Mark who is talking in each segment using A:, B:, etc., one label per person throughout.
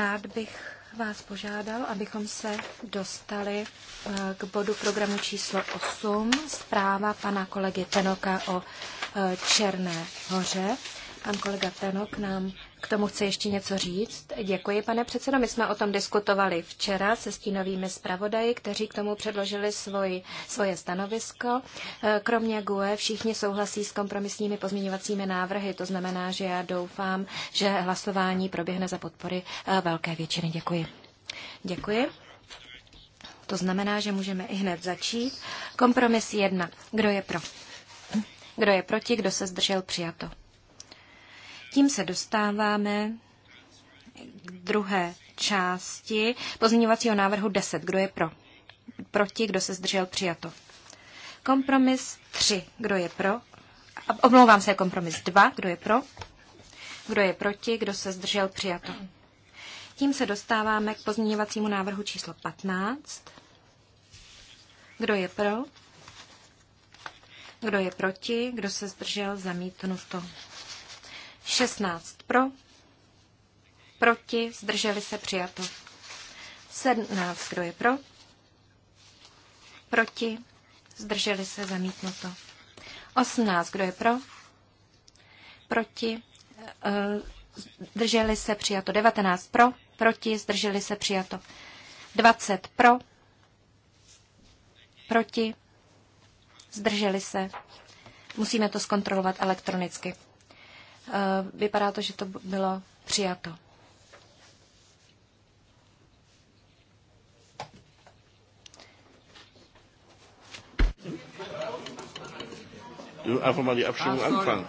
A: Rád bych vás požádal, abychom se dostali eh, k bodu programu číslo 8, zpráva pana kolegy Tenoka o eh, Černé hoře. Pan kolega Tenok nám tomu chce ještě něco říct? Děkuji, pane předsedo. My jsme o tom diskutovali včera se stínovými zpravodaji, kteří k tomu předložili svoji, svoje stanovisko. Eh, kromě GUE všichni souhlasí s kompromisními pozměňovacími návrhy. To znamená, že já doufám, že hlasování proběhne za podpory eh, velké většiny. Děkuji. Děkuji. To znamená, že můžeme i hned začít. Kompromis jedna. Kdo je pro? Kdo je proti? Kdo se zdržel? Přijato. Tím se dostáváme k druhé části pozměňovacího návrhu 10. Kdo je pro? Proti, kdo se zdržel, přijato. Kompromis 3. Kdo je pro? Omlouvám se, kompromis 2. Kdo je pro? Kdo je proti, kdo se zdržel, přijato. Tím se dostáváme k pozměňovacímu návrhu číslo 15. Kdo je pro? Kdo je proti? Kdo se zdržel? Zamítnuto. 16 pro, proti, zdrželi se přijato. 17, kdo je pro, proti, zdrželi se zamítnuto. 18, kdo je eh, pro, proti, zdrželi se přijato. 19 pro, proti, zdrželi se přijato. 20 pro, proti, zdrželi se. Musíme to zkontrolovat elektronicky. Eh, vypadá to, že to bylo přijato.
B: Einfach mal die Abstimmung ah, anfangen.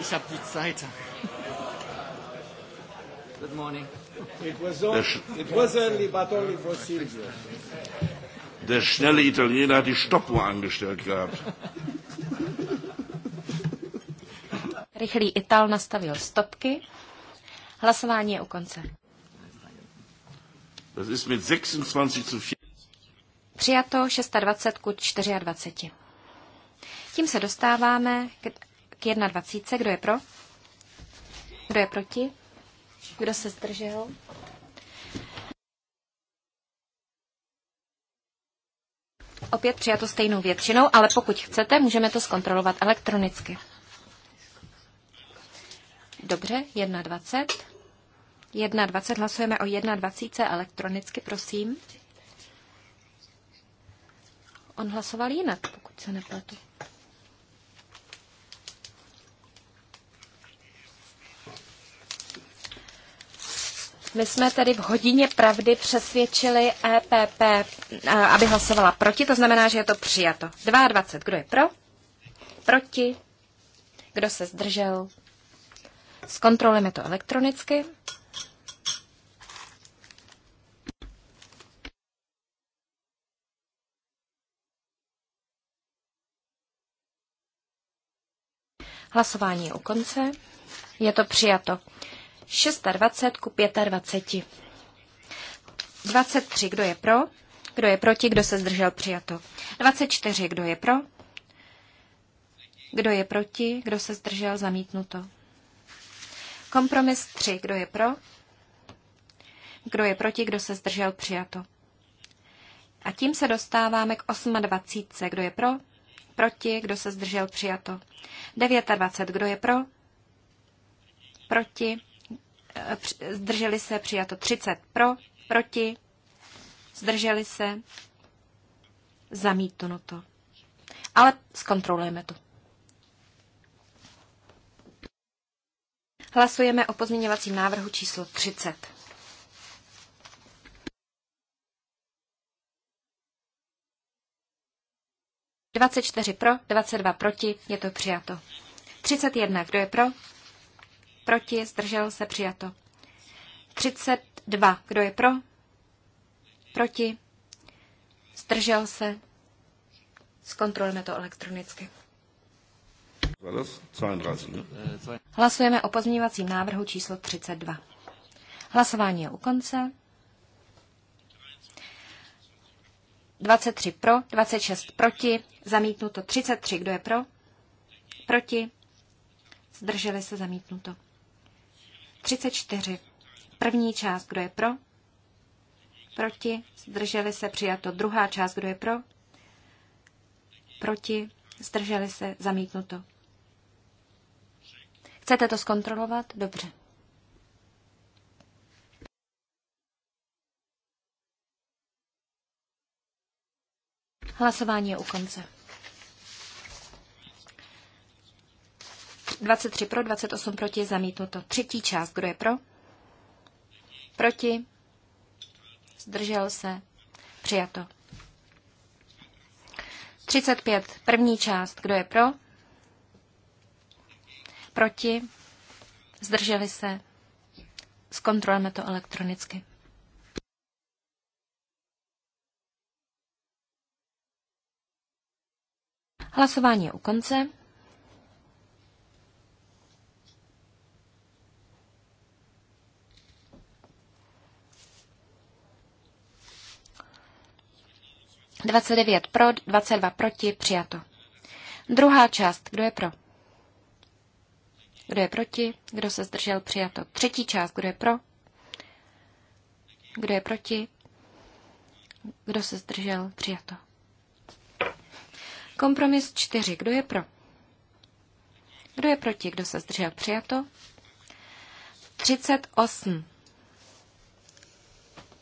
C: Ich habe die Zeit. Good morning. It was, on,
B: it was early, but only for Silvio.
A: Der schnelle Italiener hat die Stoppuhr
C: angestellt gehabt.
A: Rychlý Ital nastavil stopky. Hlasování je u konce.
B: Das ist mit 26 zu 4.
A: Přijato 26 ku 24. Tím se dostáváme k 21. Kdo je pro? Kdo je proti? Kdo se zdržel? Opět přijato stejnou většinou, ale pokud chcete, můžeme to zkontrolovat elektronicky. Dobře, 1.20. 1.20, hlasujeme o 1.20 elektronicky, prosím. On hlasoval jinak, pokud se nepletu. My jsme tedy v hodině pravdy přesvědčili EPP, eh, aby hlasovala proti, to znamená, že je to přijato. 22. Kdo je pro? Proti? Kdo se zdržel?
B: Zkontrolujeme to elektronicky.
A: Hlasování je u konce. Je to přijato. 26 ku 25. 23, kdo je pro? Kdo je proti? Kdo se zdržel? Přijato. 24, kdo je pro? Kdo je proti? Kdo se zdržel? Zamítnuto. Kompromis 3. Kdo je pro? Kdo je proti? Kdo se zdržel? Přijato. A tím se dostáváme k 28. Kdo je pro? Proti? Kdo se zdržel? Přijato. 29. Kdo je pro? Proti? Eh, zdrželi se? Přijato. 30. Pro? Proti? Zdrželi se? Zamítnuto. Ale zkontrolujeme to. Hlasujeme o pozměňovacím návrhu číslo 30. Dvacet čtyři pro, dvacet dva proti, je to přijato. Třicet jedna, kdo je pro? Proti, zdržel se, přijato. Třicet dva, kdo je pro? Proti, zdržel se. Zkontrolujeme to elektronicky. Hlasujeme o pozměňovacím návrhu číslo 32. Hlasování je u konce. 23 pro, 26 proti, zamítnuto 33. Kdo je pro? Proti? Zdrželi se zamítnuto. 34. První část, kdo je pro? Proti? Zdrželi se přijato. Druhá část, kdo je pro? Proti? Zdrželi se zamítnuto. Chcete to zkontrolovat? Dobře. Hlasování je u konce. 23 pro, 28 proti, zamítnuto. Třetí část, kdo je pro? Proti? Zdržel se? Přijato. 35, první část, kdo je pro? Proti? Zdrželi se? Zkontrolujeme to elektronicky. Hlasování je u konce. Dvacet devět pro, dvacet dva proti, přijato. Druhá část, kdo je pro? Kdo je proti? Kdo se zdržel? Přijato. Třetí část. Kdo je pro? Kdo je proti? Kdo se zdržel? Přijato. Kompromis čtyři. Kdo je pro? Kdo je proti? Kdo se zdržel? Přijato. 38.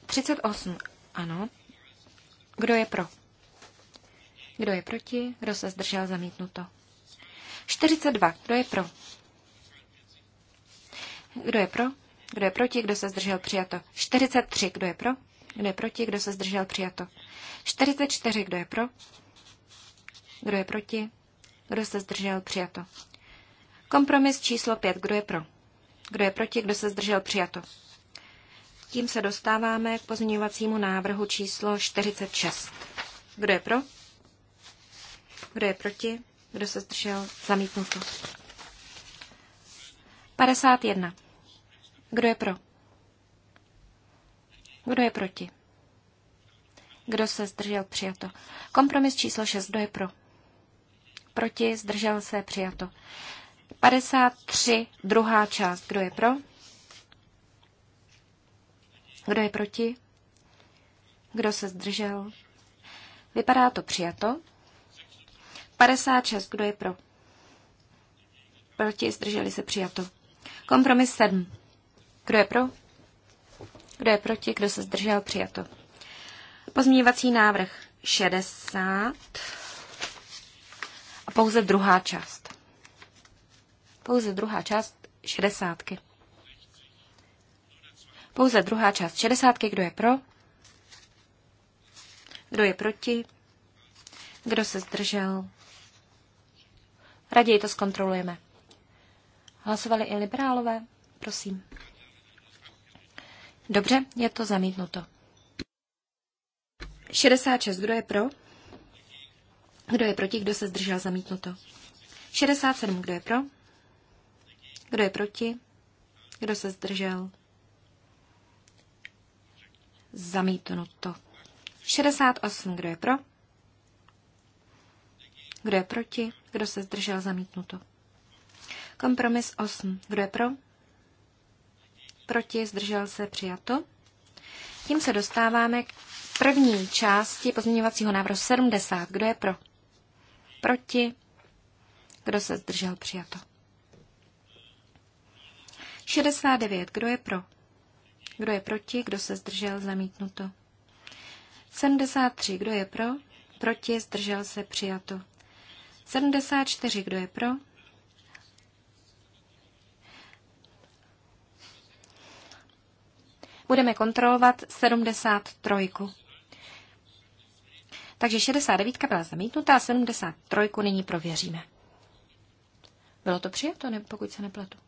A: 38. Ano. Kdo je pro? Kdo je proti? Kdo se zdržel? Zamítnuto. 42. Kdo je pro? Kdo je pro? Kdo je proti? Kdo se zdržel? Přijato. 43. Kdo je pro? Kdo je proti? Kdo se zdržel? Přijato. 44. Kdo je pro? Kdo je proti? Kdo se zdržel? Přijato. Kompromis číslo 5. Kdo je pro? Kdo je proti? Kdo se zdržel? Přijato. Tím se dostáváme k pozměňovacímu návrhu číslo 46. Kdo je pro? Kdo je proti? Kdo se zdržel? Zamítnuto. 51. Kdo je pro? Kdo je proti? Kdo se zdržel? Přijato. Kompromis číslo 6. Kdo je pro? Proti? Zdržel se? Přijato. 53. Druhá část. Kdo je pro? Kdo je proti? Kdo se zdržel? Vypadá to přijato. 56. Kdo je pro? Proti? Zdrželi se? Přijato. Kompromis 7. Kdo je pro? Kdo je proti? Kdo se zdržel? Přijato. Pozměňovací návrh 60 a pouze druhá část. Pouze druhá část 60. Pouze druhá část 60. Kdo je pro? Kdo je proti? Kdo se zdržel? Raději to zkontrolujeme. Hlasovali i liberálové? Prosím. Dobře, je to zamítnuto. 66. Kdo je pro? Kdo je proti? Kdo se zdržel? Zamítnuto. 67. Kdo je pro? Kdo je proti? Kdo se zdržel? Zamítnuto. 68. Kdo je pro? Kdo je proti? Kdo se zdržel? Zamítnuto. Kompromis 8. Kdo je pro? proti, zdržel se, přijato. Tím se dostáváme k první části pozměňovacího návrhu 70. Kdo je pro? Proti? Kdo se zdržel? Přijato. 69. Kdo je pro? Kdo je proti? Kdo se zdržel? Zamítnuto. 73. Kdo je pro? Proti? Zdržel se? Přijato. 74. Kdo je pro? budeme kontrolovat 73. Takže 69 byla zamítnutá 73 nyní prověříme. Bylo to přijato, ne, pokud se nepletu?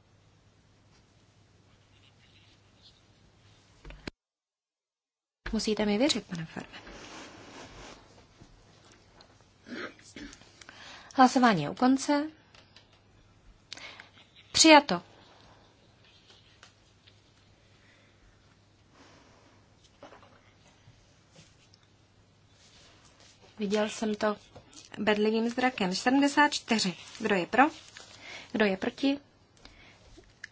A: Musíte mi věřit, pane Ferme. Hlasování je u konce. Přijato. Viděl jsem to bedlivým zrakem. 74. Kdo je pro? Kdo je proti?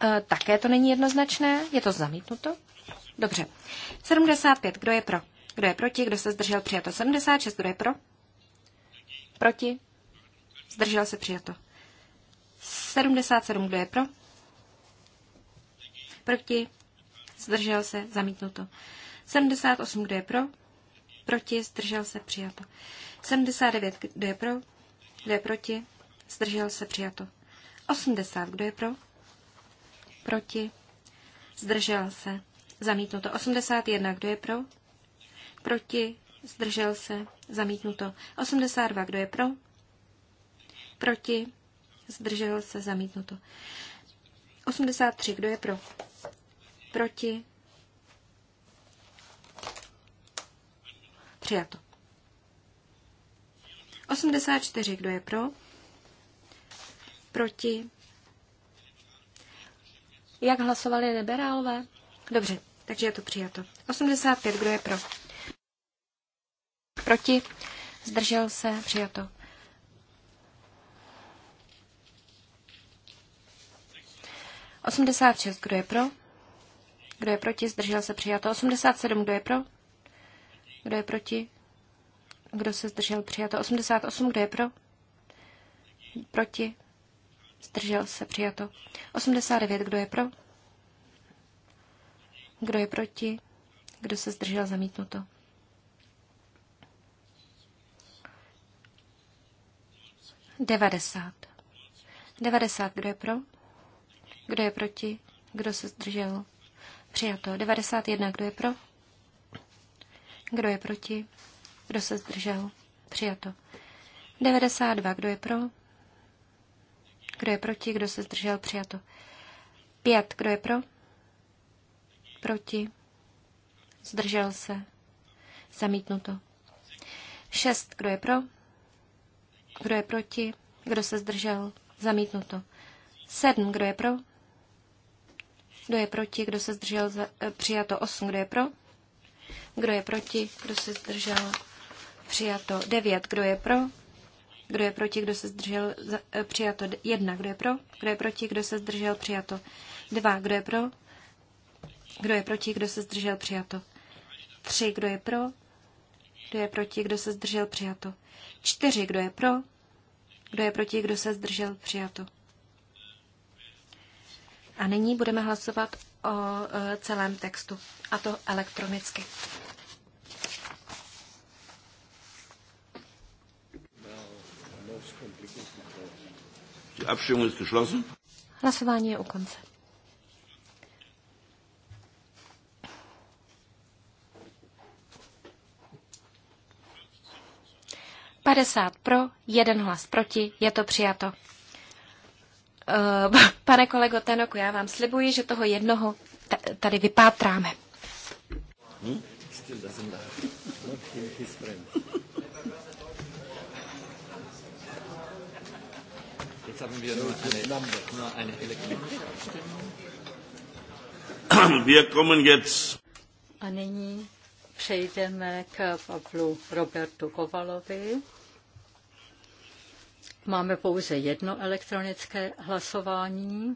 A: E, také to není jednoznačné. Je to zamítnuto? Dobře. 75. Kdo je pro? Kdo je proti? Kdo se zdržel? Přijato. 76. Kdo je pro? Proti? Zdržel se přijato. 77. Kdo je pro? Proti? Zdržel se? Zamítnuto. 78. Kdo je pro? proti, zdržel se, přijato. 79, kdo je pro, kdo je proti, zdržel se, přijato. 80, kdo je pro, proti, zdržel se, zamítnuto. 81, kdo je pro, proti, zdržel se, zamítnuto. 82, kdo je pro, proti, zdržel se, zamítnuto. 83, kdo je pro, proti, Přijato. 84. Kdo je pro? Proti? Jak hlasovali liberálové? Dobře, takže je to přijato. 85. Kdo je pro? Proti? Zdržel se? Přijato. Osmdesát šest, kdo je pro? Kdo je proti? Zdržel se přijato. 87, kdo je pro? Kdo je proti? Kdo se zdržel? Přijato. 88. Kdo je pro? Proti? Zdržel se? Přijato. 89. Kdo je pro? Kdo je proti? Kdo se zdržel? Zamítnuto. 90. 90. Kdo je pro? Kdo je proti? Kdo se zdržel? Přijato. 91. Kdo je pro? Kdo je proti? Kdo se zdržel? Přijato. 92. Kdo je pro? Kdo je proti? Kdo se zdržel? Přijato. 5. Kdo je pro? Proti? Zdržel se? Zamítnuto. 6. Kdo je pro? Kdo je proti? Kdo se zdržel? Zamítnuto. 7. Kdo je pro? Kdo je proti? Kdo se zdržel? Eh, přijato. 8. Kdo je pro? Kdo je proti? Kdo se zdržel? Přijato 9. Kdo je pro? Kdo je proti? Kdo se zdržel? Přijato 1. Kdo je pro? Kdo je proti? Kdo se zdržel? Přijato 2. Kdo je pro? Kdo je proti? Kdo se zdržel? Přijato 3. Kdo je pro? Kdo je proti? Kdo se zdržel? Přijato 4. Kdo je pro? Kdo je proti? Kdo se zdržel? Přijato. A nyní budeme hlasovat o celém textu, a to elektronicky. Die Abstimmung ist geschlossen. Hlasování je u konce. Padesát pro, jeden hlas proti, je to přijato. Uh, pane kolego Tenoku, já vám slibuji, že toho jednoho tady vypátráme.
B: Hmm?
C: Jetzt haben wir nur eine, nur eine elektronische Wir kommen jetzt. A nyní přejdeme k Pavlu Robertu Kovalovi. Máme pouze jedno elektronické hlasování.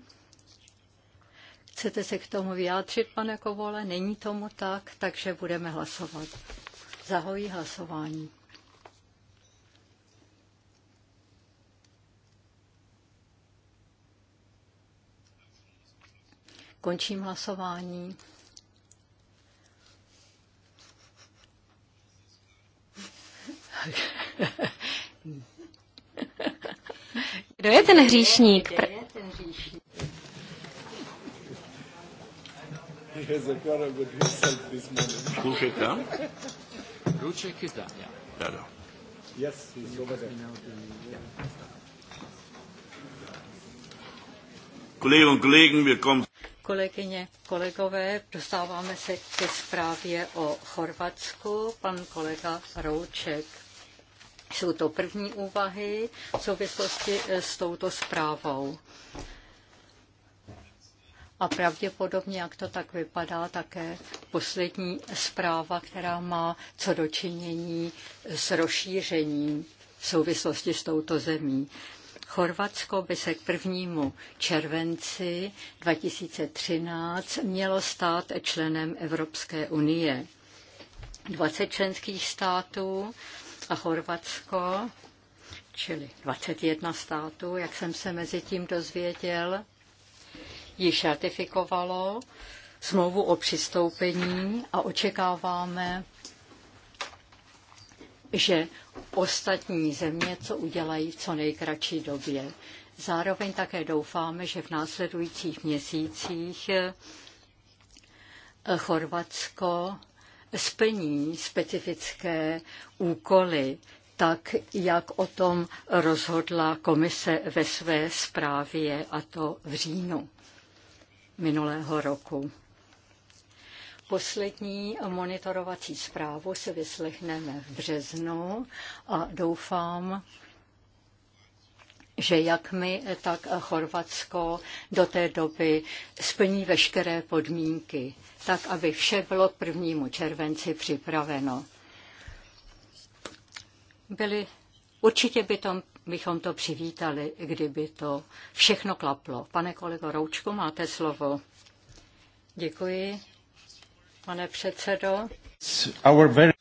C: Chcete se k tomu vyjádřit, pane Kovole? Není tomu tak, takže budeme hlasovat. Zahojí hlasování. Končím hlasování.
A: Kdo je ten hříšník? Kde
C: je ten hříšník? Ruček und Kollegen, wir kommen kolegyně, kolegové, dostáváme se ke zprávě o Chorvatsku. Pan kolega Rouček. Jsou to první úvahy v souvislosti s touto zprávou. A pravděpodobně, jak to tak vypadá, také poslední zpráva, která má co dočinění s rozšířením v souvislosti s touto zemí. Chorvatsko by se k prvnímu červenci 2013 mělo stát členem Evropské unie. 20 členských států a Chorvatsko, čili 21 států, jak jsem se mezi tím dozvěděl, již ratifikovalo smlouvu o přistoupení a očekáváme že ostatní země co udělají v co nejkratší době. Zároveň také doufáme, že v následujících měsících eh, Chorvatsko splní specifické úkoly, tak jak o tom rozhodla komise ve své zprávě, a to v říjnu minulého roku. Poslední monitorovací zprávu si vyslechneme v březnu a doufám, že jak my, tak Chorvatsko do té doby splní veškeré podmínky, tak aby vše bylo k prvnímu červenci připraveno. Byli, určitě by tom, bychom to přivítali, kdyby to všechno klaplo. Pane kolego Roučku, máte slovo. Děkuji pane předsedo.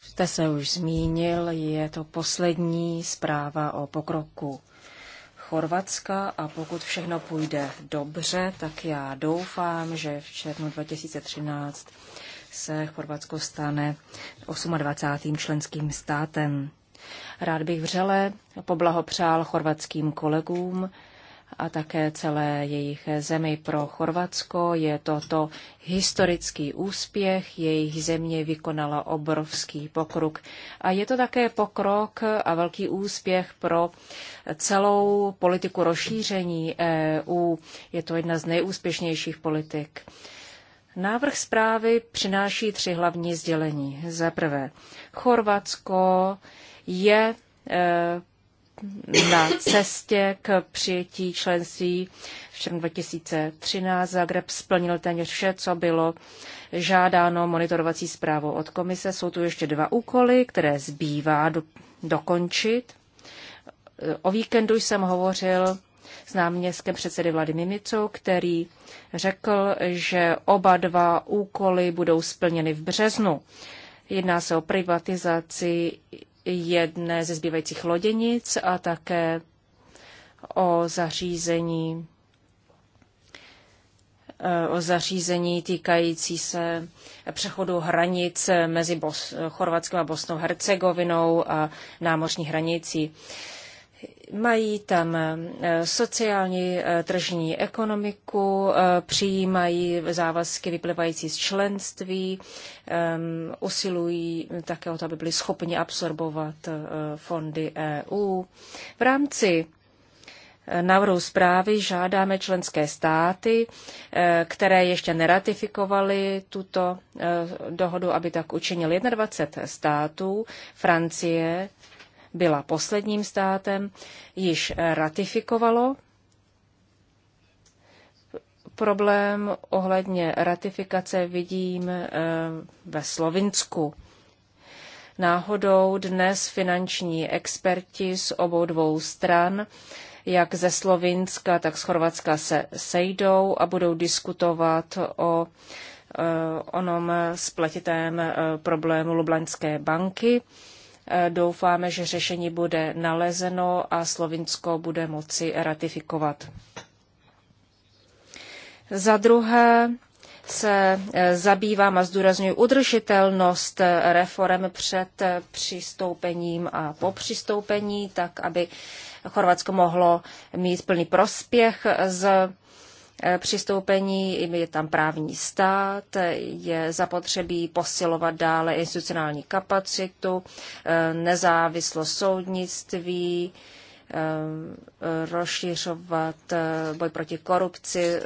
B: Jste se už zmínil, je to poslední zpráva o pokroku Chorvatska a pokud všechno půjde dobře, tak já doufám, že v červnu 2013 se Chorvatsko stane 28. členským státem. Rád bych vřele poblahopřál chorvatským kolegům a také celé jejich zemi. Pro Chorvatsko je toto historický úspěch, jejich země vykonala obrovský pokrok. A je to také pokrok a velký úspěch pro celou politiku rozšíření EU. Je to jedna z nejúspěšnějších politik. Návrh zprávy přináší tři hlavní sdělení. Za prvé, Chorvatsko je eh, na cestě k přijetí členství v červnu 2013. Zagreb splnil téměř vše, co bylo žádáno monitorovací zprávou od komise. Jsou tu ještě dva úkoly, které zbývá do, dokončit. O víkendu jsem hovořil s náměstkem předsedy vlády Mimicou, který řekl, že oba dva úkoly budou splněny v březnu. Jedná se o privatizaci jedné ze zbývajících loděnic a také o zařízení eh, o zařízení týkající se přechodu hranic mezi Bos- Chorvatskou a Bosnou Hercegovinou a námořní hranicí. Mají tam eh, sociální eh, tržní ekonomiku, eh, přijímají závazky vyplývající z členství, ehm, usilují také o to, aby byli schopni absorbovat fondy EU. V rámci návrhu zprávy žádáme členské státy, které ještě neratifikovaly tuto dohodu, aby tak učinili 21 států, Francie, byla posledním státem, již ratifikovalo problém ohledně ratifikace vidím eh, ve Slovinsku. Náhodou dnes finanční experti z obou dvou stran, jak ze Slovinska, tak z Chorvatska se sejdou a budou diskutovat o eh, onom spletitém eh, problému Lublaňské banky Eh, doufáme, že řešení bude nalezeno a Slovinsko bude moci ratifikovat. Za druhé se eh, zabývám a zdůraznuju udržitelnost eh, reform před přistoupením a po přistoupení, tak aby Chorvatsko mohlo mít plný prospěch z Eh, přistoupení, je tam právní stát, je zapotřebí posilovat dále institucionální kapacitu, eh, nezávislost soudnictví, eh, rozšiřovat boj proti korupci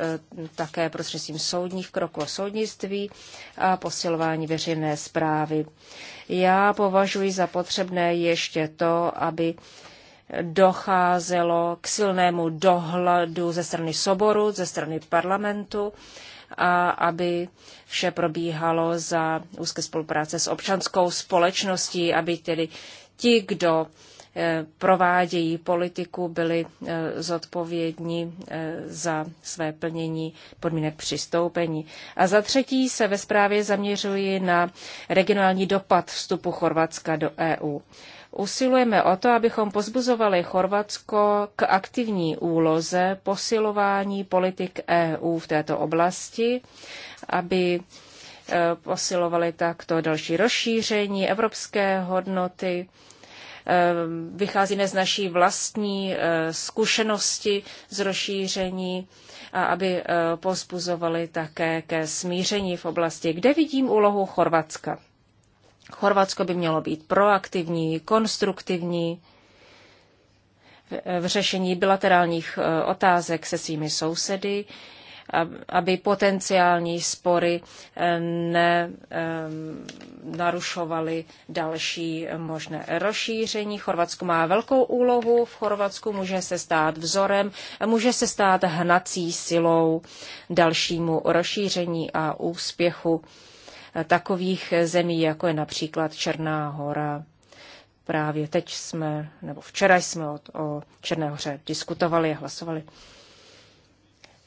B: také prostřednictvím soudních kroků a soudnictví a posilování veřejné zprávy. Já považuji za potřebné ještě to, aby docházelo k silnému dohledu ze strany soboru, ze strany parlamentu a aby vše probíhalo za úzké spolupráce s občanskou společností, aby tedy ti, kdo eh, provádějí politiku, byli eh, zodpovědní eh, za své plnění podmínek přistoupení. A za třetí se ve zprávě zaměřuji na regionální dopad vstupu Chorvatska do EU. Usilujeme o to, abychom pozbuzovali Chorvatsko k aktivní úloze posilování politik EU v této oblasti, aby e, posilovali takto další rozšíření evropské hodnoty. E, vycházíme z naší vlastní e, zkušenosti z rozšíření a aby pozbuzovali také ke smíření v oblasti, kde vidím úlohu Chorvatska. Chorvatsko by mělo být proaktivní, konstruktivní v řešení bilaterálních e, otázek se svými sousedy, aby potenciální spory e, nenarušovaly e, další možné rozšíření. Chorvatsko má velkou úlohu, v Chorvatsku může se stát vzorem, může se stát hnací silou dalšímu rozšíření a úspěchu takových zemí, jako je například Černá hora. Právě teď jsme, nebo včera jsme o, o Černé hoře diskutovali a hlasovali.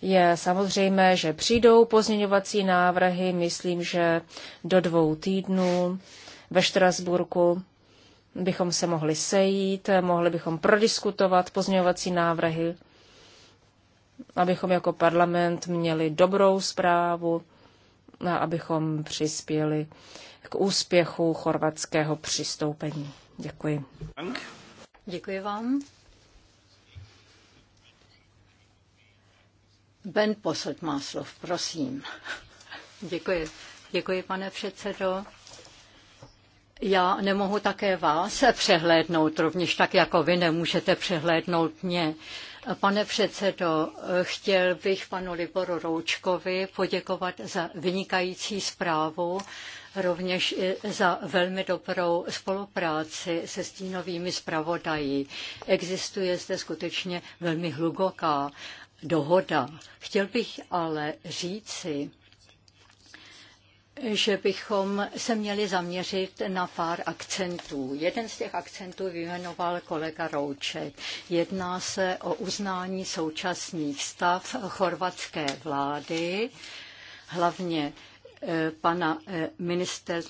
B: Je samozřejmé, že přijdou pozměňovací návrhy, myslím, že do dvou týdnů ve Štrasburku bychom se mohli sejít, mohli bychom prodiskutovat pozměňovací návrhy, abychom jako parlament měli dobrou zprávu abychom přispěli k úspěchu chorvatského přistoupení. Děkuji.
C: Děkuji vám. Ben Posled má slov, prosím. Děkuji. Děkuji, pane předsedo. Já nemohu také vás přehlédnout, rovněž tak jako vy nemůžete přehlédnout mě. Pane předsedo, chtěl bych panu Liboru Roučkovi poděkovat za vynikající zprávu, rovněž i za velmi dobrou spolupráci se stínovými zpravodají. Existuje zde skutečně velmi hluboká dohoda. Chtěl bych ale říci, že bychom se měli zaměřit na pár akcentů. Jeden z těch akcentů vyjmenoval kolega Rouček. Jedná se o uznání současných stav chorvatské vlády, hlavně eh, pana eh, minister,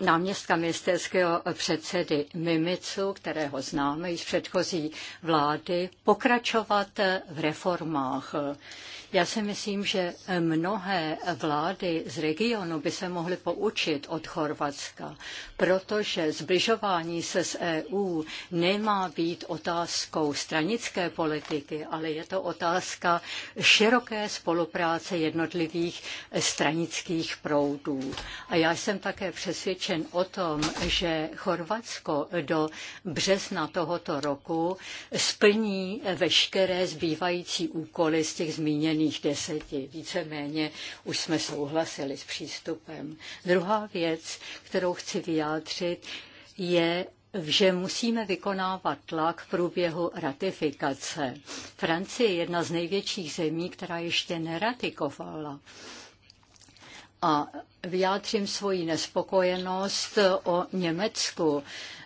C: náměstka ministerského předsedy Mimicu, kterého známe i z předchozí vlády, pokračovat v reformách. Já si myslím, že eh, mnohé vlády z regionu by se mohly poučit od Chorvatska, protože zbližování se s EU nemá být otázkou stranické politiky, ale je to otázka široké spolupráce jednotlivých eh, stranických proudů. A já jsem také přesvědčen o tom, že Chorvatsko do března tohoto roku splní eh, veškeré zbývající úkoly z těch zmíněných jiných deseti. Víceméně už jsme souhlasili s přístupem. Druhá věc, kterou chci vyjádřit, je že musíme vykonávat tlak v průběhu ratifikace. Francie je jedna z největších zemí, která ještě neratikovala a vyjádřím svoji nespokojenost o Německu,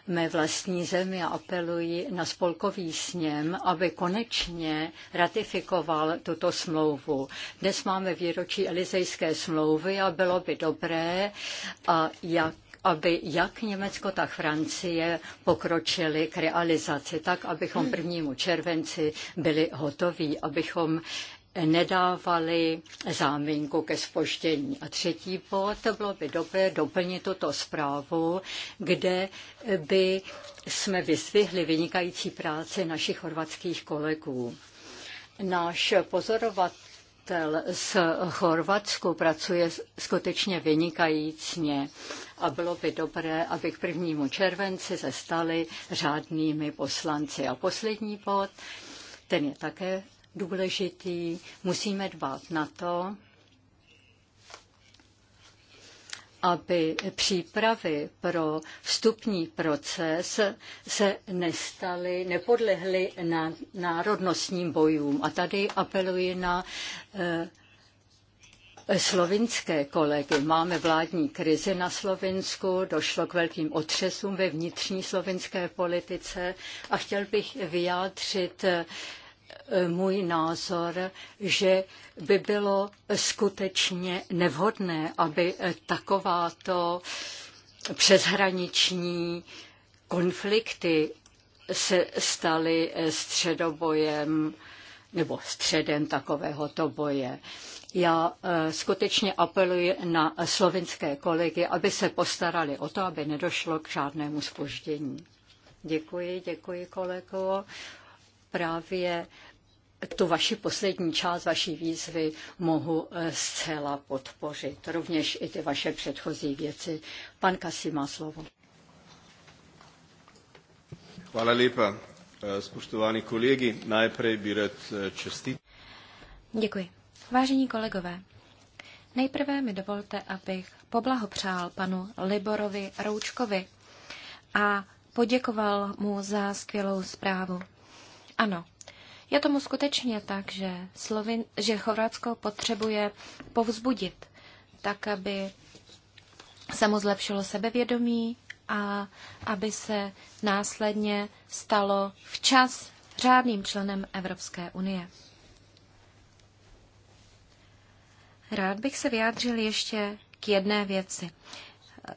C: mé vlastní zemi a apeluji na spolkový sněm, aby konečně ratifikoval tuto smlouvu. Dnes máme výročí Elizejské smlouvy a bylo by dobré, a jak aby jak Německo, tak Francie pokročili k realizaci, tak abychom 1. červenci byli hotoví, abychom nedávali záminku ke spoždění. A třetí bod, bylo by dobré doplnit tuto zprávu, kde by jsme vyzvihli vynikající práci našich chorvatských kolegů. Náš pozorovatel z Chorvatsku pracuje skutečně vynikajícně a bylo by dobré, aby k prvnímu červenci se stali řádnými poslanci. A poslední bod, ten je také důležitý. Musíme dbát na to, aby přípravy pro vstupní proces se nestaly, nepodlehly na národnostním bojům. A tady apeluji na eh, slovinské kolegy. Máme vládní krizi na Slovensku. došlo k velkým otřesům ve vnitřní slovinské politice a chtěl bych vyjádřit eh, můj názor, že by bylo skutečně nevhodné, aby takováto přeshraniční konflikty se staly středobojem nebo středem takovéhoto boje. Já eh, skutečně apeluji na slovinské kolegy, aby se postarali o to, aby nedošlo k žádnému spoždění. Děkuji, děkuji kolego právě tu vaši poslední část vaší výzvy mohu eh, zcela podpořit. Rovněž i ty vaše předchozí věci. Pan Kasi má slovo. Hvala lepa. Eh, spoštovani
A: kolegy. najprej bi rad eh, čestit. Děkuji. Vážení kolegové, nejprve mi dovolte, abych poblahopřál panu Liborovi Roučkovi a poděkoval mu za skvělou zprávu. Ano, je tomu skutečně tak, že, Slovin, že Chorvatsko potřebuje povzbudit, tak aby se mu zlepšilo sebevědomí a aby se následně stalo včas řádným členem Evropské unie. Rád bych se vyjádřil ještě k jedné věci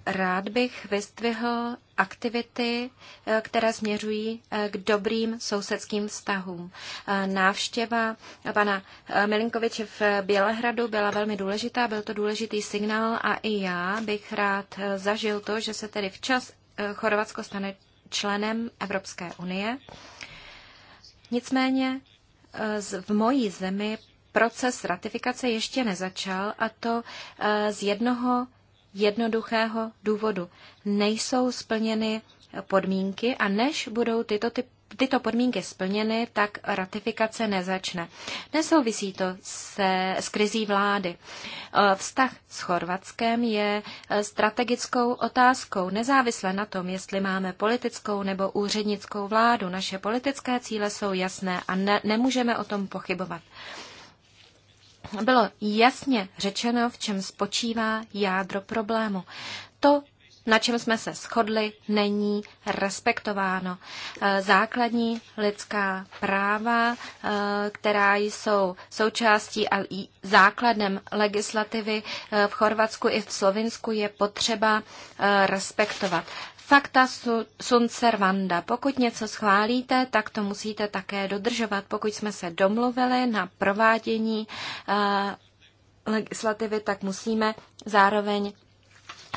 A: rád bych vystvihl aktivity, eh, které směřují eh, k dobrým sousedským vztahům. Eh, návštěva pana Milinkoviče v Bělehradu byla velmi důležitá, byl to důležitý signál a i já bych rád zažil to, že se tedy včas Chorvatsko stane členem Evropské unie. Nicméně v mojí zemi proces ratifikace ještě nezačal a to z jednoho jednoduchého důvodu. Nejsou splněny podmínky a než budou tyto ty tyto podmínky splněny, tak ratifikace nezačne. Nesouvisí to se, s krizí vlády. E, vztah s Chorvatskem je e, strategickou otázkou, nezávisle na tom, jestli máme politickou nebo úřednickou vládu. Naše politické cíle jsou jasné a ne, nemůžeme o tom pochybovat bylo jasně řečeno, v čem spočívá jádro problému. To, na čem jsme se shodli, není respektováno. Eh, základní lidská práva, eh, která jsou součástí a základem legislativy eh, v Chorvatsku i v Slovinsku, je potřeba respektovat. Fakta sunt servanda. Pokud něco schválíte, tak to musíte také dodržovat. Pokud jsme se domluvili na provádění eh, legislativy, tak musíme zároveň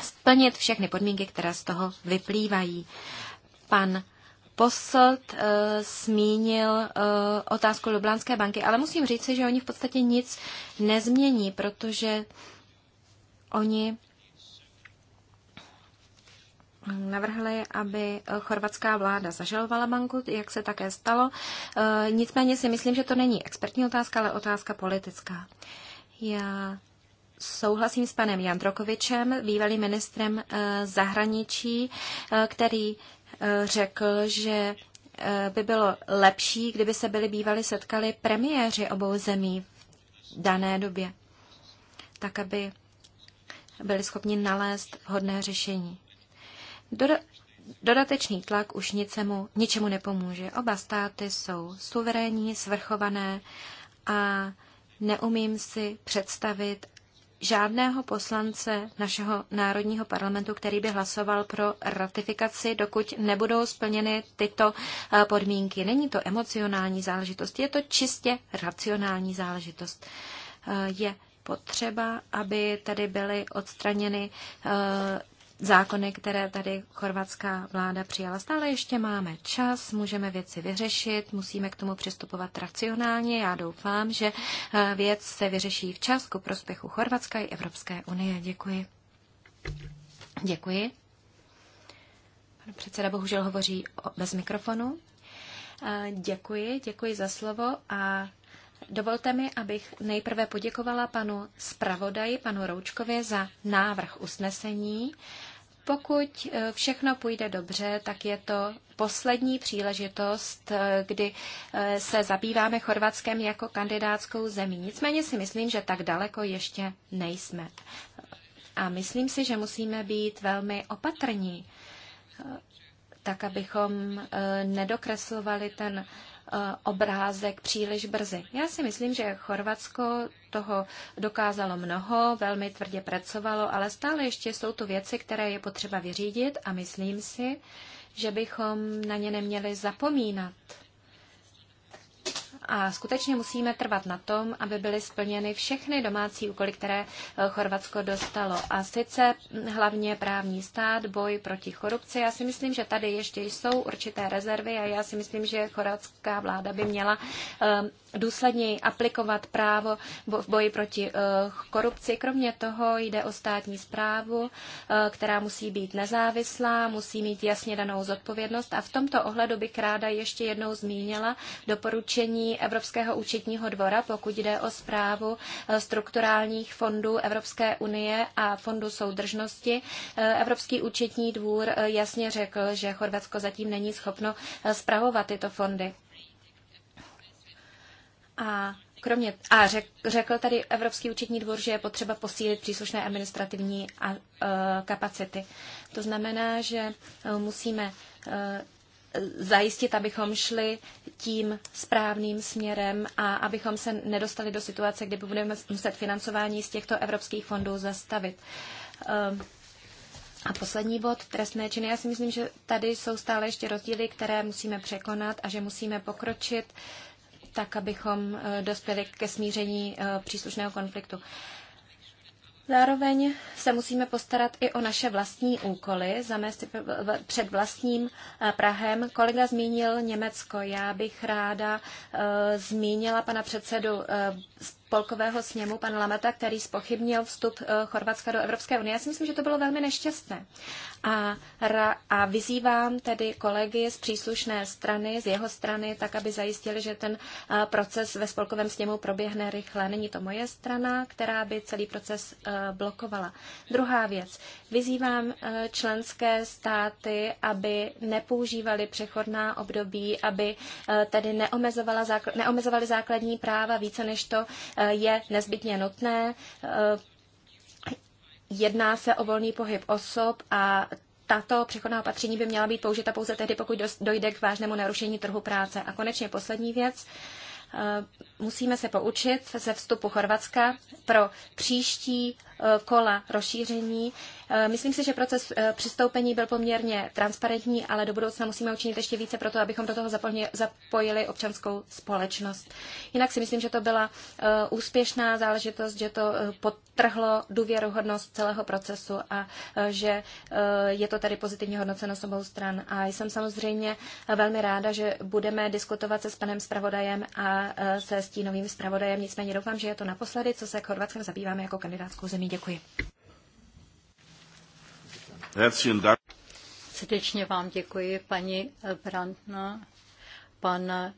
A: splnit všechny podmínky, které z toho vyplývají. Pan Posled uh, zmínil uh, otázku Lublánské banky, ale musím říct, že oni v podstatě nic nezmění, protože oni navrhli, aby eh, chorvatská vláda zažalovala banku, jak se také stalo. Eh, nicméně si myslím, že to není expertní otázka, ale otázka politická. Já souhlasím s panem Jandrokovičem, bývalým ministrem eh, zahraničí, který řekl, že by bylo lepší, kdyby se byli bývali setkali premiéři obou zemí v dané době, tak aby byli schopni nalézt hodné řešení. Doda- dodatečný tlak už nicemu, ničemu nepomůže. Oba státy jsou suverénní, svrchované a neumím si představit žádného poslance našeho národního parlamentu, který by hlasoval pro ratifikaci, dokud nebudou splněny tyto eh, podmínky. Není to emocionální záležitost, je to čistě racionální záležitost. Eh, je potřeba, aby tady byly odstraněny eh, zákony, které tady chorvatská vláda přijala. Stále ještě máme čas, můžeme věci vyřešit, musíme k tomu přistupovat racionálně. Já doufám, že eh, věc se vyřeší včas ku prospěchu Chorvatska i Evropské unie. Děkuji. Děkuji. Pan předseda bohužel hovoří bez mikrofonu. Eh, děkuji, děkuji za slovo a Dovolte mi, abych nejprve poděkovala panu zpravodaji, panu Roučkovi, za návrh usnesení. Pokud eh, všechno půjde dobře, tak je to poslední příležitost, eh, kdy eh, se zabýváme Chorvatskem jako kandidátskou zemí. Nicméně si myslím, že tak daleko ještě nejsme. A myslím si, že musíme být velmi opatrní, tak abychom nedokreslovali ten Eh, obrázek příliš brzy. Já si myslím, že Chorvatsko toho dokázalo mnoho, velmi tvrdě pracovalo, ale stále ještě jsou to věci, které je potřeba vyřídit a myslím si, že bychom na ně neměli zapomínat a skutečně musíme trvat na tom, aby byly splněny všechny domácí úkoly, které eh, Chorvatsko dostalo. A sice hlavně právní stát, boj proti korupci. Já si myslím, že tady ještě jsou určité rezervy a já si myslím, že chorvatská vláda by měla eh, důsledněji aplikovat právo v boji proti eh, korupci. Kromě toho jde o státní zprávu, eh, která musí být nezávislá, musí mít jasně danou zodpovědnost. A v tomto ohledu bych ráda ještě jednou zmínila doporučení Evropského účetního dvora, pokud jde o zprávu eh, strukturálních fondů Evropské unie a fondu soudržnosti. Evropský účetní dvůr jasně řekl, že Chorvatsko zatím není schopno zpravovat tyto fondy. A Kromě, a řek, řekl tady Evropský účetní dvor, že je potřeba posílit příslušné administrativní a, a, e, kapacity. To znamená, že e, musíme a, e, zajistit, abychom šli tím správným směrem a abychom se nedostali do situace, kdy budeme muset financování z těchto evropských fondů zastavit. A, a poslední bod, trestné činy. Já si myslím, že tady jsou stále ještě rozdíly, které musíme překonat a že musíme pokročit A, tak abychom eh, dospěli ke smíření eh, příslušného konfliktu. Zároveň se musíme postarat i o naše vlastní úkoly, zamést před vlastním eh, Prahem. Kolega zmínil Německo. Já bych ráda zmínila pana předsedu spolkového sněmu, pan Lameta, který spochybnil vstup eh, Chorvatska do Evropské unie. Já si myslím, že to bylo velmi nešťastné. A, a vyzývám tedy kolegy z příslušné strany, z jeho strany, tak, aby zajistili, že ten eh, proces ve spolkovém sněmu proběhne rychle. Není to moje strana, která by celý proces eh, blokovala. Druhá věc. Vyzývám členské státy, aby nepoužívali přechodná období, aby tedy neomezovala, neomezovali základní práva více, než to je nezbytně nutné. Eh, jedná se o volný pohyb osob a tato přechodná opatření by měla být použita pouze tehdy, pokud dojde k vážnému narušení trhu práce. A konečně poslední věc. Eh, musíme se poučit ze vstupu Chorvatska pro příští kola rozšíření. Eh, myslím si, že proces eh, přistoupení byl poměrně transparentní, ale do budoucna musíme učinit ještě více pro to, abychom do toho zapojili občanskou společnost. Jinak si myslím, že to byla eh, úspěšná záležitost, že to potrhlo důvěruhodnost celého procesu a že je to tady pozitivně hodnoceno s obou stran. A jsem samozřejmě velmi ráda, že budeme diskutovat se s panem zpravodajem a se stínovým zpravodajem. Nicméně doufám, že je to naposledy, co se Chorvatskem zabýváme
C: jako kandidátskou zemí. Děkuji. Srdečně vám děkuji, paní Brandna. Pan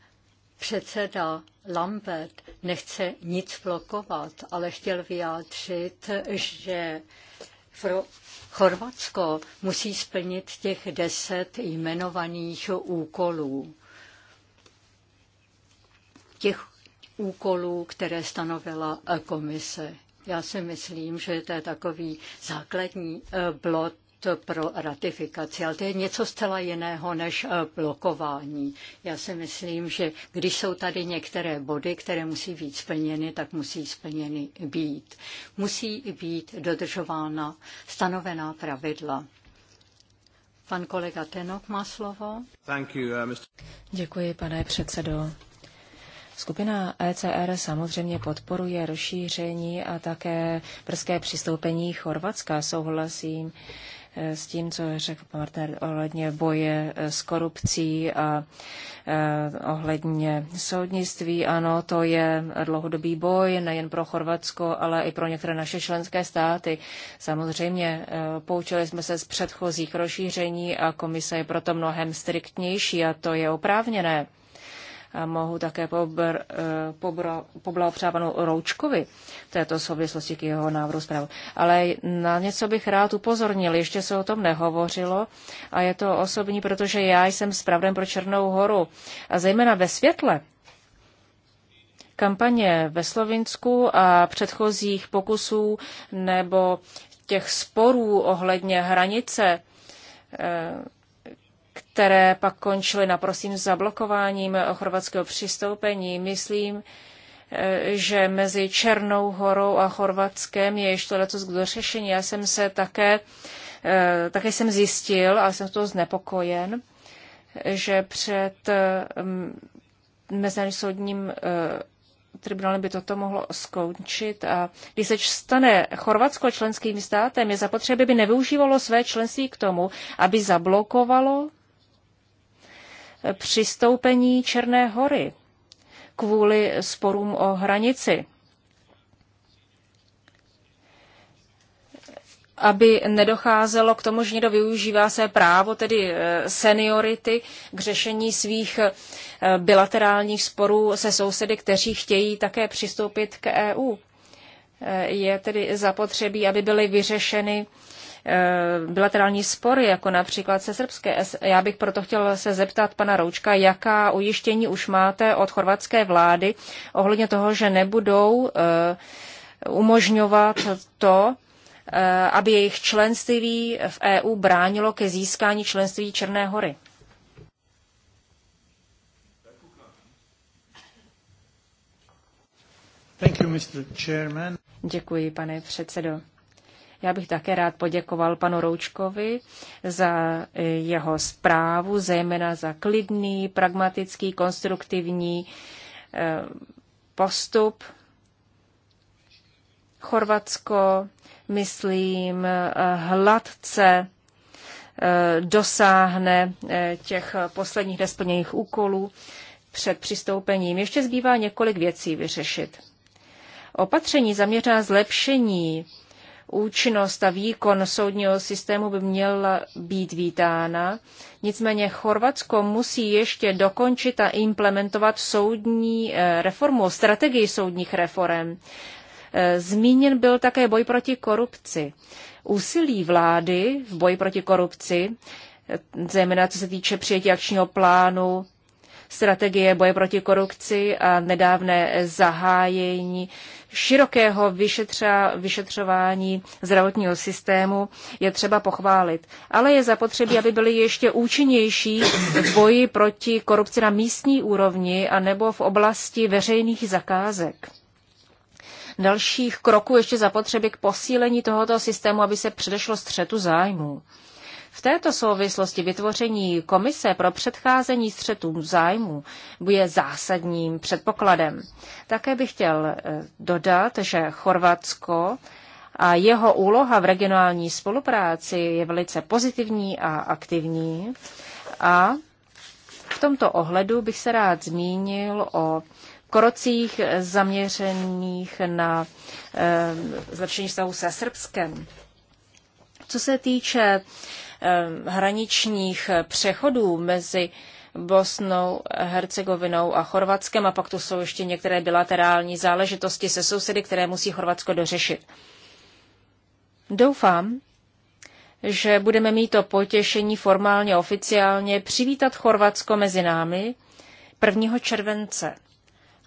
C: předseda Lambert nechce nic blokovat, ale chtěl vyjádřit, že pro Chorvatsko musí splnit těch deset jmenovaných úkolů. Těch úkolů, které stanovila komise. Já si myslím, že to je takový základní eh, blot pro ratifikaci, ale to je něco zcela jiného než eh, blokování. Já si myslím, že když jsou tady některé body, které musí být splněny, tak musí splněny být. Musí být dodržována stanovená pravidla. Pan kolega Tenok má slovo. You, uh,
B: Děkuji, pane předsedo. Skupina ECR samozřejmě podporuje rozšíření a také brzké přistoupení Chorvatska. Souhlasím eh, s tím, co řekl partner ohledně boje eh, s korupcí a eh, ohledně soudnictví. Ano, to je dlouhodobý boj nejen pro Chorvatsko, ale i pro některé naše členské státy. Samozřejmě poučili jsme se z předchozích rozšíření a komise je proto mnohem striktnější a to je oprávněné mohu také pobr, eh, pobro, poblahopřát panu Roučkovi v této souvislosti k jeho návrhu zprávu. Ale na něco bych rád upozornil, ještě se o tom nehovořilo a je to osobní, protože já jsem zpravdem pro Černou horu a zejména ve světle kampaně ve Slovinsku a předchozích pokusů nebo těch sporů ohledně hranice eh, které pak končily naprostým zablokováním chorvatského přistoupení. Myslím, eh, že mezi Černou horou a Chorvatskem je ještě něco k dořešení. Já jsem se také, eh, také jsem zjistil, ale jsem z toho znepokojen, že před mm, mezinárodním soudním eh, tribunálem by toto mohlo skončit. A když se stane Chorvatsko členským státem, je zapotřebí, aby nevyužívalo své členství k tomu, aby zablokovalo přistoupení Černé hory kvůli sporům o hranici. aby nedocházelo k tomu, že někdo využívá své právo, tedy eh, seniority, k řešení svých eh, bilaterálních sporů se sousedy, kteří chtějí také přistoupit k EU. Eh, je tedy zapotřebí, aby byly vyřešeny Eh, bilaterální spory, jako například se srbské. Já bych proto chtěl se zeptat pana Roučka, jaká ujištění už máte od chorvatské vlády ohledně toho, že nebudou eh, umožňovat to, eh, aby jejich členství v EU bránilo ke získání členství Černé hory.
C: Thank you, Mr. Chairman.
B: Děkuji, pane předsedo. Já bych také rád poděkoval panu Roučkovi za eh, jeho zprávu, zejména za klidný, pragmatický, konstruktivní eh, postup. Chorvatsko, myslím, eh, hladce dosáhne těch posledních nesplněných úkolů před přistoupením. Ještě zbývá několik věcí vyřešit. Opatření zaměřená zlepšení účinnost a výkon soudního systému by měla být vítána. Nicméně Chorvatsko musí ještě dokončit a implementovat soudní eh, reformu, strategii soudních reform. Eh, zmíněn byl také boj proti korupci. Úsilí vlády v boji proti korupci, eh, zejména co se týče přijetí akčního plánu, strategie boje proti korupci a nedávné zahájení širokého vyšetřa, vyšetřování zdravotního systému je třeba pochválit. Ale je zapotřebí, aby byly ještě účinnější v boji proti korupci na místní úrovni a nebo v oblasti veřejných zakázek dalších kroků ještě zapotřebí k posílení tohoto systému, aby se předešlo střetu zájmů. V této souvislosti vytvoření komise pro předcházení střetům zájmu bude zásadním předpokladem. Také bych chtěl eh, dodat, že Chorvatsko a jeho úloha v regionální spolupráci je velice pozitivní a aktivní. A v tomto ohledu bych se rád zmínil o krocích zaměřených na e, zlepšení stavu se Srbskem. Co se týče Eh, hraničních přechodů mezi Bosnou, Hercegovinou a Chorvatskem a pak tu jsou ještě některé bilaterální záležitosti se sousedy, které musí Chorvatsko dořešit. Doufám, že budeme mít to potěšení formálně oficiálně přivítat Chorvatsko mezi námi 1. července.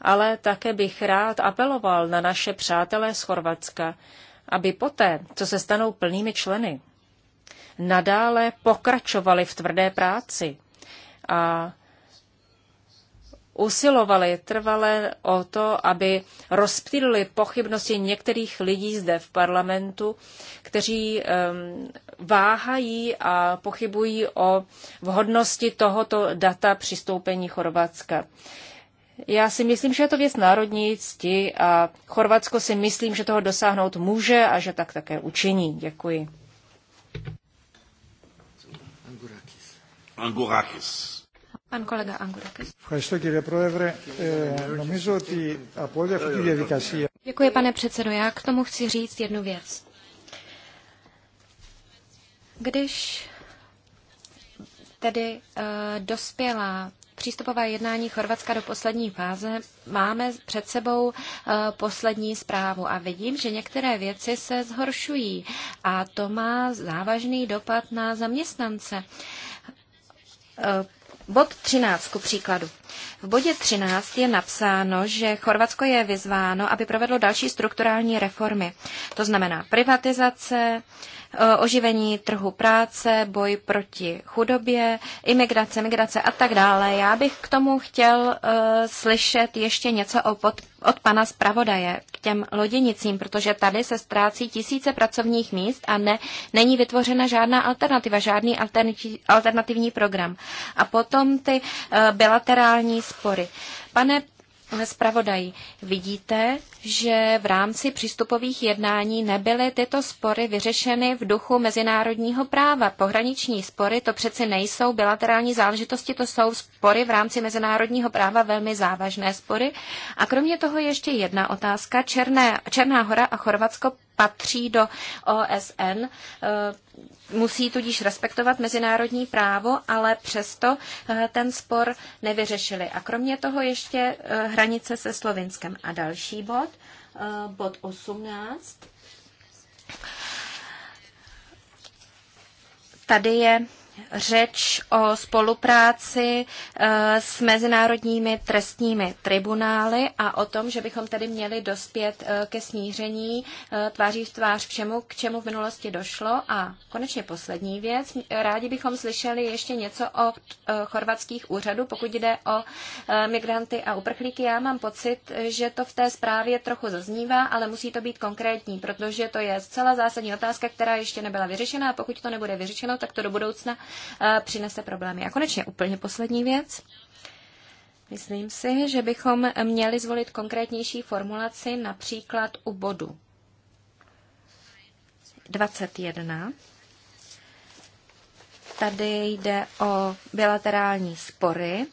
B: Ale také bych rád apeloval na naše přátelé z Chorvatska, aby poté, co se stanou plnými členy nadále pokračovali v tvrdé práci a usilovali trvale o to, aby rozptýlili pochybnosti některých lidí zde v parlamentu, kteří um, váhají a pochybují o vhodnosti tohoto data přistoupení Chorvatska. Já si myslím, že je to věc národní cti a Chorvatsko si myslím, že toho dosáhnout může a že tak také učiní. Děkuji.
A: Angurakis. Děkuji, pane předsedo. Já k tomu chci říct jednu věc. Když tedy uh, dospěla přístupová jednání Chorvatska do poslední fáze, máme před sebou eh, poslední zprávu a vidím, že některé věci se zhoršují a to má závažný dopad na zaměstnance. Eh, bod 13, ku příkladu. V bodě 13 je napsáno, že Chorvatsko je vyzváno, aby provedlo další strukturální reformy. To znamená privatizace, Eh, oživení trhu práce, boj proti chudobě, imigrace, migrace a tak dále. Já bych k tomu chtěl eh, slyšet ještě něco o pod, od pana zpravodaje k těm loděnicím, protože tady se ztrácí tisíce pracovních míst a ne, není vytvořena žádná alternativa, žádný alternativní program. A potom ty eh, bilaterální spory. Pane zpravodaji. Vidíte, že v rámci přístupových jednání nebyly tyto spory vyřešeny v duchu mezinárodního práva. Pohraniční spory to přeci nejsou bilaterální záležitosti, to jsou spory v rámci mezinárodního práva, velmi závažné spory. A kromě toho ještě jedna otázka. Černé, Černá hora a Chorvatsko patří do OSN. Eh, musí tudíž respektovat mezinárodní právo, ale přesto eh, ten spor nevyřešili. A kromě toho ještě eh, hranice se Slovinskem. A další bod, eh, bod 18. Tady je řeč o spolupráci eh, s mezinárodními trestními tribunály a o tom, že bychom tedy měli dospět eh, ke snížení eh, tváří v tvář všemu, k čemu v minulosti došlo. A konečně poslední věc. Rádi bychom slyšeli ještě něco o chorvatských úřadů, pokud jde o migranty a uprchlíky. Já mám pocit, že to v té zprávě trochu zaznívá, ale musí to být konkrétní, protože to je zcela zásadní otázka, která ještě nebyla vyřešena a pokud to nebude vyřešeno, tak to do budoucna Eh, přinese problémy. A konečně úplně poslední věc. Myslím si, že bychom měli zvolit konkrétnější formulaci například u bodu 21 Tady jde o bilaterální spory,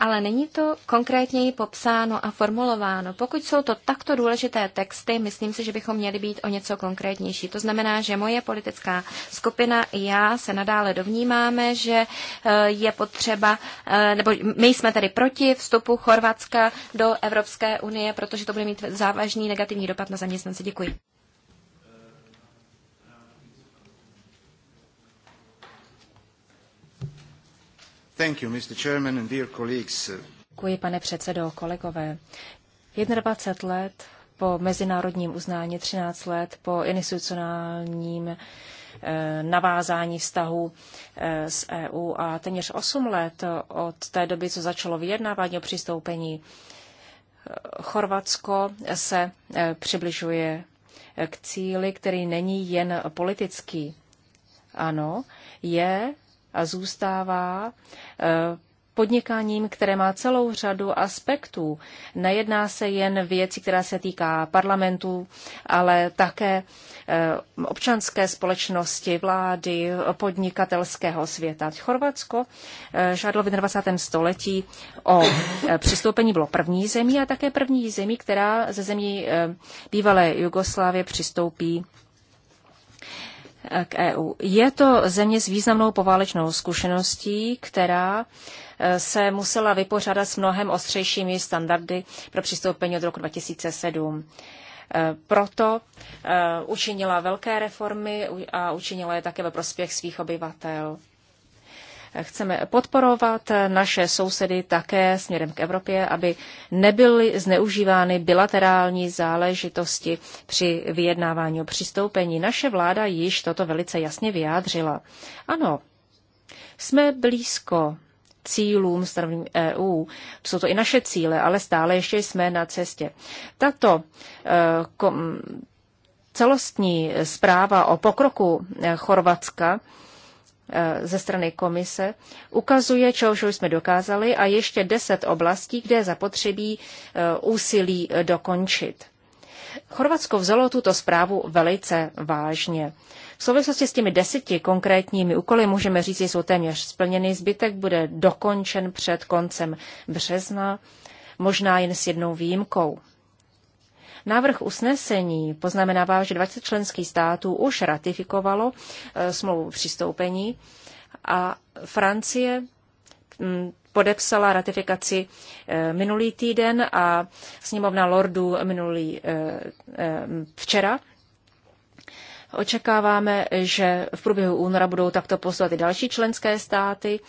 A: ale není to konkrétněji popsáno a formulováno. Pokud jsou to takto důležité texty, myslím si, že bychom měli být o něco konkrétnější. To znamená, že moje politická skupina i já se nadále dovnímáme, že eh, je potřeba, eh, nebo my jsme tady proti vstupu Chorvatska do Evropské unie, protože to bude mít závažný negativní dopad na zaměstnance. Děkuji.
B: Thank you, Mr. Chairman and dear colleagues. Děkuji, pane předsedo, kolegové. 21 let po mezinárodním uznání, 13 let po institucionálním eh, navázání vztahu eh, s EU a téměř 8 let od té doby, co začalo vyjednávání o přistoupení. Eh, Chorvatsko se přibližuje k cíli, který není jen politický. Ano, je a zůstává eh, podnikáním, které má celou řadu aspektů. Nejedná se jen věci, která se týká parlamentu, ale také eh, občanské společnosti, vlády, podnikatelského světa. Chorvatsko eh, žádlo v 21. století o přistoupení, bylo první zemí a také první zemí, která ze zemí bývalé Jugoslávie přistoupí k EU. Je to země s významnou poválečnou zkušeností, která e, se musela vypořádat s mnohem ostřejšími standardy pro přistoupení od roku 2007. E, proto e, učinila velké reformy a učinila je také ve prospěch svých obyvatel. Chceme podporovat naše sousedy také směrem k Evropě, aby nebyly zneužívány bilaterální záležitosti při vyjednávání o přistoupení. Naše vláda již toto velice jasně vyjádřila. Ano, jsme blízko cílům stanoveným EU. Jsou to i naše cíle, ale stále ještě jsme na cestě. Tato eh, celostní zpráva o pokroku eh, Chorvatska Eh, ze strany komise ukazuje, čeho už jsme dokázali a ještě deset oblastí, kde je zapotřebí eh, úsilí eh, dokončit. Chorvatsko vzalo tuto zprávu velice vážně. V souvislosti s těmi deseti konkrétními úkoly můžeme říct, že jsou téměř splněny. Zbytek bude dokončen před koncem března, možná jen s jednou výjimkou. Návrh usnesení poznamenává, že 20 členských států už ratifikovalo eh, smlouvu přistoupení a Francie mm, podepsala ratifikaci eh, minulý týden a sněmovna lordů minulý eh, včera. Očekáváme, že v průběhu února budou takto poslat i další členské státy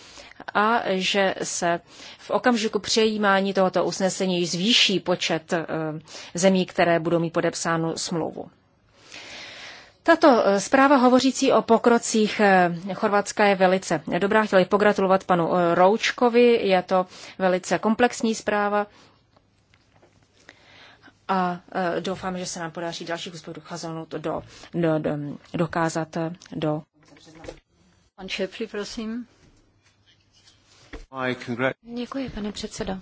B: a že se v okamžiku přejímání tohoto usnesení zvýší počet eh, zemí, které budou mít podepsánu smlouvu. Tato eh, zpráva hovořící o pokrocích eh, Chorvatska je velice dobrá. Chtěli pogratulovat panu Roučkovi. Je to velice komplexní zpráva a e, doufám, že se nám podaří další úspěch docházet do, do, do, dokázat e, do. Pan Šepli, prosím. Děkuji, pane předsedo.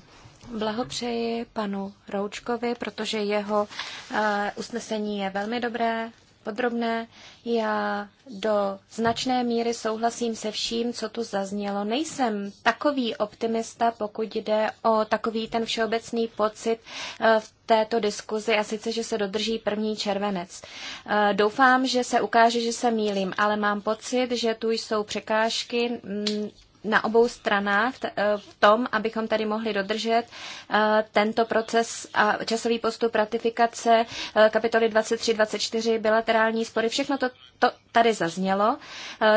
B: Blahopřeji
A: panu Roučkovi, protože jeho uh, usnesení je velmi dobré, podrobné. Já do značné míry souhlasím se vším, co tu zaznělo. Nejsem takový optimista, pokud jde o takový ten všeobecný pocit eh, v této diskuzi, a sice, že se dodrží první červenec. Eh, doufám, že se ukáže, že se mýlím, ale mám pocit, že tu jsou překážky mm, na obou stranách eh, v tom, abychom tady mohli dodržet eh, tento proces a časový postup ratifikace eh, kapitoly 23-24, bilaterální spory, všechno to, to tady zaznělo.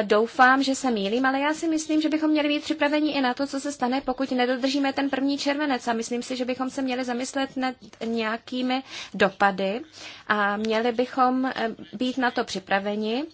A: Doufám, že se mýlím, ale já si myslím, že bychom měli být připraveni i na to, co se stane, pokud nedodržíme ten první červenec a myslím si, že bychom se měli zamyslet nad nějakými dopady a měli bychom být na to připraveni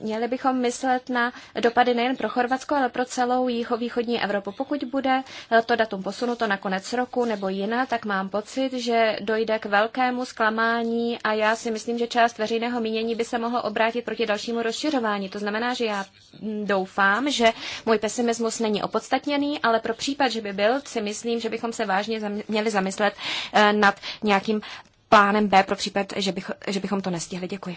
A: měli bychom myslet na dopady nejen pro Chorvatsko, ale pro celou jihovýchodní Evropu. Pokud bude eh, to datum posunuto na konec roku nebo jiná, tak mám pocit, že dojde k velkému zklamání a já si myslím, že část veřejného mínění by se mohlo obrátit proti dalšímu rozšiřování. To znamená, že já mm, doufám, že můj pesimismus není opodstatněný, ale pro případ, že by byl, si myslím, že bychom se vážně měli zamyslet eh, nad nějakým plánem B pro případ, že, bych, že bychom to nestihli.
C: Děkuji.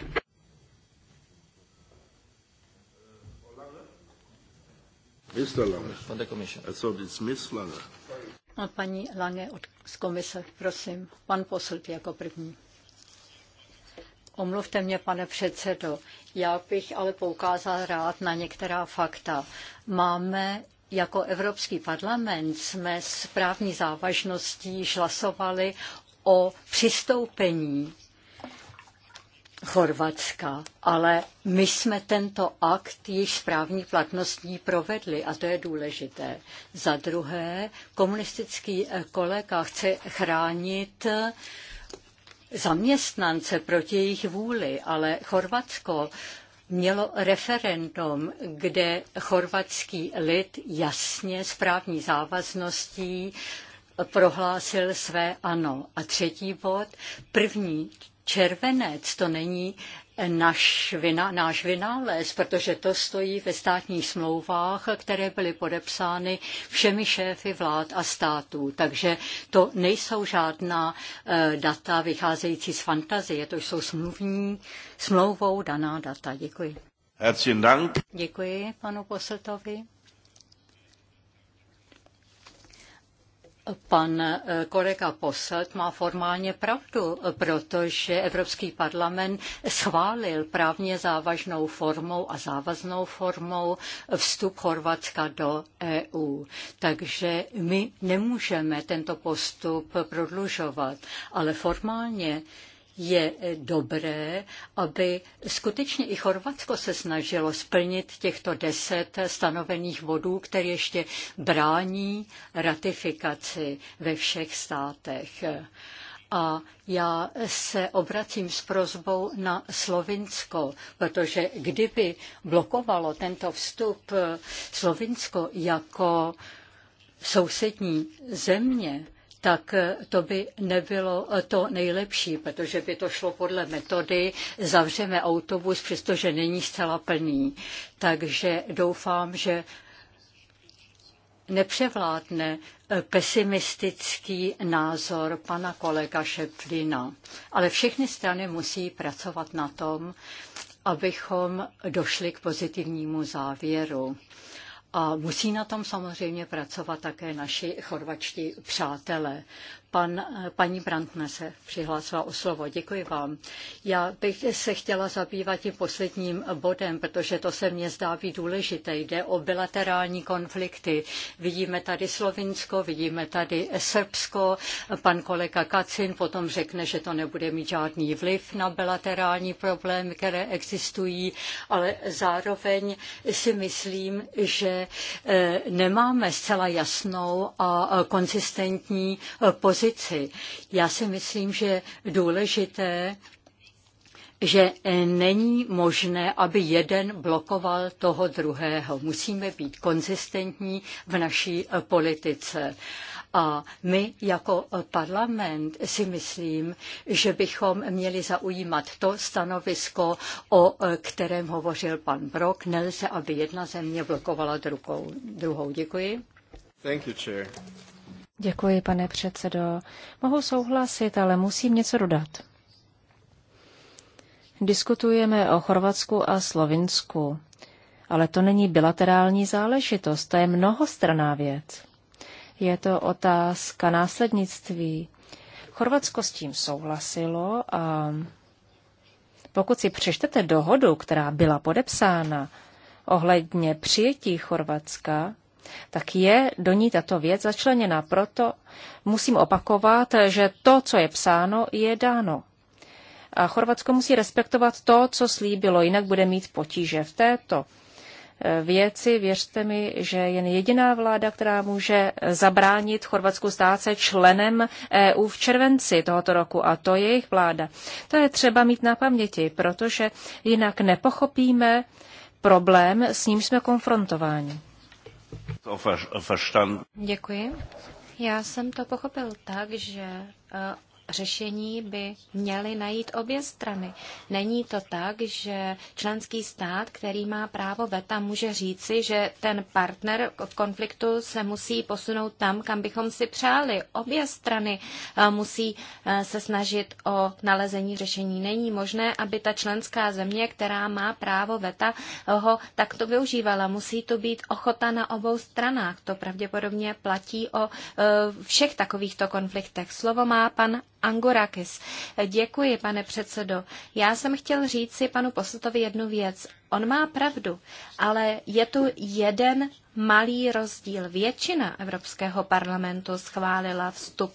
C: A paní Lange od, z komise, prosím. Pan Poslt jako první. Omluvte mě, pane předsedo. Já bych ale poukázal rád na některá fakta. Máme jako Evropský parlament jsme s právní závažností již hlasovali o přistoupení Chorvatska, ale my jsme tento akt již správní platností provedli a to je důležité. Za druhé, komunistický eh, kolega chce chránit eh, zaměstnance proti jejich vůli, ale Chorvatsko mělo referendum, kde chorvatský lid jasně s právní závazností eh, prohlásil své ano. A třetí bod, první červenec, to není naš vina, náš vynález, protože to stojí ve státních smlouvách, které byly podepsány všemi šéfy vlád a států. Takže to nejsou žádná eh, data vycházející z fantazie, to jsou smluvní, smlouvou daná data. Děkuji.
A: Herzlichen Dank.
C: Děkuji panu Posletovi. Pan eh, kolega Posselt má formálně pravdu, protože Evropský parlament schválil právně závažnou formou a závaznou formou vstup Chorvatska do EU. Takže my nemůžeme tento postup prodlužovat, ale formálně je dobré, aby skutečně i Chorvatsko se snažilo splnit těchto deset stanovených bodů, které ještě brání ratifikaci ve všech státech. A já se obracím s prozbou na Slovinsko, protože kdyby blokovalo tento vstup Slovinsko jako sousední země, tak eh, to by nebylo eh, to nejlepší, protože by to šlo podle metody zavřeme autobus, přestože není zcela plný. Takže doufám, že nepřevládne eh, pesimistický názor pana kolega Šeplina. Ale všechny strany musí pracovat na tom, abychom došli k pozitivnímu závěru. A musí na tom samozřejmě pracovat také naši chorvačtí přátelé. Pan, paní Brantne se přihlásila o slovo. Děkuji vám. Já bych se chtěla zabývat tím posledním bodem, protože to se mně zdá být důležité. Jde o bilaterální konflikty. Vidíme tady Slovinsko, vidíme tady Srbsko. Pan kolega Kacin potom řekne, že to nebude mít žádný vliv na bilaterální problémy, které existují, ale zároveň si myslím, že eh, nemáme zcela jasnou a konzistentní pozici pozici. Já si myslím, že důležité že není možné, aby jeden blokoval toho druhého. Musíme být konzistentní v naší politice. A my jako parlament si myslím, že bychom měli zaujímat to stanovisko, o kterém hovořil pan Brok. Nelze, aby jedna země blokovala druhou. Děkuji. Thank you, chair.
B: Děkuji, pane předsedo. Mohu souhlasit, ale musím něco dodat. Diskutujeme o Chorvatsku a Slovinsku, ale to není bilaterální záležitost, to je mnohostraná věc. Je to otázka následnictví. Chorvatsko s tím souhlasilo a pokud si přečtete dohodu, která byla podepsána ohledně přijetí Chorvatska, tak je do ní tato věc začleněna. Proto musím opakovat, že to, co je psáno, je dáno. A Chorvatsko musí respektovat to, co slíbilo, jinak bude mít potíže v této e, věci. Věřte mi, že jen jediná vláda, která může zabránit Chorvatsku stát se členem EU v červenci tohoto roku, a to je jejich vláda. To je třeba mít na paměti, protože jinak nepochopíme problém, s ním jsme konfrontováni.
A: Děkuji. Já jsem to pochopil tak, že eh, řešení by měly najít obě strany. Není to tak, že členský stát, který má právo veta, může říci, že ten partner v konfliktu se musí posunout tam, kam bychom si přáli. Obě strany eh, musí eh, se snažit o nalezení řešení. Není možné, aby ta členská země, která má právo veta, eh, ho takto využívala. Musí to být ochota na obou stranách. To pravděpodobně platí o všech takovýchto konfliktech. Slovo má pan Angorakis, Děkuji, pane předsedo. Já jsem chtěl říct si panu Posutovi jednu věc. On má pravdu, ale je tu jeden malý rozdíl. Většina Evropského parlamentu schválila vstup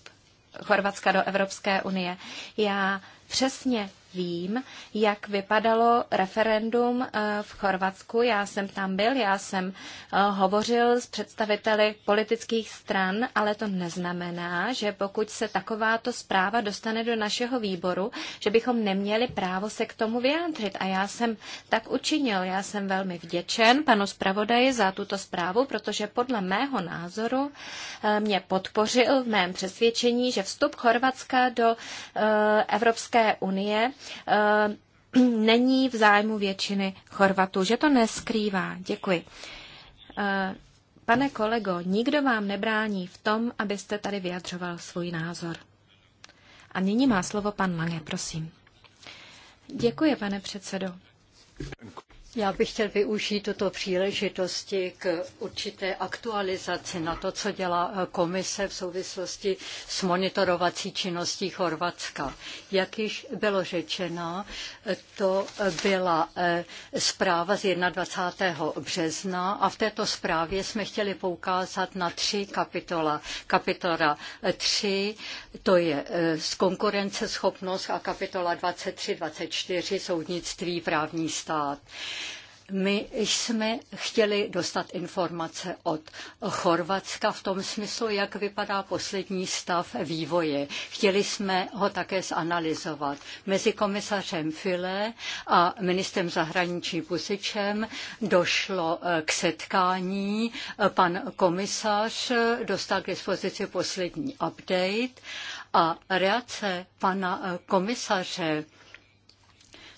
A: Chorvatska do Evropské unie. Já přesně vím, jak vypadalo referendum eh, v Chorvatsku. Já jsem tam byl, já jsem eh, hovořil s představiteli politických stran, ale to neznamená, že pokud se takováto zpráva dostane do našeho výboru, že bychom neměli právo se k tomu vyjádřit. A já jsem tak učinil. Já jsem velmi vděčen panu zpravodaji za tuto zprávu, protože podle mého názoru eh, mě podpořil v mém přesvědčení, že vstup Chorvatska do Evropské unie Eh, není v zájmu většiny Chorvatů, že to neskrývá. Děkuji. Eh, pane kolego, nikdo vám nebrání v tom, abyste tady vyjadřoval svůj názor. A nyní má slovo pan Lange, prosím.
C: Děkuji, pane předsedo. Já bych chtěl využít tuto příležitosti k určité aktualizaci na to, co dělá eh, komise v souvislosti s monitorovací činností Chorvatska. Jak již bylo řečeno, eh, to byla eh, zpráva z 21. března a v této zprávě jsme chtěli poukázat na tři kapitola. Kapitola 3, to je konkurenceschopnost a kapitola 23-24, soudnictví, právní stát. My jsme chtěli dostat informace od Chorvatska v tom smyslu, jak vypadá poslední stav vývoje. Chtěli jsme ho také zanalizovat. Mezi komisařem File a ministrem zahraničí Pusičem došlo eh, k setkání. Pan komisař dostal k dispozici poslední update a reakce pana eh, komisaře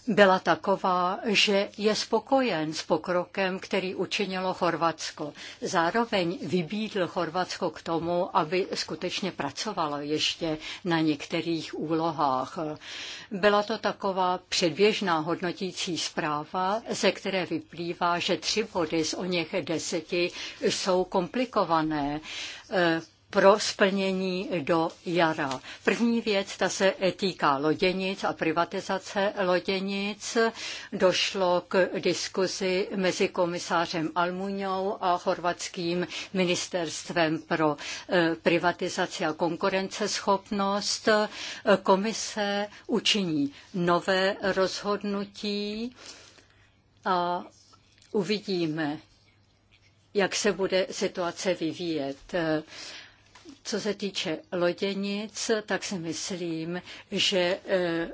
C: byla taková, že je spokojen s pokrokem, který učinilo Chorvatsko. Zároveň vybídl Chorvatsko k tomu, aby skutečně pracovalo ještě na některých úlohách. Byla to taková předběžná hodnotící zpráva, ze které vyplývá, že tři body z o něch deseti jsou komplikované pro splnění do jara. První věc, ta se týká loděnic a privatizace loděnic. Došlo k diskuzi mezi komisářem Almuňou a chorvatským ministerstvem pro eh, privatizaci a konkurenceschopnost. Komise učiní nové rozhodnutí a uvidíme, jak se bude situace vyvíjet. Co se týče loděnic, tak si myslím, že e,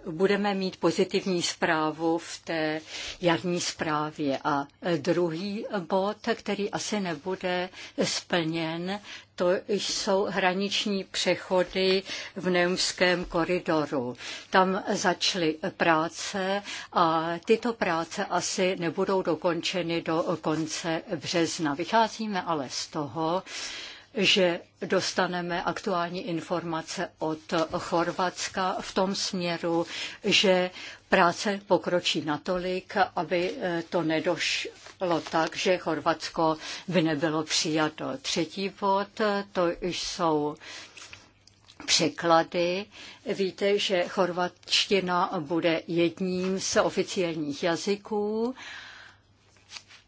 C: budeme mít pozitivní zprávu v té jarní zprávě. A e, druhý bod, který asi nebude splněn, to jsou hraniční přechody v Neumském koridoru. Tam začaly práce a tyto práce asi nebudou dokončeny do konce března. Vycházíme ale z toho, že dostaneme aktuální informace od Chorvatska v tom směru, že práce pokročí natolik, aby eh, to nedošlo tak, že Chorvatsko by nebylo přijato. Třetí bod, eh, to jsou překlady. Víte, že chorvatština bude jedním z oficiálních jazyků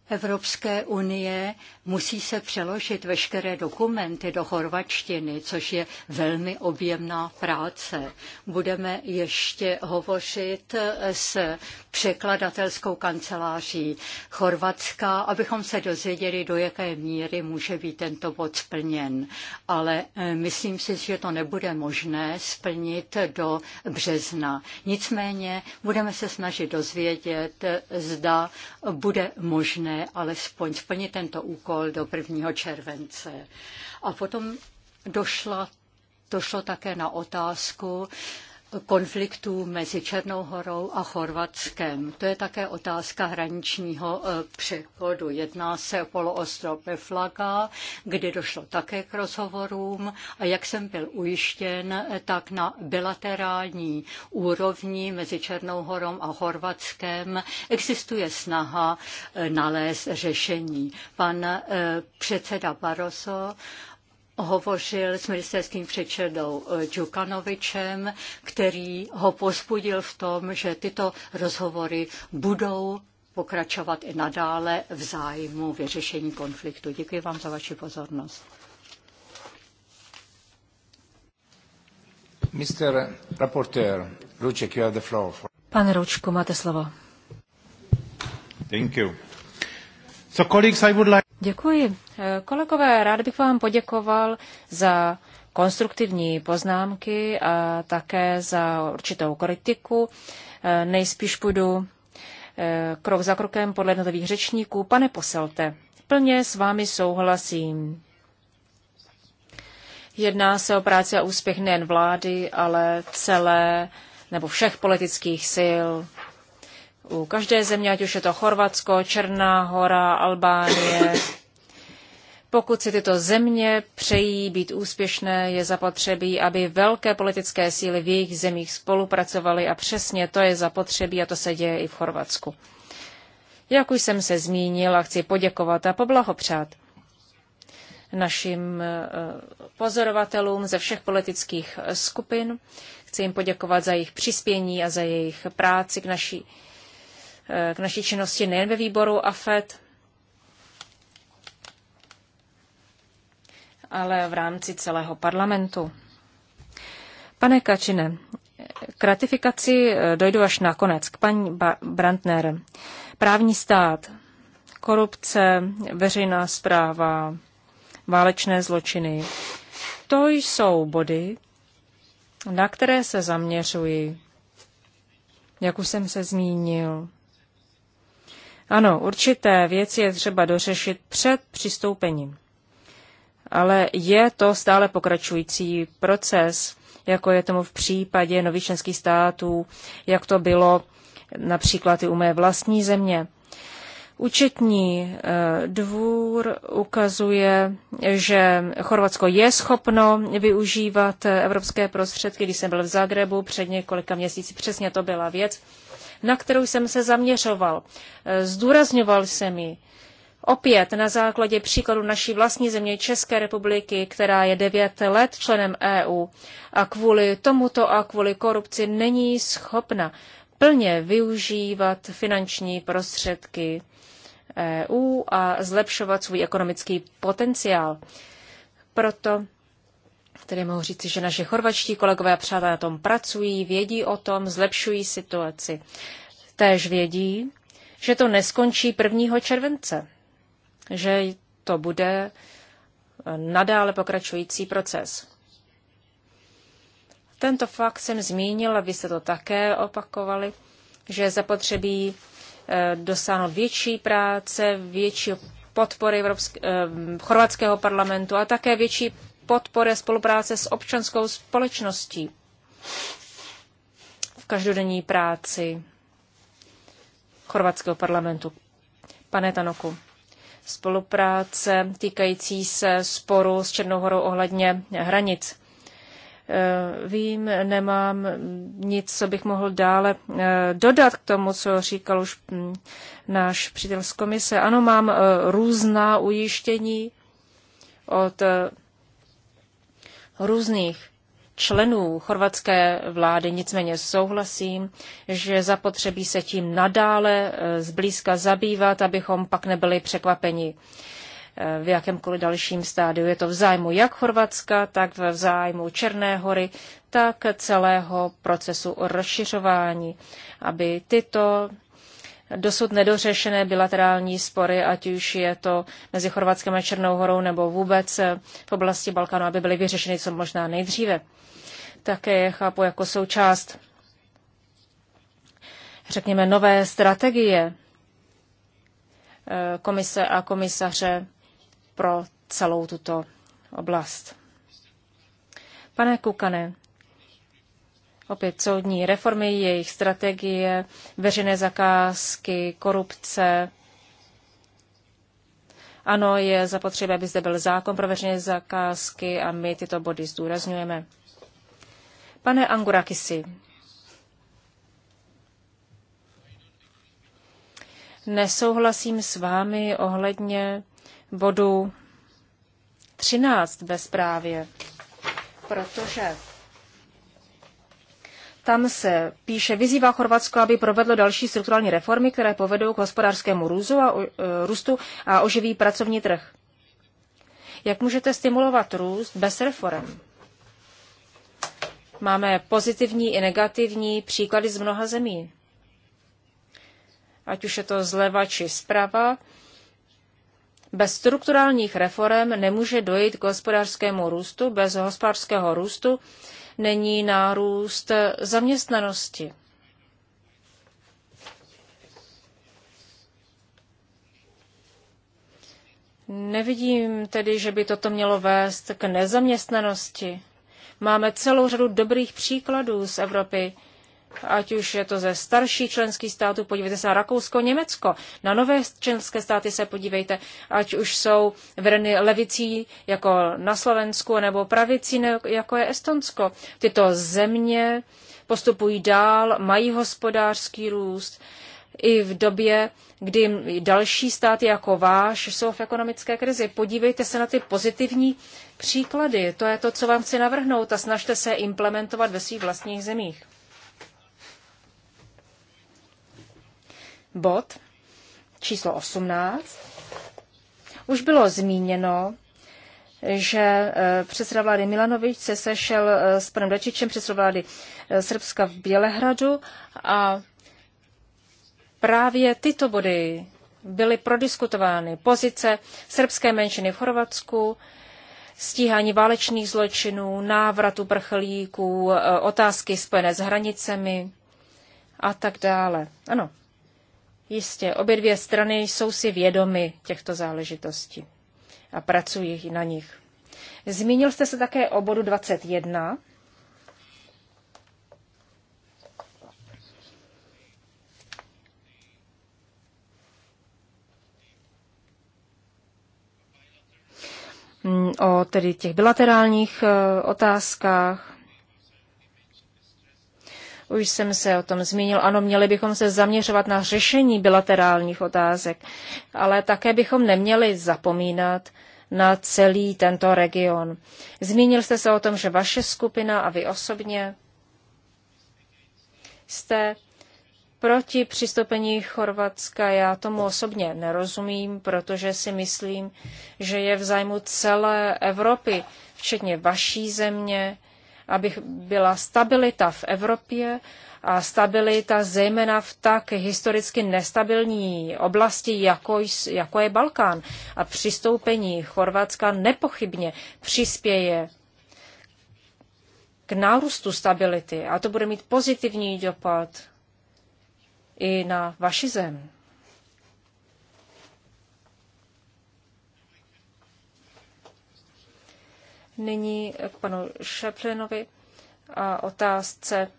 C: Evropské unie musí se přeložit veškeré dokumenty do chorvačtiny, což je velmi objemná práce. Budeme ještě hovořit s překladatelskou kanceláří Chorvatska, abychom se dozvěděli, do jaké míry může být tento bod splněn. Ale eh, myslím si, že to nebude možné splnit do března. Nicméně budeme se snažit dozvědět, eh, zda bude možné alespoň splnit tento úkol do 1. července. A potom došla Došlo také na otázku, konfliktů mezi Černou horou a Chorvatskem. To je také otázka hraničního eh, přechodu. Jedná se o poloostrov Flaga, kdy došlo také k rozhovorům a jak jsem byl ujištěn, eh, tak na bilaterální úrovni mezi Černou horou a Chorvatskem existuje snaha eh, nalézt řešení. Pan předseda Barroso hovořil s ministerským předsedou Čukanovičem, eh, který ho pospudil v tom, že tyto rozhovory budou pokračovat i nadále v zájmu vyřešení konfliktu. Děkuji vám za vaši pozornost. Mr. Rapporteur, Ruček, you have the floor. For... Pane Ručku, máte slovo. Thank you. So colleagues, I would like...
B: Děkuji. Kolegové, rád bych vám poděkoval za konstruktivní poznámky a také za určitou kritiku. Nejspíš půjdu eh, krok za krokem podle jednotlivých řečníků. Pane Poselte, plně s vámi souhlasím. Jedná se o práci a úspěch nejen vlády, ale celé nebo všech politických sil u každé země, ať už je to Chorvatsko, Černá hora, Albánie. Pokud si tyto země přejí být úspěšné, je zapotřebí, aby velké politické síly v jejich zemích spolupracovaly a přesně to je zapotřebí a to se děje i v Chorvatsku. Jak už jsem se zmínil a chci poděkovat a poblahopřát našim eh, pozorovatelům ze všech politických skupin. Chci jim poděkovat za jejich přispění a za jejich práci k naší k eh, naší činnosti nejen ve výboru AFET, ale v rámci celého parlamentu. Pane Kačine, k ratifikaci eh, dojdu až nakonec. K paní Brandner. Právní stát, korupce, veřejná zpráva, válečné zločiny. To jsou body, na které se zaměřuji. Jak už jsem se zmínil, ano, určité věci je třeba dořešit před přistoupením. Ale je to stále pokračující proces, jako je tomu v případě nových členských států, jak to bylo například i u mé vlastní země. Účetní eh, dvůr ukazuje, že Chorvatsko je schopno využívat eh, evropské prostředky. Když jsem byl v Zagrebu před několika měsíci, přesně to byla věc, na kterou jsem se zaměřoval. Eh, zdůrazňoval jsem ji. Opět na základě příkladu naší vlastní země České republiky, která je devět let členem EU a kvůli tomuto a kvůli korupci není schopna plně využívat finanční prostředky EU a zlepšovat svůj ekonomický potenciál. Proto Tedy mohu říci, že naši chorvačtí kolegové a přátelé na tom pracují, vědí o tom, zlepšují situaci. Též vědí, že to neskončí 1. července, že to bude eh, nadále pokračující proces. Tento fakt jsem zmínil, a vy jste to také opakovali, že zapotřebí eh, dosáhnout větší práce, větší podpory Evropské, eh, chorvatského parlamentu a také větší podpore spolupráce s občanskou společností v každodenní práci chorvatského parlamentu. Pane Tanoku, spolupráce týkající se sporu s horou ohledně hranic. Eh, vím, nemám nic, co bych mohl dále eh, dodat k tomu, co říkal už hm, náš přítel z komise. Ano, mám eh, různá ujištění od různých členů chorvatské vlády. Nicméně souhlasím, že zapotřebí se tím nadále eh, zblízka zabývat, abychom pak nebyli překvapeni eh, v jakémkoliv dalším stádiu. Je to v zájmu jak Chorvatska, tak v zájmu Černé hory, tak celého procesu rozšiřování, aby tyto dosud nedořešené bilaterální spory, ať už je to mezi Chorvatskem a Černou horou nebo vůbec eh, v oblasti Balkánu, aby byly vyřešeny co možná nejdříve. Také je chápu jako součást, řekněme, nové strategie eh, komise a komisaře pro celou tuto oblast. Pane Kukane, opět soudní reformy, jejich strategie, veřejné zakázky, korupce. Ano, je zapotřebí, aby zde byl zákon pro veřejné zakázky a my tyto body zdůrazňujeme. Pane Angurakisi, nesouhlasím s vámi ohledně bodu 13 ve zprávě, protože tam se píše, vyzývá Chorvatsko, aby provedlo další strukturální reformy, které povedou k hospodářskému růzu a, e, růstu a oživí pracovní trh. Jak můžete stimulovat růst bez reform? Máme pozitivní i negativní příklady z mnoha zemí. Ať už je to zleva či zprava, bez strukturálních reform nemůže dojít k hospodářskému růstu, bez hospodářského růstu není nárůst zaměstnanosti. Nevidím tedy, že by toto mělo vést k nezaměstnanosti. Máme celou řadu dobrých příkladů z Evropy, ať už je to ze starších členských států, podívejte se na Rakousko, Německo, na nové členské státy se podívejte, ať už jsou vedeny levicí jako na Slovensku, nebo pravicí jako je Estonsko. Tyto země postupují dál, mají hospodářský růst i v době, kdy další státy jako váš jsou v ekonomické krizi. Podívejte se na ty pozitivní příklady. To je to, co vám chci navrhnout a snažte se implementovat ve svých vlastních zemích. bod číslo 18. Už bylo zmíněno, že e, předseda vlády Milanovič se sešel e, s panem Dačičem, předseda vlády e, Srbska v Bělehradu a právě tyto body byly prodiskutovány. Pozice srbské menšiny v Chorvatsku, stíhání válečných zločinů, návratu prchlíků, otázky spojené s hranicemi a tak dále. Ano, Jistě, obě dvě strany jsou si vědomy těchto záležitostí a pracují na nich. Zmínil jste se také o bodu 21. Mm, o tedy těch bilaterálních eh, otázkách už jsem se o tom zmínil. Ano, měli bychom se zaměřovat na řešení bilaterálních otázek, ale také bychom neměli zapomínat na celý tento region. Zmínil jste se o tom, že vaše skupina a vy osobně jste proti přistoupení Chorvatska. Já tomu osobně nerozumím, protože si myslím, že je v zájmu celé Evropy, včetně vaší země, aby byla stabilita v Evropě a stabilita zejména v tak historicky nestabilní oblasti, jako, jako je Balkán. A přistoupení Chorvatska nepochybně přispěje k nárůstu stability a to bude mít pozitivní dopad i na vaši zem. Nyní k panu Šeplinovi a otázce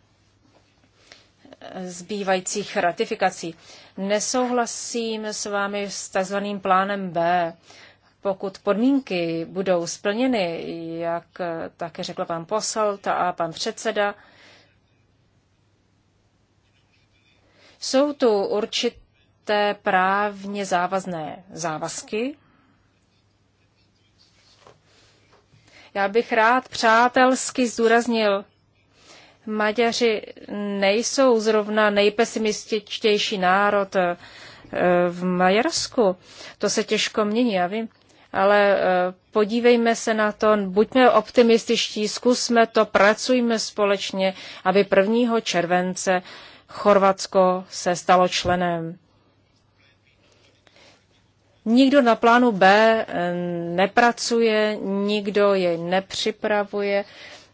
B: eh, zbývajících ratifikací. Nesouhlasím s vámi s tzv. plánem B. Pokud podmínky budou splněny, jak eh, také řekl pan posel a pan předseda, jsou tu určité právně závazné závazky, Já bych rád přátelsky zdůraznil, Maďaři nejsou zrovna nejpesimističtější národ eh, v Maďarsku. To se těžko mění, já vím. Ale eh, podívejme se na to, buďme optimističtí, zkusme to, pracujme společně, aby 1. července Chorvatsko se stalo členem Nikdo na plánu B eh, nepracuje, nikdo jej nepřipravuje.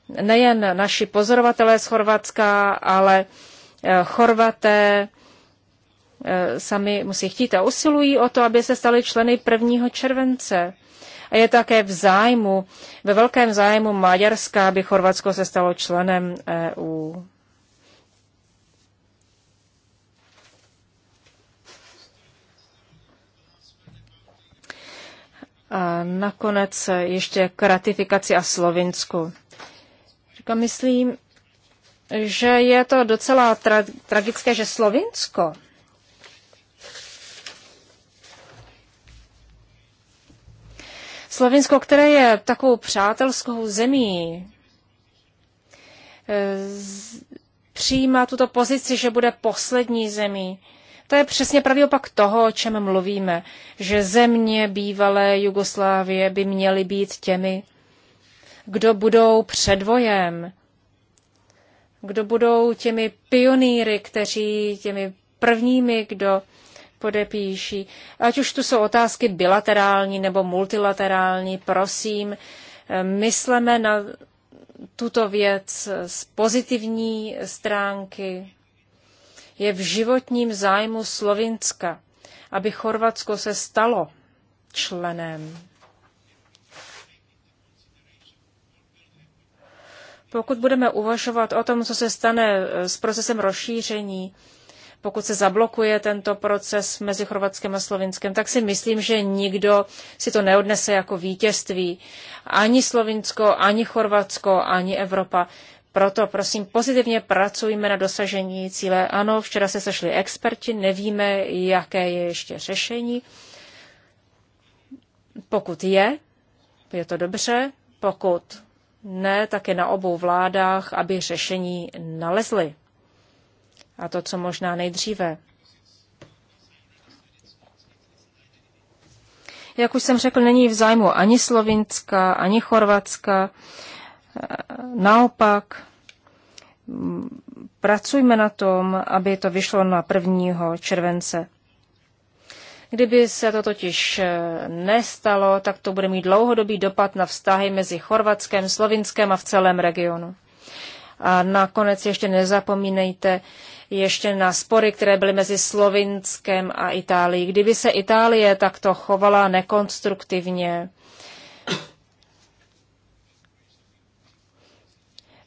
B: Nejen naši pozorovatelé z Chorvatska, ale eh, Chorvaté eh, sami musí chtít a usilují o to, aby se stali členy 1. července. A je také v zájmu, ve velkém zájmu Maďarska, aby Chorvatsko se stalo členem EU. A nakonec ještě k ratifikaci a Slovinsku. Říkám, myslím, že je to docela tra- tragické, že Slovinsko Slovinsko, které je takovou přátelskou zemí, eh, přijímá tuto pozici, že bude poslední zemí, to je přesně pravý opak toho, o čem mluvíme, že země bývalé Jugoslávie by měly být těmi, kdo budou předvojem, kdo budou těmi pionýry, kteří těmi prvními, kdo podepíší. Ať už tu jsou otázky bilaterální nebo multilaterální, prosím, mysleme na tuto věc z pozitivní stránky, je v životním zájmu Slovinska, aby Chorvatsko se stalo členem. Pokud budeme uvažovat o tom, co se stane eh, s procesem rozšíření, pokud se zablokuje tento proces mezi Chorvatskem a Slovinskem, tak si myslím, že nikdo si to neodnese jako vítězství. Ani Slovinsko, ani Chorvatsko, ani Evropa. Proto prosím pozitivně pracujme na dosažení cíle. Ano, včera se sešli experti, nevíme, jaké je ještě řešení. Pokud je, je to dobře, pokud ne, tak je na obou vládách, aby řešení nalezly. A to, co možná nejdříve. Jak už jsem řekl, není v zájmu ani Slovinska, ani Chorvatska, Naopak, pracujme na tom, aby to vyšlo na 1. července. Kdyby se to totiž eh, nestalo, tak to bude mít dlouhodobý dopad na vztahy mezi Chorvatskem, Slovinskem a v celém regionu. A nakonec ještě nezapomínejte ještě na spory, které byly mezi Slovinskem a Itálií. Kdyby se Itálie takto chovala nekonstruktivně,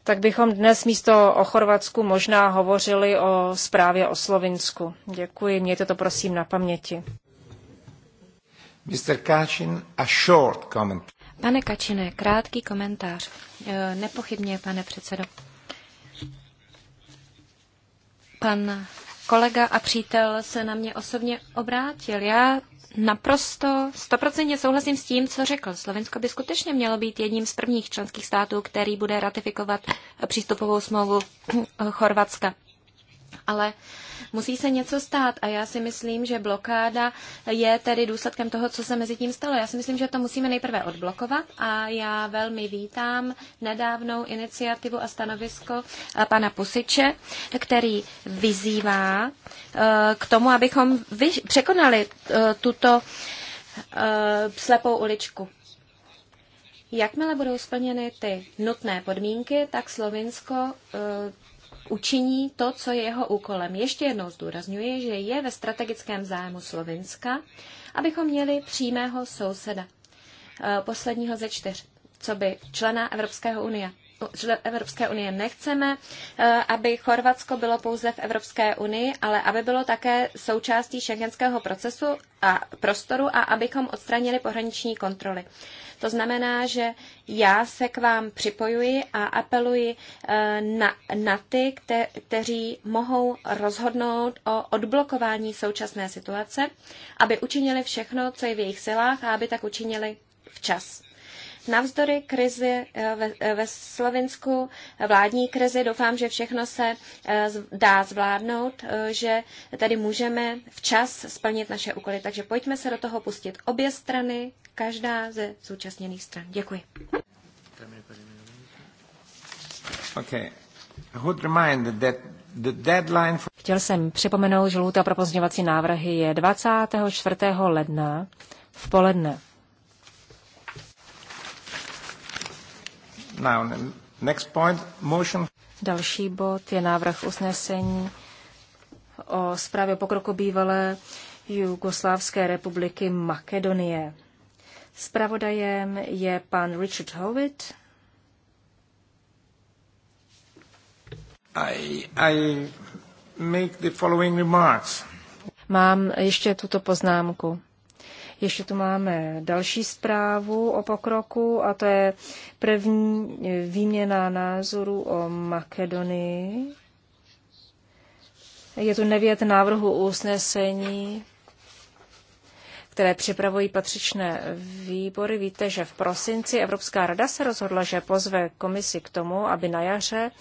B: tak bychom dnes místo o Chorvatsku možná hovořili o zprávě o Slovinsku. Děkuji, mějte to prosím na paměti. Mr. Kachin, a short comment.
A: Pane Kačine, krátký komentář. E, nepochybně, pane předsedo. Pan kolega a přítel se na mě osobně obrátil. Já naprosto stoprocentně souhlasím s tím, co řekl. Slovensko by skutečně mělo být jedním z prvních členských států, který bude ratifikovat přístupovou smlouvu Chorvatska. Ale uh, Musí se něco stát a já si myslím, že blokáda je tedy důsledkem toho, co se mezi tím stalo. Já si myslím, že to musíme nejprve odblokovat a já velmi vítám nedávnou iniciativu a stanovisko eh, pana Pusiče, který vyzývá eh, k tomu, abychom překonali eh, tuto slepou uličku. Jakmile budou splněny ty nutné podmínky, tak Slovinsko učiní to, co je jeho úkolem. Ještě jednou zdůrazňuji, že je ve strategickém zájmu Slovinska, abychom měli přímého souseda, eh, posledního ze čtyř, co by člena Evropské unie. Evropské unie. Nechceme, eh, aby Chorvatsko bylo pouze v Evropské unii, ale aby bylo také součástí šengenského procesu a prostoru a abychom odstranili pohraniční kontroly. To znamená, že já se k vám připojuji a apeluji eh, na, na ty, kte, kteří mohou rozhodnout o odblokování současné situace, aby učinili všechno, co je v jejich silách a aby tak učinili včas. Navzdory krizi eh, ve, eh, ve Slovensku, eh, vládní krizi, doufám, že všechno se dá zvládnout, že tady můžeme včas splnit naše úkoly. Takže pojďme se do toho pustit obě strany, každá ze zúčastněných
B: stran. Děkuji. Okay. For... Chtěl jsem připomenout, že lhůta pro pozměňovací návrhy je 24. ledna v poledne. Now, next point, motion. Další bod je návrh usnesení o zprávě pokroku bývalé Jugoslávské republiky Makedonie. Spravodajem je pan Richard Howitt. I, I make the following remarks. Mám ještě tuto poznámku. Ještě tu máme další zprávu o pokroku a to je první výměna názoru o Makedonii. Je tu nevět návrhu usnesení, které připravují patřičné výbory. Víte, že v prosinci Evropská rada se rozhodla, že pozve komisi k tomu, aby na jaře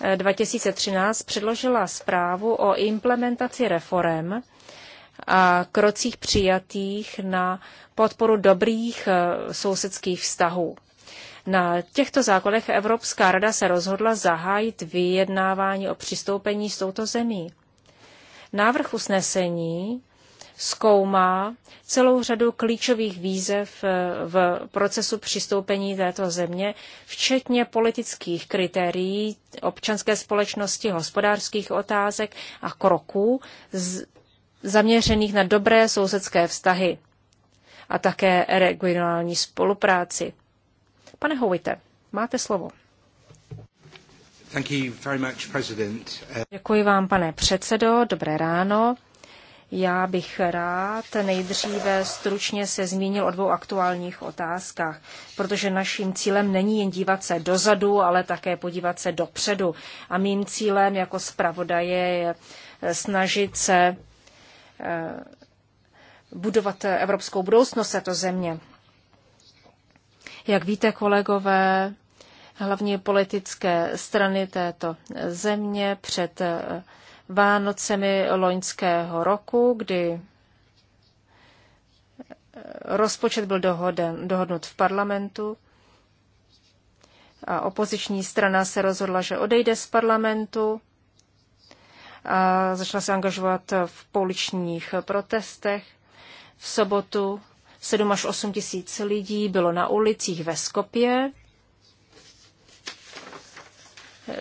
B: eh, 2013 předložila zprávu o implementaci reform krocích přijatých na podporu dobrých eh, sousedských vztahů. Na těchto základech Evropská rada se rozhodla zahájit vyjednávání o přistoupení s touto zemí. Návrh usnesení zkoumá celou řadu klíčových výzev eh, v procesu přistoupení této země, včetně politických kritérií, občanské společnosti, hospodářských otázek a kroků, zaměřených na dobré sousedské vztahy a také regionální spolupráci. Pane Howite, máte slovo. Much, Děkuji vám, pane předsedo. Dobré ráno. Já bych rád nejdříve stručně se zmínil o dvou aktuálních otázkách, protože naším cílem není jen dívat se dozadu, ale také podívat se dopředu. A mým cílem jako zpravodaje je snažit se Eh, budovat evropskou budoucnost této země. Jak víte, kolegové, hlavně politické strany této země před eh, Vánocemi loňského roku, kdy eh, rozpočet byl dohoden, dohodnut v parlamentu a opoziční strana se rozhodla, že odejde z parlamentu a začala se angažovat v pouličních protestech. V sobotu 7 až 8 tisíc lidí bylo na ulicích ve Skopě.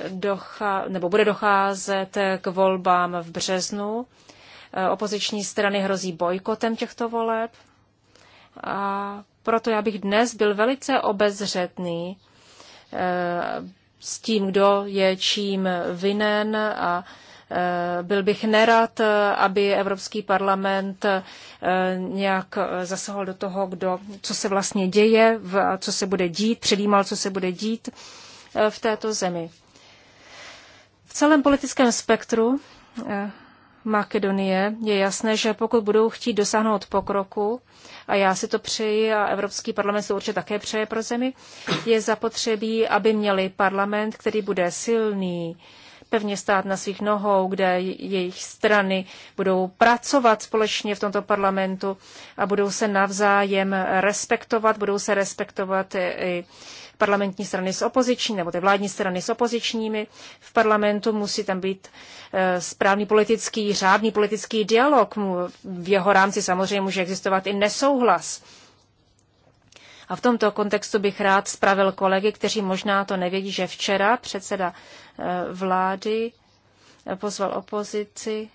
B: Docha- nebo bude docházet k volbám v březnu. Opoziční strany hrozí bojkotem těchto voleb. A proto já bych dnes byl velice obezřetný eh, s tím, kdo je čím vinen a Eh, byl bych nerad, eh, aby Evropský parlament eh, nějak zasahoval do toho, kdo, co se vlastně děje, co se bude dít, předjímal, co se bude dít v této zemi. V celém politickém spektru Makedonie je jasné, že pokud budou chtít dosáhnout pokroku, a já si to přeji a Evropský parlament si určitě také přeje pro zemi, je zapotřebí, aby měli parlament, který bude silný, pevně stát na svých nohou, kde jejich strany budou pracovat společně v tomto parlamentu a budou se navzájem respektovat, budou se respektovat i parlamentní strany s opoziční, nebo ty vládní strany s opozičními. V parlamentu musí tam být eh, správný politický, řádný politický dialog. V jeho rámci samozřejmě může existovat i nesouhlas a v tomto kontextu bych rád spravil kolegy, kteří možná to nevědí, že včera předseda eh, vlády eh, pozval opozici,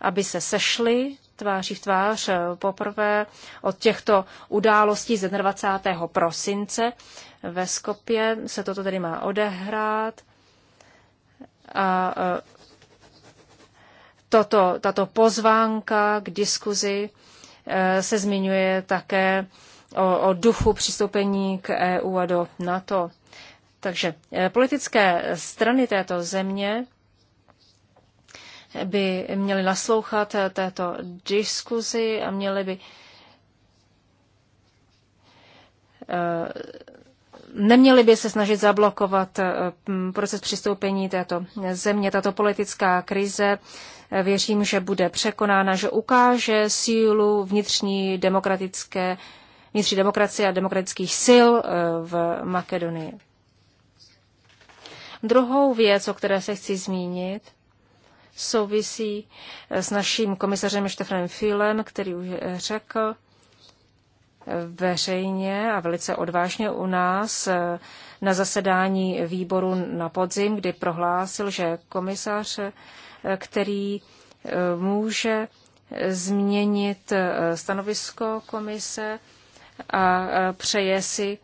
B: aby se sešli tváří v tvář eh, poprvé od těchto událostí ze 20. prosince. Ve Skopě se toto tedy má odehrát. A toto, tato pozvánka k diskuzi se zmiňuje také o, o duchu přistoupení k EU a do NATO. Takže e, politické strany této země by měly naslouchat e, této diskuzi a měly by e, neměli by se snažit zablokovat proces přistoupení této země. Tato politická krize věřím, že bude překonána, že ukáže sílu vnitřní demokratické vnitřní demokracie a demokratických sil eh, v Makedonii. Druhou věc, o které se chci zmínit, souvisí eh, s naším komisařem Štefanem Filem, který už eh, řekl veřejně a velice odvážně u nás na zasedání výboru na podzim, kdy prohlásil, že komisař, který může změnit stanovisko komise, a přeje si,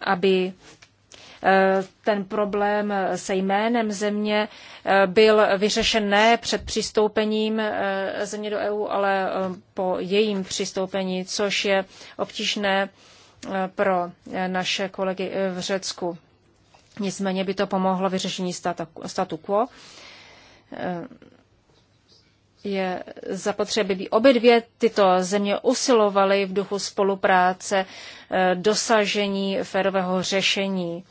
B: aby e, ten problém se jménem země e, byl vyřešen ne před přistoupením e, země do EU, ale po jejím přistoupení, což je obtížné pro naše kolegy v Řecku. Nicméně by to pomohlo vyřešení statu quo je zapotřebí. Obě dvě tyto země usilovaly v duchu spolupráce eh, dosažení férového řešení.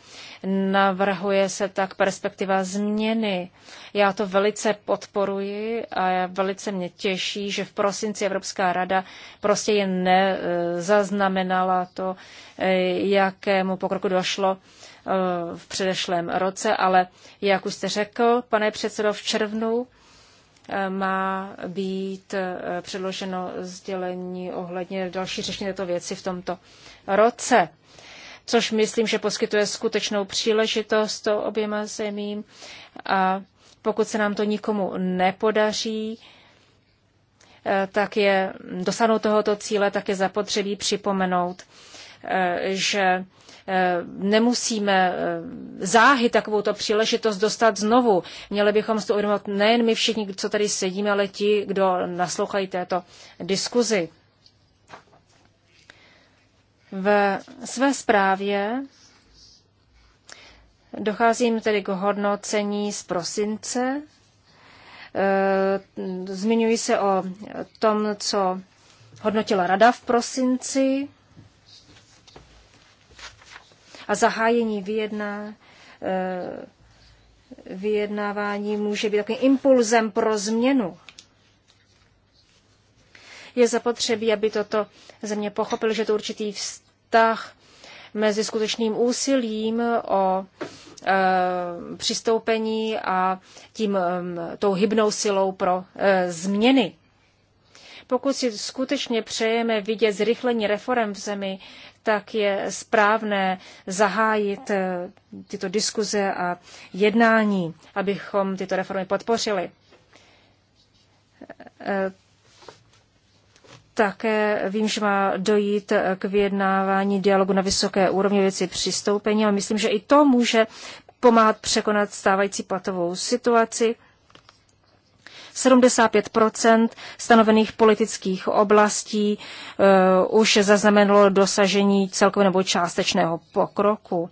B: Navrhuje se tak perspektiva změny. Já to velice podporuji a velice mě těší, že v prosinci Evropská rada prostě jen nezaznamenala to, eh, jakému pokroku došlo eh, v předešlém roce, ale jak už jste řekl, pane předsedo, v červnu má být eh, předloženo sdělení ohledně další řešení této věci v tomto roce což myslím, že poskytuje skutečnou příležitost to oběma zemím. A pokud se nám to nikomu nepodaří, eh, tak je dosáhnout tohoto cíle, tak je zapotřebí připomenout, eh, že Eh, nemusíme eh, záhy takovouto příležitost dostat znovu. Měli bychom si to uvědomit nejen my všichni, co tady sedíme, ale ti, kdo naslouchají této diskuzi. V své zprávě docházím tedy k hodnocení z prosince. Eh, zmiňuji se o tom, co hodnotila rada v prosinci a zahájení vyjedná, eh, vyjednávání může být takovým impulzem pro změnu. Je zapotřebí, aby toto země pochopil, že to určitý vztah mezi skutečným úsilím o eh, přistoupení a tím eh, tou hybnou silou pro změny. Pokud si skutečně přejeme vidět zrychlení reform v zemi, tak je správné zahájit eh, tyto diskuze a jednání, abychom tyto reformy podpořili. Eh, také vím, že má dojít eh, k vyjednávání dialogu na vysoké úrovni věci přistoupení a myslím, že i to může pomáhat překonat stávající platovou situaci 75 stanovených politických oblastí uh, už zaznamenalo dosažení celkově nebo částečného pokroku.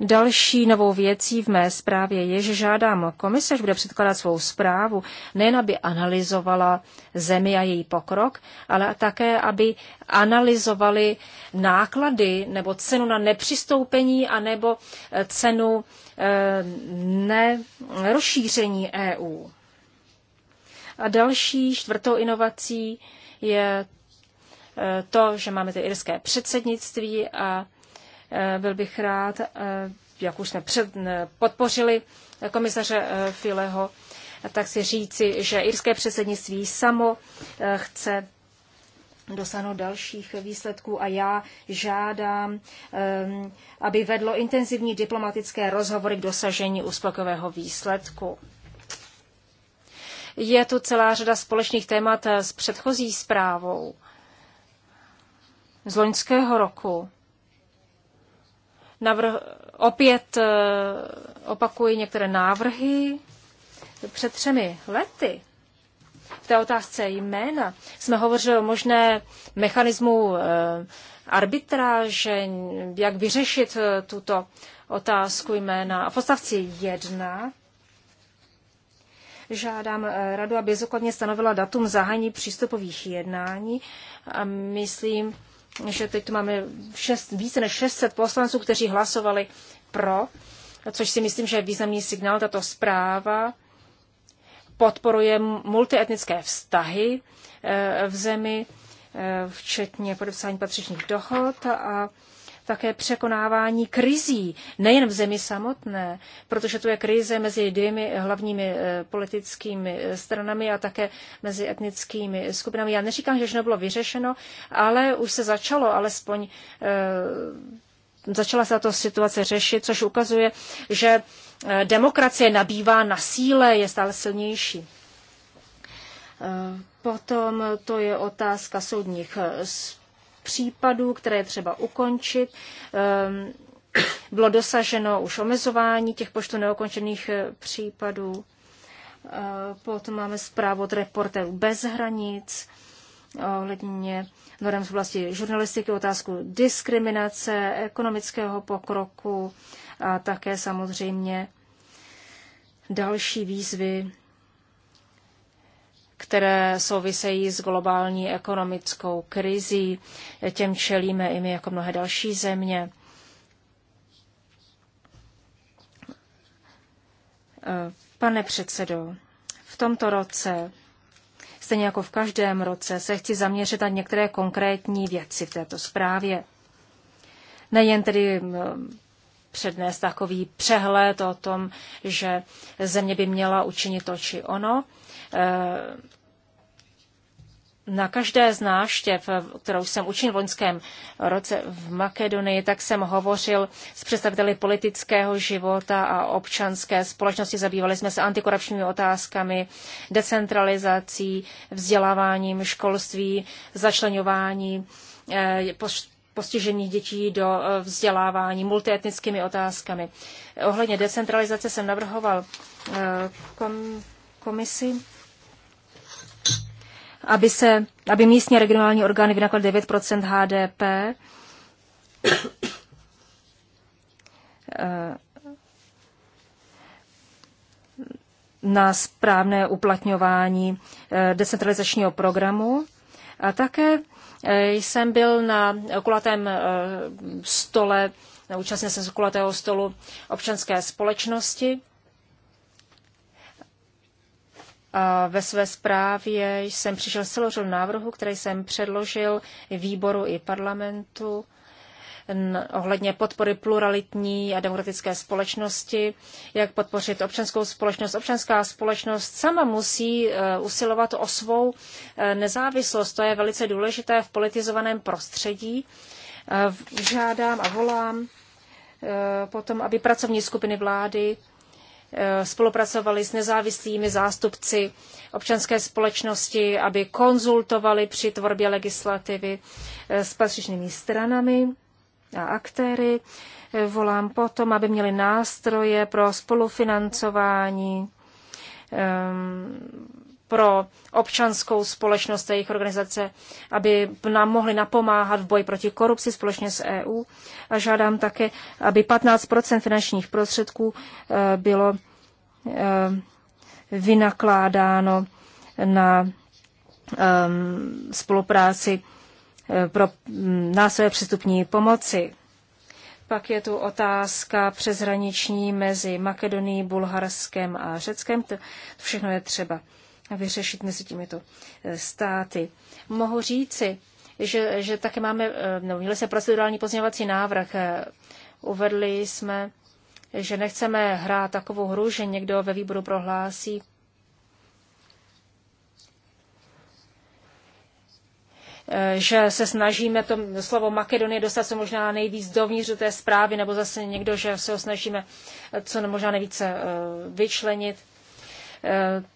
B: Další novou věcí v mé zprávě je, že žádám komise, až bude předkládat svou zprávu, nejen aby analyzovala zemi a její pokrok, ale také, aby analyzovali náklady nebo cenu na nepřistoupení a nebo cenu eh, e, nerozšíření EU. A další čtvrtou inovací je eh, to, že máme ty irské předsednictví a eh, byl bych rád, eh, jak už jsme před, podpořili komisaře Fileho, tak si říci, že irské předsednictví samo chce dosáhnout dalších výsledků a já žádám, ehm, aby vedlo intenzivní diplomatické rozhovory k dosažení uspokojivého výsledku. Je tu celá řada společných témat eh, s předchozí zprávou z loňského roku. Navr- opět eh, opakuji některé návrhy. Před třemi lety v té otázce jména jsme hovořili o možné mechanismu eh, arbitráže, jak vyřešit tuto otázku jména. A v odstavci jedna Žádám eh, radu, aby zokladně stanovila datum zahání přístupových jednání a myslím, že teď tu máme šest, více než 600 poslanců, kteří hlasovali pro, což si myslím, že je významný signál. Tato zpráva podporuje multietnické vztahy eh, v zemi, eh, včetně podepsání patřičních dohod a také překonávání krizí, nejen v zemi samotné, protože to je krize mezi dvěmi hlavními eh, politickými eh, stranami a také mezi etnickými skupinami. Já neříkám, že už nebylo vyřešeno, ale už se začalo alespoň eh, začala se tato situace řešit, což ukazuje, že demokracie nabývá na síle, je stále silnější. Potom to je otázka soudních případů, které je třeba ukončit. Ehm, bylo dosaženo už omezování těch počtu neukončených eh, případů. Eh, potom máme zprávu od reporterů bez hranic eh, ohledně norem z oblasti žurnalistiky, otázku diskriminace, ekonomického pokroku a také samozřejmě další výzvy které souvisejí s globální ekonomickou krizí. Těm čelíme i my jako mnohé další země. Pane předsedo, v tomto roce, stejně jako v každém roce, se chci zaměřit na některé konkrétní věci v této zprávě. Nejen tedy přednést takový přehled o tom, že země by měla učinit to či ono, Eh, na každé z návštěv, kterou jsem učinil v loňském roce v Makedonii, tak jsem hovořil s představiteli politického života a občanské společnosti. Zabývali jsme se antikorupčními otázkami, decentralizací, vzděláváním, školství, začlenování eh, postižení dětí do eh, vzdělávání, multietnickými otázkami. Ohledně decentralizace jsem navrhoval komisi, aby, se, aby místní regionální orgány vynakladly 9 HDP. Eh, na správné uplatňování eh, decentralizačního programu. A také eh, jsem byl na kulatém stole, účastnil jsem se kulatého stolu občanské společnosti ve své zprávě jsem přišel s celou návrhu, který jsem předložil výboru i parlamentu ohledně podpory pluralitní a demokratické společnosti, jak podpořit občanskou společnost. Občanská společnost sama musí e, usilovat o svou e, nezávislost. To je velice důležité v politizovaném prostředí. E, žádám a volám potom, aby pracovní skupiny vlády Eh, spolupracovali s nezávislými zástupci občanské společnosti, aby konzultovali při tvorbě legislativy eh, s patřičnými stranami a aktéry. Eh, volám potom, aby měli nástroje pro spolufinancování ehm, pro občanskou společnost a jejich organizace, aby nám mohli napomáhat v boji proti korupci společně s EU. A žádám také, aby 15 finančních prostředků eh, bylo eh, vynakládáno na ehm, spolupráci eh, pro mm, násové přestupní pomoci. Pak je tu otázka přeshraniční mezi Makedonií, Bulharskem a Řeckem. To všechno je třeba vyřešit mezi těmito eh, státy. Mohu říci, že, že také máme, eh, no, měli se procedurální pozměňovací návrh. Eh, uvedli jsme, že nechceme hrát takovou hru, že někdo ve výboru prohlásí, že se snažíme to slovo Makedonie dostat se možná nejvíc dovnitř do té zprávy, nebo zase někdo, že se ho snažíme co možná nejvíce vyčlenit.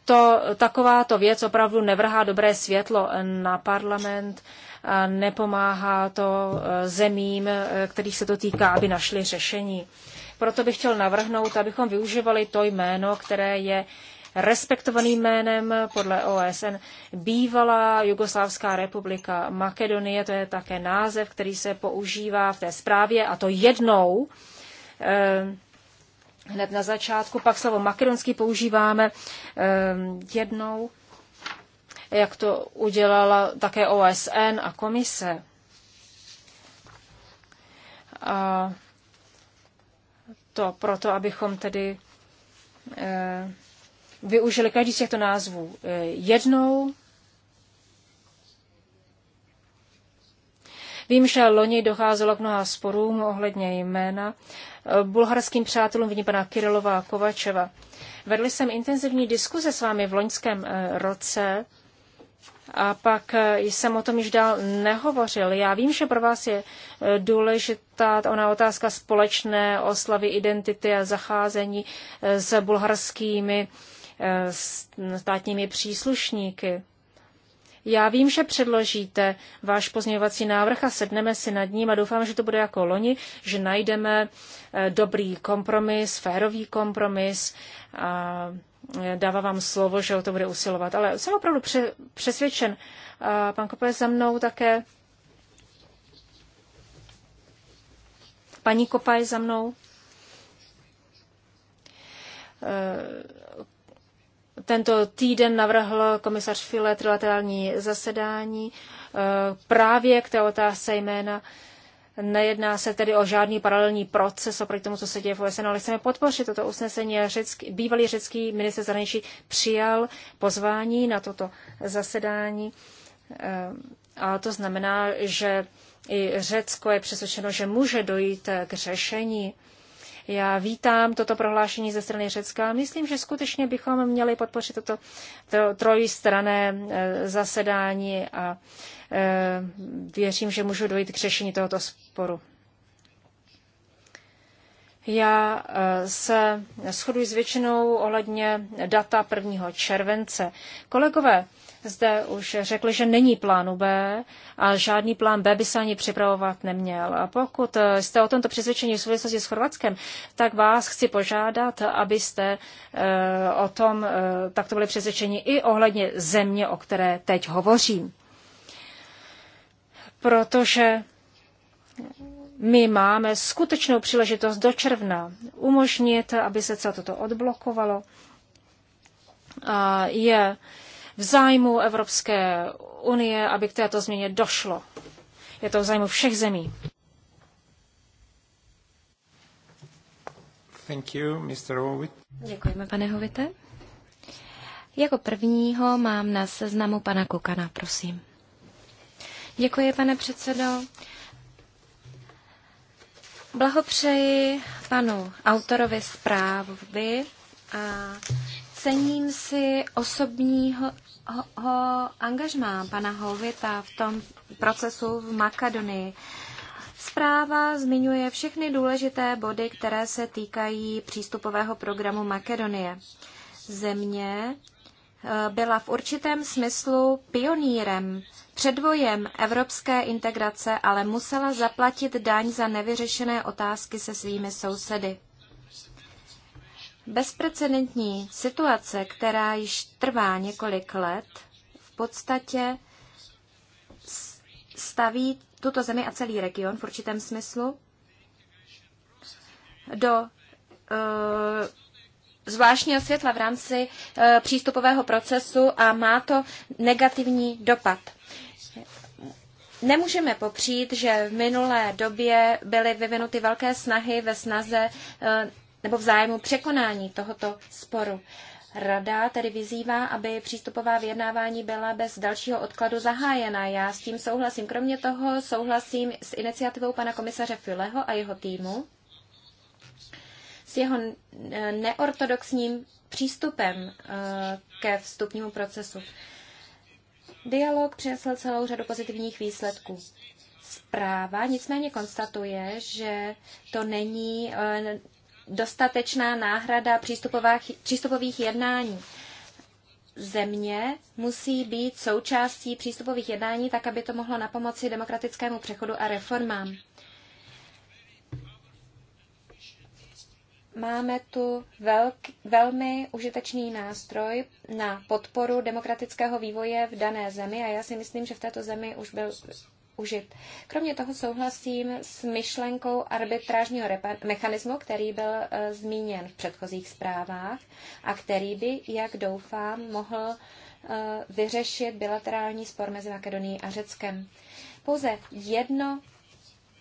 B: To, takováto věc opravdu nevrhá dobré světlo na parlament a nepomáhá to eh, zemím, eh, kterých se to týká, aby našli řešení. Proto bych chtěl navrhnout, abychom využívali to jméno, které je respektovaným jménem podle OSN bývalá Jugoslávská republika Makedonie, to je také název, který se používá v té zprávě a to jednou eh, hned na začátku. Pak slovo makedonský používáme ehm, jednou, jak to udělala také OSN a komise. A to proto, abychom tedy ehm, využili každý z těchto názvů eh, jednou Vím, že loni docházelo k mnoha sporům ohledně jména eh, bulharským přátelům vidím pana Kirilova a Kovačeva. Vedli jsem intenzivní diskuze s vámi v loňském eh, roce a pak eh, jsem o tom již dál nehovořil. Já vím, že pro vás je důležitá ona otázka společné oslavy identity a zacházení s bulharskými státními příslušníky. Já vím, že předložíte váš pozměňovací návrh a sedneme si nad ním a doufám, že to bude jako loni, že najdeme eh, dobrý kompromis, férový kompromis a eh, dává vám slovo, že o to bude usilovat. Ale jsem opravdu přesvědčen, pan Kopé za mnou také paní Kopa je za mnou. Eh, tento týden navrhl komisař File trilaterální zasedání e, právě k té otázce jména. Nejedná se tedy o žádný paralelní proces oproti tomu, co se děje v OSN, ale chceme podpořit toto usnesení. Řecký, bývalý řecký minister zahraničí přijal pozvání na toto zasedání. E, a to znamená, že i Řecko je přesvědčeno, že může dojít k řešení já vítám toto prohlášení ze strany Řecka. Myslím, že skutečně bychom měli podpořit toto trojstrané e, zasedání a e, věřím, že můžu dojít k řešení tohoto sporu. Já e, se shoduji s většinou ohledně data 1. července. Kolegové, zde už řekli, že není plánu B a žádný plán B by se ani připravovat neměl. A pokud jste o tomto přesvědčení v souvislosti s Chorvatskem, tak vás chci požádat, abyste eh, o tom eh, takto byli přesvědčeni i ohledně země, o které teď hovořím. Protože my máme skutečnou příležitost do června umožnit, aby se celé toto odblokovalo. A je v zájmu Evropské unie, aby k této změně došlo. Je to v zájmu všech zemí. Thank you, Mr.
A: Děkujeme, pane Hovite. Jako prvního mám na seznamu pana Kukana, prosím. Děkuji, pane předsedo. Blahopřeji panu autorovi zprávy a cením si osobního ho, ho, angažmá pana Hovita v tom procesu v Makedonii. Zpráva zmiňuje všechny důležité body, které se týkají přístupového programu Makedonie. Země eh, byla v určitém smyslu pionýrem, předvojem evropské integrace, ale musela zaplatit daň za nevyřešené otázky se svými sousedy. Bezprecedentní situace, která již trvá několik let, v podstatě staví tuto zemi a celý region v určitém smyslu do uh, zvláštního světla v rámci uh, přístupového procesu a má to negativní dopad. Nemůžeme popřít, že v minulé době byly vyvinuty velké snahy ve snaze uh, nebo v zájmu překonání tohoto sporu. Rada tedy vyzývá, aby přístupová vyjednávání byla bez dalšího odkladu zahájena. Já s tím souhlasím. Kromě toho souhlasím s iniciativou pana komisaře Fileho a jeho týmu, s jeho neortodoxním přístupem eh, ke vstupnímu procesu. Dialog přinesl celou řadu pozitivních výsledků. Zpráva nicméně konstatuje, že to není eh, dostatečná náhrada přístupových jednání. Země musí být součástí přístupových jednání, tak aby to mohlo napomoci demokratickému přechodu a reformám. máme tu velk, velmi užitečný nástroj na podporu demokratického vývoje v dané zemi a já si myslím, že v této zemi už byl užit. Kromě toho souhlasím s myšlenkou arbitrážního mechanismu, který byl e, zmíněn v předchozích zprávách a který by, jak doufám, mohl e, vyřešit bilaterální spor mezi Makedonií a Řeckem. Pouze jedno,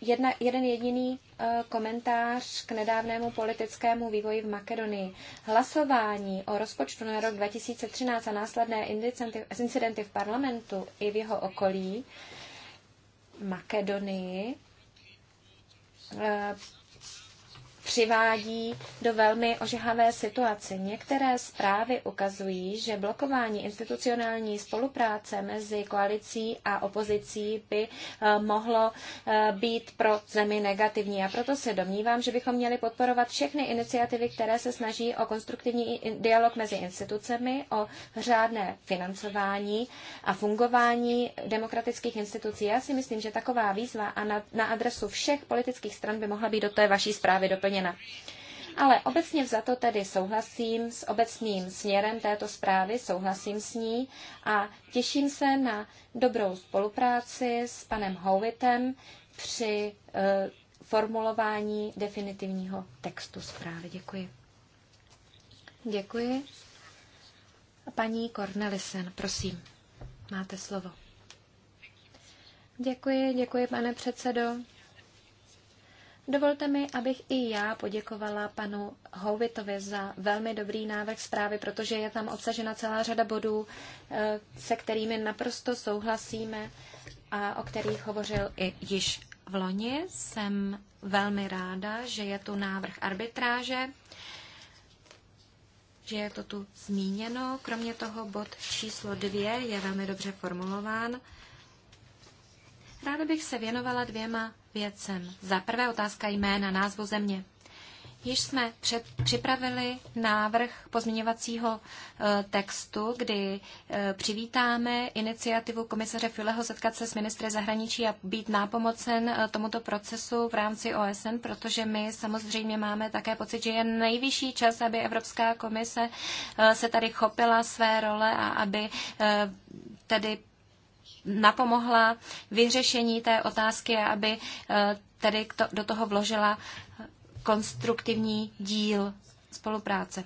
A: jedna, jeden jediný uh, komentář k nedávnému politickému vývoji v Makedonii. Hlasování o rozpočtu na rok 2013 a následné incidenty v parlamentu i v jeho okolí Makedonii přivádí do velmi ožehavé situace. Některé zprávy ukazují, že blokování institucionální spolupráce mezi koalicí a opozicí by eh, mohlo eh, být pro zemi negativní. A proto se domnívám, že bychom měli podporovat všechny iniciativy, které se snaží o konstruktivní dialog mezi institucemi, o řádné financování a fungování demokratických institucí. Já si myslím, že taková výzva a na, na adresu všech politických stran by mohla být do té vaší zprávy doplněna naplněna. Ale obecně vzato tedy souhlasím s obecným směrem této zprávy, souhlasím s ní a těším se na dobrou spolupráci s panem Howitem při uh, formulování definitivního textu zprávy. Děkuji. Děkuji. Paní Cornelisen, prosím, máte slovo. Děkuji, děkuji, pane předsedo. Dovolte mi, abych i já poděkovala panu Houvitovi za velmi dobrý návrh zprávy, protože je tam obsažena celá řada bodů, eh, se kterými naprosto souhlasíme a o kterých hovořil i již v loni. Jsem velmi ráda, že je tu návrh arbitráže, že je to tu zmíněno. Kromě toho bod číslo dvě je velmi dobře formulován. Ráda bych se věnovala dvěma věcem. Za prvé otázka jména, názvu země. Již jsme před, připravili návrh pozměňovacího e, textu, kdy e, přivítáme iniciativu komisaře Fileho setkat se s ministry zahraničí a být nápomocen e, tomuto procesu v rámci OSN, protože my samozřejmě máme také pocit, že je nejvyšší čas, aby Evropská komise e, se tady chopila své role a aby e, tedy napomohla vyřešení té otázky, aby eh, tedy do toho vložila konstruktivní díl spolupráce.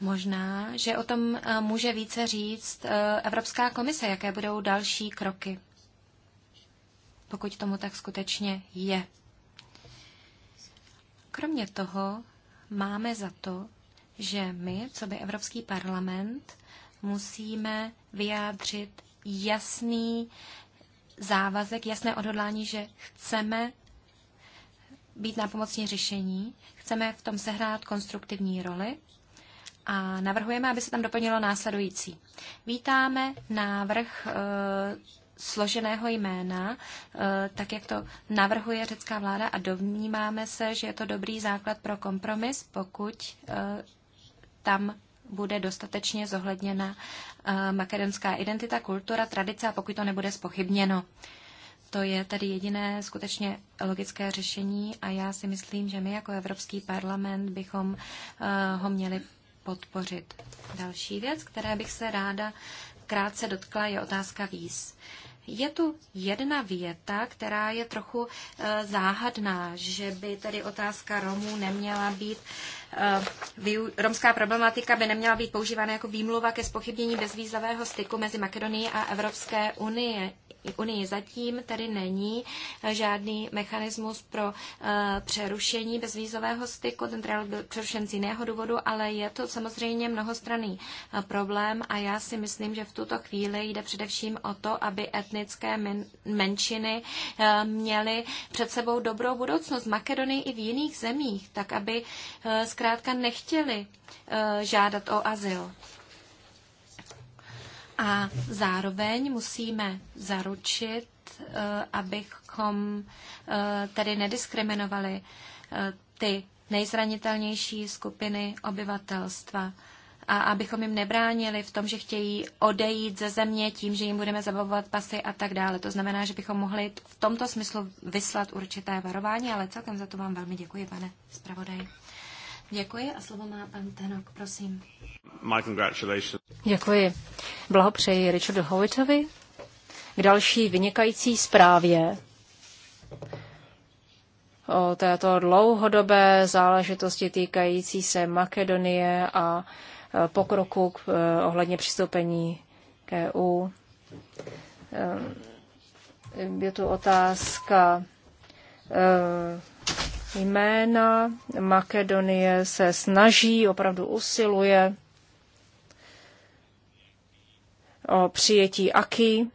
A: Možná, že o tom eh, může více říct eh, Evropská komise, jaké budou další kroky, pokud tomu tak skutečně je. Kromě toho máme za to, že my, co by Evropský parlament, musíme vyjádřit jasný závazek, jasné odhodlání, že chceme být na pomocní řešení, chceme v tom sehrát konstruktivní roli a navrhujeme, aby se tam doplnilo následující. Vítáme návrh e, složeného jména, e, tak jak to navrhuje řecká vláda a dovnímáme se, že je to dobrý základ pro kompromis, pokud e, tam bude dostatečně zohledněna eh, makedonská identita, kultura, tradice a pokud to nebude spochybněno. To je tedy jediné skutečně logické řešení a já si myslím, že my jako Evropský parlament bychom eh, ho měli podpořit. Další věc, které bych se ráda krátce dotkla, je otázka víz. Je tu jedna věta, která je trochu e, záhadná, že by tedy otázka Romů neměla být Eh, romská problematika by neměla být používána jako výmluva ke spochybnění bezvízového styku mezi Makedonií a Evropské unie. Unii zatím tady není eh, žádný mechanismus pro uh, přerušení bezvízového styku. Ten trial byl přerušen z jiného důvodu, ale je to samozřejmě mnohostranný uh, problém a já si myslím, že v tuto chvíli jde především o to, aby etnické men- menšiny uh, měly před sebou dobrou budoucnost v Makedonii i v jiných zemích, tak aby uh, zkrátka nechtěli eh, žádat o azyl. A zároveň musíme zaručit, eh, abychom eh, tedy nediskriminovali ty nejzranitelnější skupiny obyvatelstva a abychom jim nebránili v tom, že chtějí odejít ze země tím, že jim budeme zabavovat pasy a tak dále. To znamená, že bychom mohli v tomto smyslu vyslat určité varování, ale celkem za to vám velmi děkuji, pane zpravodaji. Děkuji a slovo
B: má pan Tenok, prosím.
C: My congratulations.
B: Děkuji. Blahopřeji Richardu Howitovi k další vynikající zprávě o této dlouhodobé záležitosti týkající se Makedonie a e, pokroku k, e, ohledně přistoupení k EU. E, je tu otázka jména. Makedonie se snaží, opravdu usiluje o přijetí AKI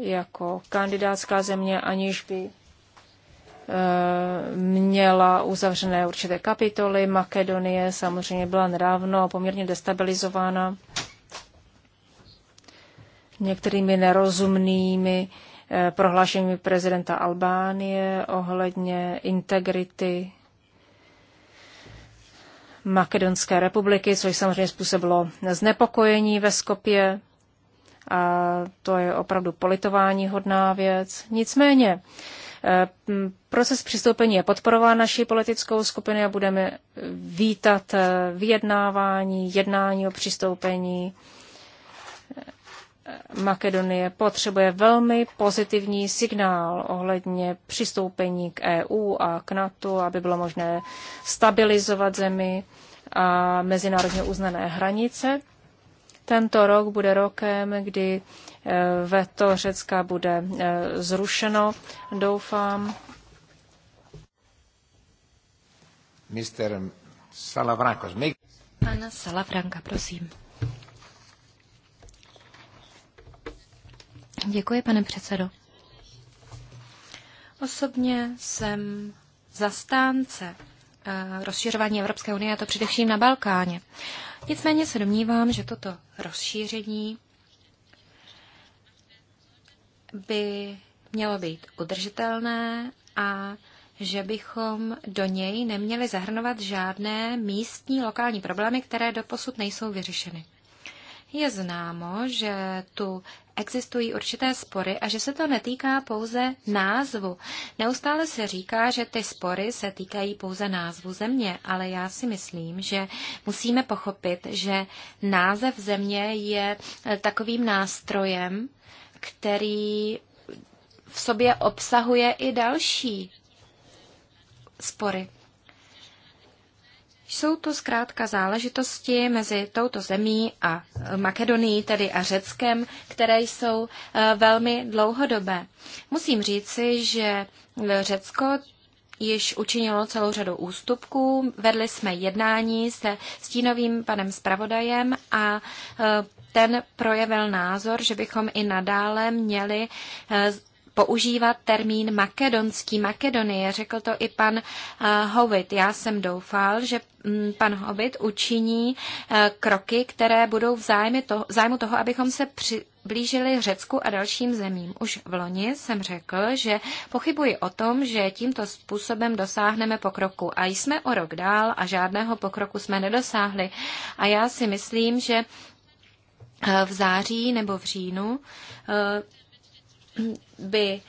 B: jako kandidátská země, aniž by e, měla uzavřené určité kapitoly. Makedonie samozřejmě byla nedávno poměrně destabilizována některými nerozumnými Eh, prohlášení prezidenta Albánie ohledně integrity Makedonské republiky, což samozřejmě způsobilo znepokojení ve Skopě. A to je opravdu politování hodná věc. Nicméně, eh, Proces přistoupení je podporován naší politickou skupiny a budeme vítat eh, vyjednávání, jednání o přistoupení Makedonie potřebuje velmi pozitivní signál ohledně přistoupení k EU a k NATO, aby bylo možné stabilizovat zemi a mezinárodně uznané hranice. Tento rok bude rokem, kdy eh, veto Řecka bude eh, zrušeno, doufám. Mr. Salavrakos.
A: Pana Salavranka, prosím. Děkuji, pane předsedo. Osobně jsem zastánce eh, rozšiřování Evropské unie, a to především na Balkáně. Nicméně se domnívám, že toto rozšíření by mělo být udržitelné a že bychom do něj neměli zahrnovat žádné místní lokální problémy, které doposud nejsou vyřešeny. Je známo, že tu existují určité spory a že se to netýká pouze názvu. Neustále se říká, že ty spory se týkají pouze názvu země, ale já si myslím, že musíme pochopit, že název země je eh, takovým nástrojem, který v sobě obsahuje i další spory. Jsou to zkrátka záležitosti mezi touto zemí a e, Makedonií, tedy a Řeckem, které jsou e, velmi dlouhodobé. Musím říci, že Řecko již učinilo celou řadu ústupků. Vedli jsme jednání se stínovým panem zpravodajem a e, ten projevil názor, že bychom i nadále měli používat termín makedonský, Makedonie. Řekl to i pan uh, eh, Hovit. Já jsem doufal, že um, pan Hovit učiní uh, kroky, které budou v zájmu toho, zájmu toho abychom se při, blížili Řecku a dalším zemím. Už v loni jsem řekl, že pochybuji o tom, že tímto způsobem dosáhneme pokroku. A jsme o rok dál a žádného pokroku jsme nedosáhli. A já si myslím, že eh, v září nebo v říjnu by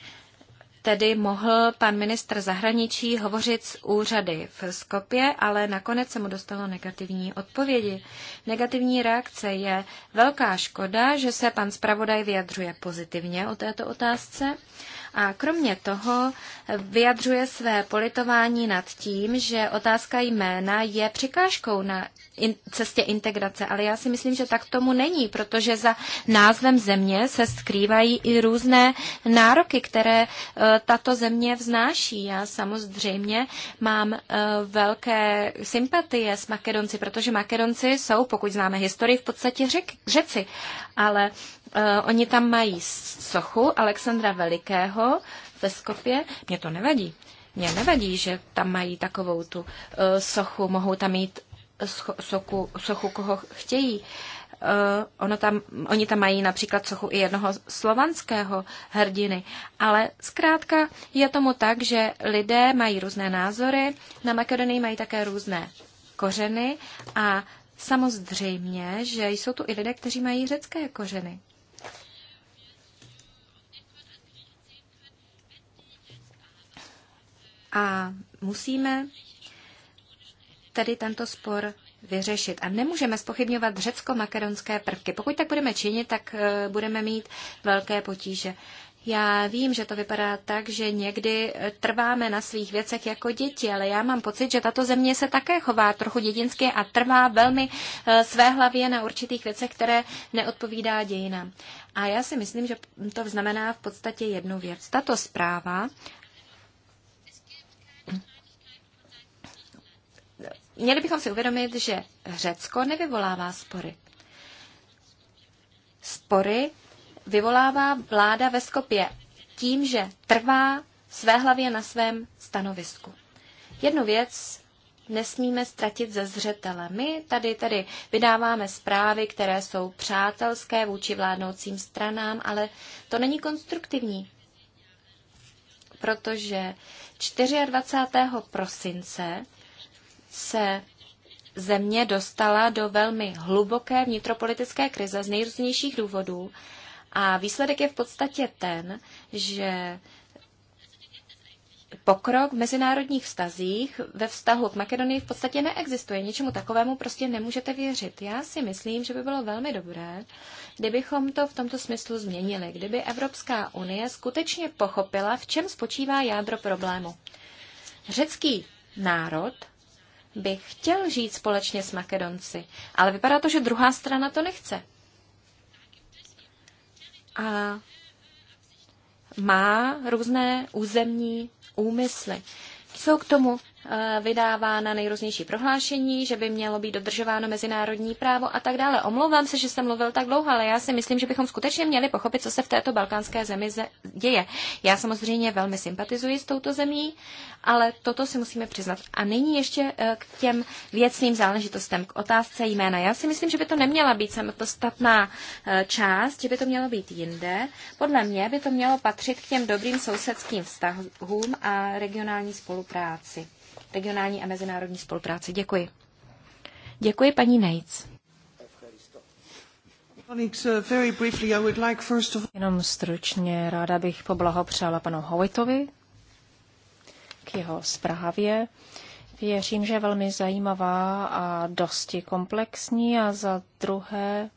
A: tedy mohl pan ministr zahraničí hovořit s úřady v Skopě, ale nakonec se mu dostalo negativní odpovědi. Negativní reakce je velká škoda, že se pan zpravodaj vyjadřuje pozitivně o této otázce a kromě toho vyjadřuje své politování nad tím, že otázka jména je překážkou na in, cestě integrace, ale já si myslím, že tak tomu není, protože za názvem země se skrývají i různé nároky, které uh, tato země vznáší. Já samozřejmě mám uh, velké sympatie s Makedonci, protože Makedonci jsou, pokud známe historii, v podstatě řek, řeci, ale uh, oni tam mají sochu Alexandra Velikého ve Skopě. Mně to nevadí. Mně nevadí, že tam mají takovou tu uh, sochu, mohou tam mít sochu, sochu koho chtějí. E, ono tam, oni tam mají například sochu i jednoho slovanského hrdiny. Ale zkrátka je tomu tak, že lidé mají různé názory, na Makedonii mají také různé kořeny a samozřejmě, že jsou tu i lidé, kteří mají řecké kořeny. A musíme tedy tento spor vyřešit. A nemůžeme spochybňovat řecko-makedonské prvky. Pokud tak budeme činit, tak e, budeme mít velké potíže. Já vím, že to vypadá tak, že někdy e, trváme na svých věcech jako děti, ale já mám pocit, že tato země se také chová trochu dědinsky a trvá velmi e, své hlavě na určitých věcech, které neodpovídá dějinám. A já si myslím, že to znamená v podstatě jednu věc. Tato zpráva měli bychom si uvědomit, že Řecko nevyvolává spory. Spory vyvolává vláda ve Skopě tím, že trvá své hlavě na svém stanovisku. Jednu věc nesmíme ztratit ze zřetele. My tady tedy vydáváme zprávy, které jsou přátelské vůči vládnoucím stranám, ale to není konstruktivní, protože 24. prosince se země dostala do velmi hluboké vnitropolitické krize z nejrůznějších důvodů a výsledek je v podstatě ten, že pokrok v mezinárodních vztazích ve vztahu k Makedonii v podstatě neexistuje. Ničemu takovému prostě nemůžete věřit. Já si myslím, že by bylo velmi dobré, kdybychom to v tomto smyslu změnili, kdyby Evropská unie skutečně pochopila, v čem spočívá jádro problému. Řecký národ by chtěl žít společně s Makedonci, ale vypadá to, že druhá strana to nechce. A má různé územní úmysly. Jsou k tomu Eh, vydávána nejrůznější prohlášení, že by mělo být dodržováno mezinárodní právo a tak dále. Omlouvám se, že jsem mluvil tak dlouho, ale já si myslím, že bychom skutečně měli pochopit, co se v této balkánské zemi děje. Já samozřejmě velmi sympatizuji s touto zemí, ale toto si musíme přiznat. A nyní ještě eh, k těm věcným záležitostem, k otázce jména. Já si myslím, že by to neměla být samostatná eh, část, že by to mělo být jinde. Podle mě by to mělo patřit k těm dobrým sousedským vztahům a regionální spolupráci regionální a mezinárodní spolupráci. Děkuji.
B: Děkuji paní Nejc. Uh, Jenom stručně ráda bych poblahopřála panu Howitovi k jeho zprávě. Věřím, že je velmi zajímavá a dosti komplexní a za druhé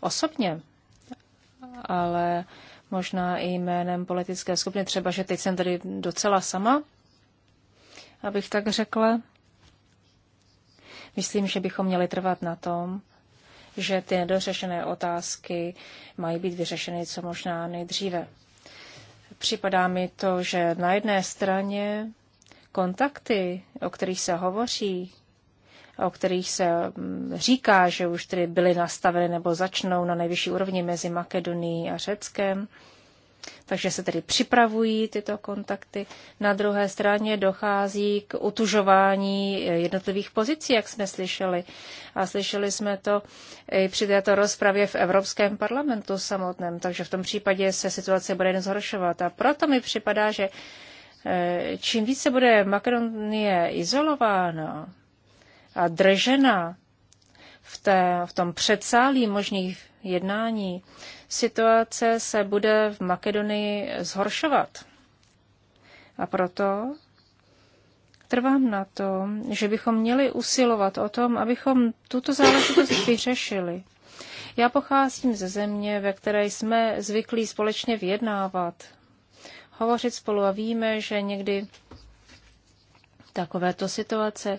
B: osobně, ale možná i jménem politické skupiny, třeba, že teď jsem tady docela sama, abych tak řekla. Myslím, že bychom měli trvat na tom, že ty nedořešené otázky mají být vyřešeny co možná nejdříve. Připadá mi to, že na jedné straně kontakty, o kterých se hovoří, o kterých se mm, říká, že už tedy byly nastaveny nebo začnou na nejvyšší úrovni mezi Makedonií a Řeckem, takže se tedy připravují tyto kontakty. Na druhé straně dochází k utužování jednotlivých pozicí, jak jsme slyšeli. A slyšeli jsme to i při této rozpravě v Evropském parlamentu samotném, takže v tom případě se situace bude jen zhoršovat. A proto mi připadá, že eh, čím více bude Makedonie izolována a držena v, té, v tom předsálí možných jednání, situace se bude v Makedonii zhoršovat. A proto trvám na tom, že bychom měli usilovat o tom, abychom tuto záležitost vyřešili. Já pocházím ze země, ve které jsme zvyklí společně vyjednávat, hovořit spolu a víme, že někdy takovéto situace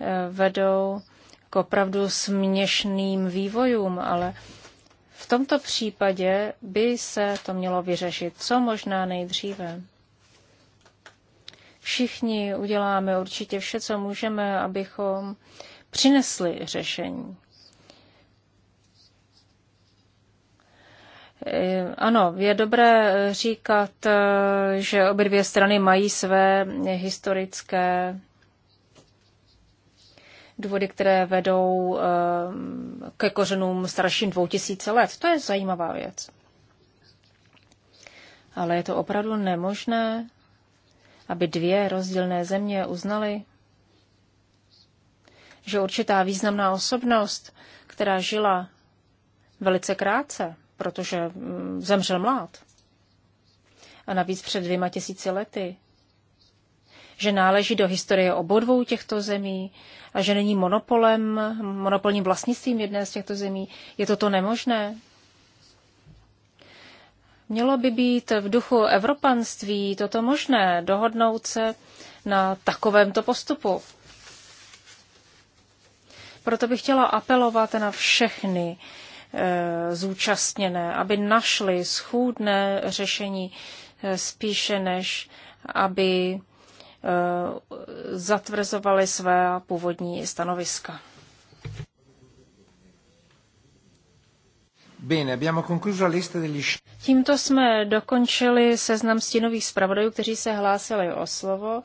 B: eh, vedou k opravdu směšným vývojům, ale v tomto případě by se to mělo vyřešit co možná nejdříve. Všichni uděláme určitě vše, co můžeme, abychom přinesli řešení. Eh, ano, je dobré říkat, eh, že obě dvě strany mají své historické důvody, které vedou eh, ke kořenům starším 2000 let. To je zajímavá věc. Ale je to opravdu nemožné, aby dvě rozdílné země uznaly, že určitá významná osobnost, která žila velice krátce, protože mm, zemřel mlád, a navíc před dvěma tisíci lety, že náleží do historie obou dvou těchto zemí a že není monopolem, monopolním vlastnictvím jedné z těchto zemí. Je toto nemožné? Mělo by být v duchu evropanství toto možné dohodnout se na takovémto postupu. Proto bych chtěla apelovat na všechny e, zúčastněné, aby našli schůdné řešení e, spíše než aby Eh, zatvrzovali své původní stanoviska. Tímto jsme dokončili seznam stínových zpravodajů, kteří se hlásili o slovo.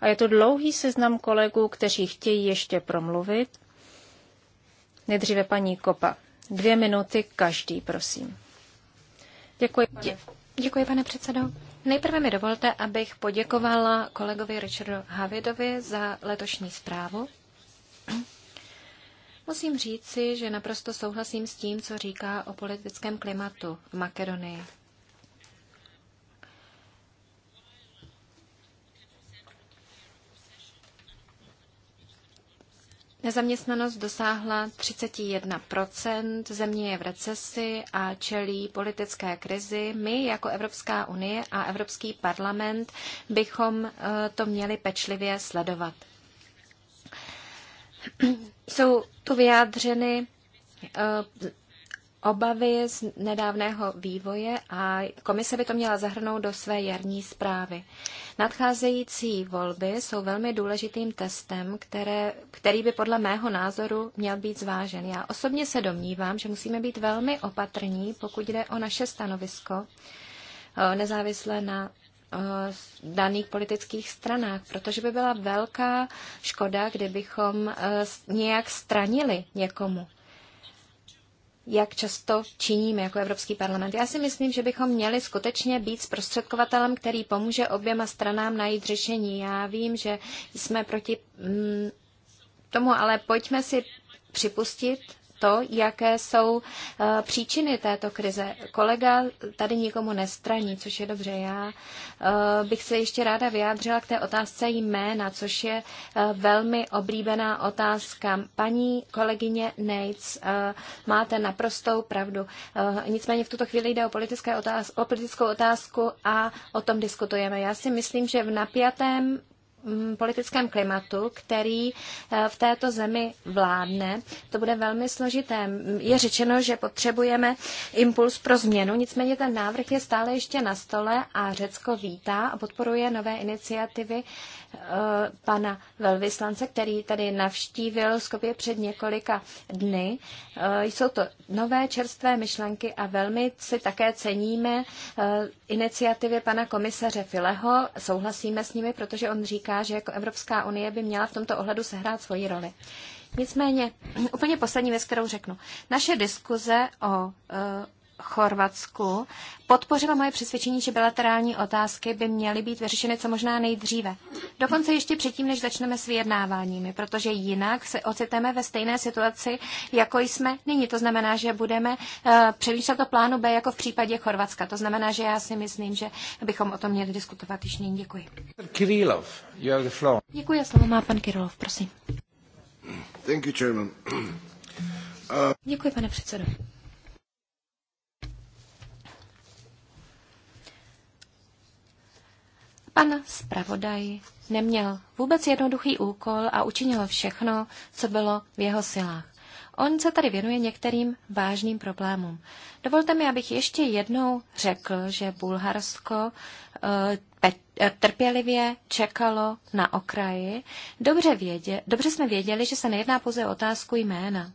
B: A je to dlouhý seznam kolegů, kteří chtějí ještě promluvit. Nejdříve paní Kopa. Dvě minuty každý, prosím. Děkuji.
A: děkuji, pane předsedo. Nejprve mi dovolte, abych poděkovala kolegovi Richardu Havidovi za letošní zprávu. Musím říci, že naprosto souhlasím s tím, co říká o politickém klimatu v Makedonii. Nezaměstnanost dosáhla 31%, země je v recesi a čelí politické krizi. My jako Evropská unie a Evropský parlament bychom eh, to měli pečlivě sledovat. Jsou tu vyjádřeny eh, obavy z nedávného vývoje a komise by to měla zahrnout do své jarní zprávy. Nadcházející volby jsou velmi důležitým testem, které, který by podle mého názoru měl být zvážen. Já osobně se domnívám, že musíme být velmi opatrní, pokud jde o naše stanovisko, nezávisle na daných politických stranách, protože by byla velká škoda, kdybychom nějak stranili někomu jak často činíme jako Evropský parlament. Já si myslím, že bychom měli skutečně být zprostředkovatelem, který pomůže oběma stranám najít řešení. Já vím, že jsme proti mm, tomu, ale pojďme si připustit to, jaké jsou eh, příčiny této krize. Kolega tady nikomu nestraní, což je dobře. Já eh, bych se ještě ráda vyjádřila k té otázce jména, což je eh, velmi oblíbená otázka. Paní kolegyně Nates, máte naprostou pravdu. Nicméně v tuto chvíli jde o, politické o politickou otázku a o tom diskutujeme. Já si myslím, že v napjatém Mm, politickém klimatu, který eh, v této zemi vládne. To bude velmi složité. Je řečeno, že potřebujeme impuls pro změnu, nicméně ten návrh je stále ještě na stole a Řecko vítá a podporuje nové iniciativy Eh, pana velvyslance, který tady navštívil Skopě před několika dny. Eh, jsou to nové čerstvé myšlenky a velmi si také ceníme eh, iniciativy pana komisaře Fileho. Souhlasíme s nimi, protože on říká, že jako Evropská unie by měla v tomto ohledu sehrát svoji roli. Nicméně, úplně poslední věc, kterou řeknu. Naše diskuze o Chorvatsku podpořila moje přesvědčení, že bilaterální otázky by měly být vyřešeny co možná nejdříve. Dokonce ještě předtím, než začneme s vyjednáváními, protože jinak se ocitneme ve stejné situaci, jako jsme nyní. To znamená, že budeme uh, přemýšlet o plánu B jako v případě Chorvatska. To znamená, že já si myslím, že bychom o tom měli diskutovat již nyní. Děkuji.
C: Kirilov, you have the floor.
A: Děkuji, slovo má pan Kirilov, prosím.
B: Thank you, chairman. Uh...
A: Děkuji, pane předsedo. Pan zpravodaj neměl vůbec jednoduchý úkol a učinil všechno, co bylo v jeho silách. On se tady věnuje některým vážným problémům. Dovolte mi, abych ještě jednou řekl, že Bulharsko eh, eh, trpělivě čekalo na okraji. Dobře, vědě, dobře jsme věděli, že se nejedná pouze o otázku jména.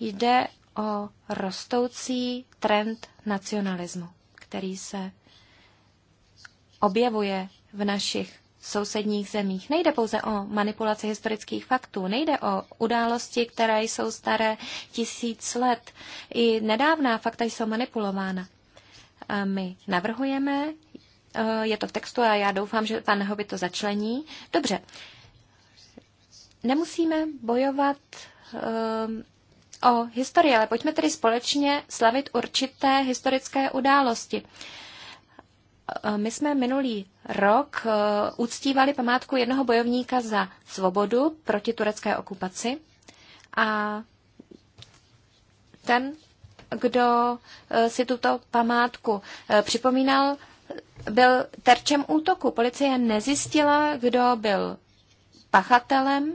A: Jde o rostoucí trend nacionalismu, který se objevuje v našich sousedních zemích. Nejde pouze o manipulaci historických faktů, nejde o události, které jsou staré tisíc let. I nedávná fakta jsou manipulována. A my navrhujeme, eh, je to v textu a já doufám, že pan Hobby to začlení. Dobře, nemusíme bojovat eh, o historii, ale pojďme tedy společně slavit určité historické události. Eh, my jsme minulý rok eh, uctívali památku jednoho bojovníka za svobodu proti turecké okupaci a ten, kdo eh, si tuto památku připomínal, byl terčem útoku. Policie nezjistila, kdo byl pachatelem.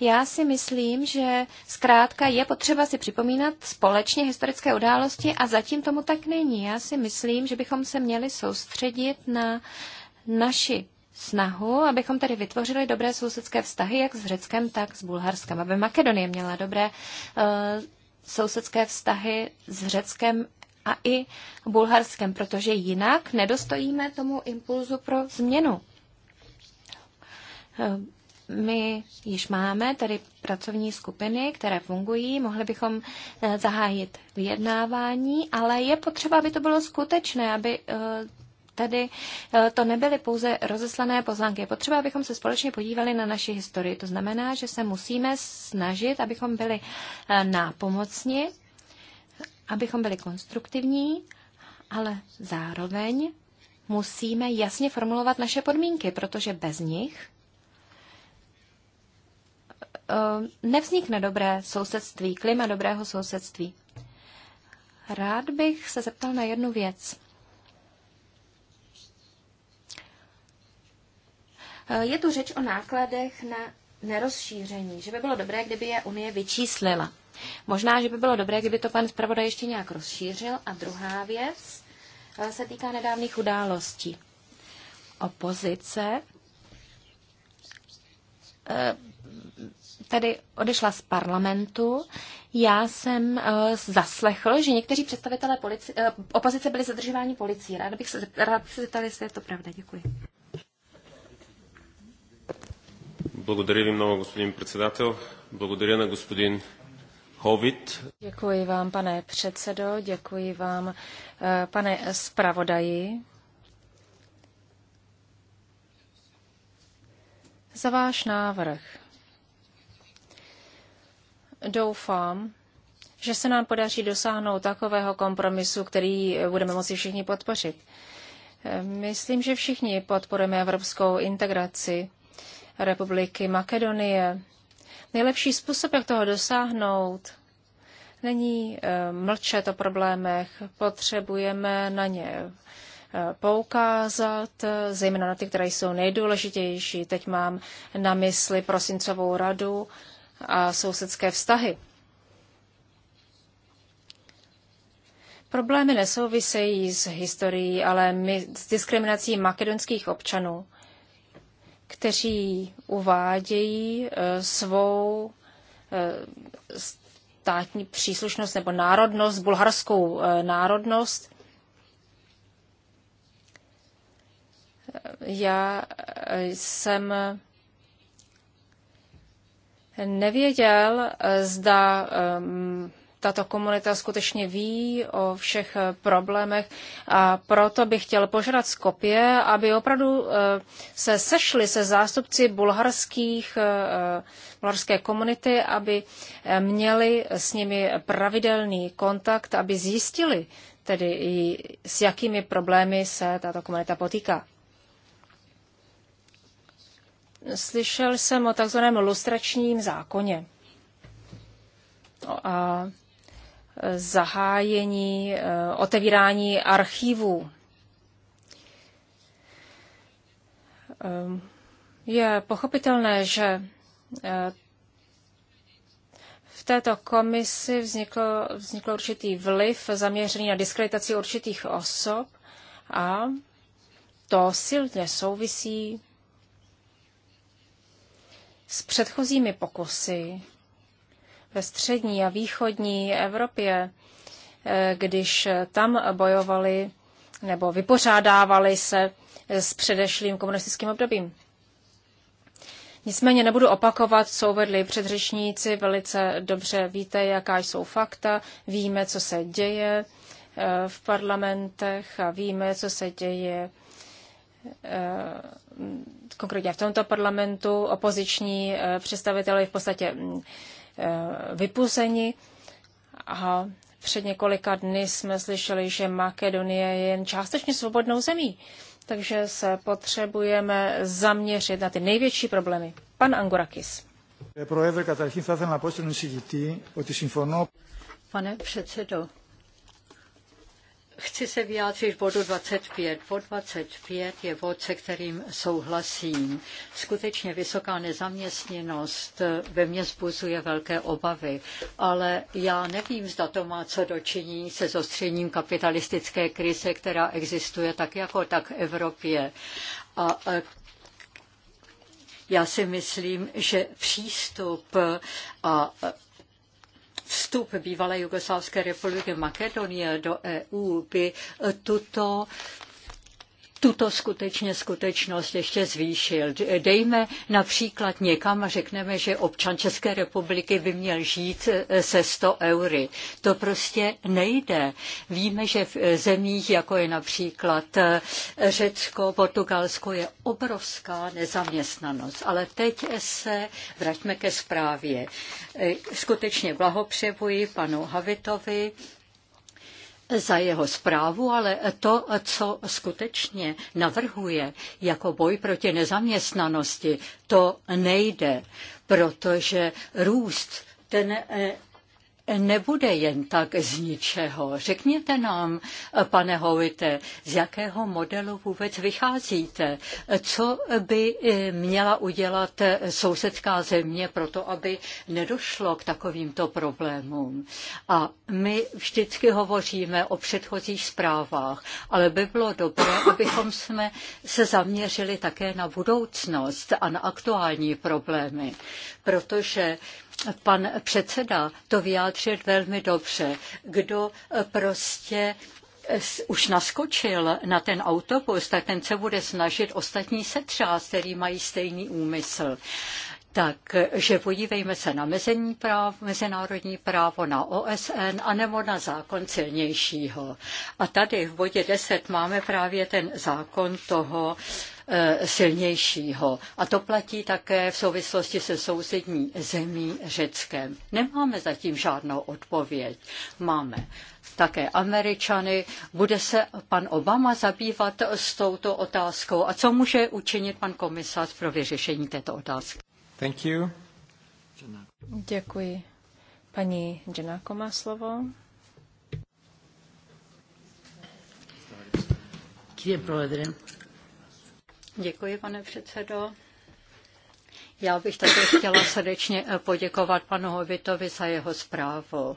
A: Já si myslím, že zkrátka je potřeba si připomínat společně historické události a zatím tomu tak není. Já si myslím, že bychom se měli soustředit na naši snahu, abychom tedy vytvořili dobré sousedské vztahy jak s Řeckem, tak s Bulharskem, aby Makedonie měla dobré uh, sousedské vztahy s Řeckem a i Bulharskem, protože jinak nedostojíme tomu impulzu pro změnu. Uh, my již máme tady pracovní skupiny, které fungují, mohli bychom eh, zahájit vyjednávání, ale je potřeba, aby to bylo skutečné, aby eh, tady eh, to nebyly pouze rozeslané pozvánky. Je potřeba, abychom se společně podívali na naši historii. To znamená, že se musíme snažit, abychom byli nápomocni, abychom byli konstruktivní, ale zároveň musíme jasně formulovat naše podmínky, protože bez nich Eh, nevznikne dobré sousedství, klima dobrého sousedství. Rád bych se zeptal na jednu věc. Eh, je tu řeč o nákladech na nerozšíření, že by bylo dobré, kdyby je Unie vyčíslila. Možná, že by bylo dobré, kdyby to pan zpravodaj ještě nějak rozšířil. A druhá věc eh, se týká nedávných událostí. Opozice tady odešla z parlamentu, já jsem uh, zaslechl, že někteří představitelé polici- uh, opozice byli zadržováni policií. Rád bych se, rád bych se zeptal, jestli je to pravda. Děkuji.
C: Благодаря ви много, господин председател. Благодаря на господин Hovit.
B: Děkuji vám, pane předsedo, děkuji vám, eh, pane zpravodaji, za váš návrh doufám, že se nám podaří dosáhnout takového kompromisu, který budeme moci všichni podpořit. Myslím, že všichni podporujeme evropskou integraci Republiky Makedonie. Nejlepší způsob, jak toho dosáhnout, není eh, mlčet o problémech. Potřebujeme na ně eh, poukázat, eh, zejména na ty, které jsou nejdůležitější. Teď mám na mysli prosincovou radu a sousedské vztahy. Problémy nesouvisejí s historií, ale my, s diskriminací makedonských občanů, kteří uvádějí e, svou e, státní příslušnost nebo národnost, bulharskou e, národnost. Já e, jsem e, nevěděl, eh, zda eh, tato komunita skutečně ví o všech eh, problémech a proto bych chtěl požádat Skopje, aby opravdu se sešli se zástupci bulharských, bulharské komunity, aby měli s nimi pravidelný kontakt, aby zjistili tedy, i s jakými problémy se tato komunita potýká slyšel jsem o takzvaném lustračním zákoně no a e, zahájení, e, otevírání archivů. E, je pochopitelné, že v této komisi vznikl, vznikl určitý vliv zaměřený na diskreditaci určitých osob a to silně souvisí s předchozími pokusy ve střední a východní Evropě, eh, když tam bojovali nebo vypořádávali se s předešlým komunistickým obdobím. Nicméně nebudu opakovat, co uvedli předřečníci, velice dobře víte, jaká jsou fakta, víme, co se děje eh, v parlamentech a víme, co se děje Eh, konkrétně v tomto parlamentu opoziční eh, představitelé v podstatě mm, eh, vypuzeni. A před několika dny jsme slyšeli, že Makedonie je jen částečně svobodnou zemí, takže se potřebujeme zaměřit na ty největší problémy. Pan Angurakis.
C: Pane předsedo, chci se vyjádřit bodu 25. Bod 25 je bod, se kterým souhlasím. Skutečně vysoká nezaměstněnost ve mně zbuzuje velké obavy, ale já nevím, zda to má co dočinění se zostřením kapitalistické krize, která existuje tak jako tak v Evropě. A já si myslím, že přístup a vstup bývalé Jugoslávské republiky Makedonie do EU by tuto tuto skutečně skutečnost ještě zvýšil. Dejme například někam a řekneme, že občan České republiky by měl žít eh, se 100 eury. To prostě nejde. Víme, že v eh, zemích, jako je například eh, Řecko, Portugalsko, je obrovská nezaměstnanost. Ale teď se vraťme ke zprávě. Skutečně blahopřebuji panu Havitovi za jeho zprávu, ale to, co skutečně navrhuje jako boj proti nezaměstnanosti, to nejde, protože růst ten eh, nebude jen tak z ničeho. Řekněte nám, pane Hovite, z jakého modelu vůbec vycházíte? Co by eh, měla udělat eh, sousedská země pro to, aby nedošlo k takovýmto problémům? A my vždycky hovoříme o předchozích zprávách, ale by bylo dobré, abychom jsme se zaměřili také na budoucnost a na aktuální problémy, protože pan předseda to vyjádřil velmi dobře. Kdo eh, prostě eh, už naskočil na ten autobus, tak ten se bude snažit ostatní setřást, který mají stejný úmysl. Takže eh, podívejme se na práv, mezinárodní právo, na OSN, anebo na zákon silnějšího. A tady v bodě 10 máme právě ten zákon toho E, silnějšího. A to platí také v souvislosti se sousední zemí Řeckem. Nemáme zatím žádnou odpověď. Máme také Američany. Bude se pan Obama zabývat s touto otázkou? A co může učinit pan komisař pro vyřešení této otázky? Thank you.
B: Děkuji. Paní Dženáko má slovo.
C: Κύριε Πρόεδρε, Děkuji, pane předsedo. Já bych také chtěla srdečně eh, poděkovat panu Hovitovi za jeho zprávu.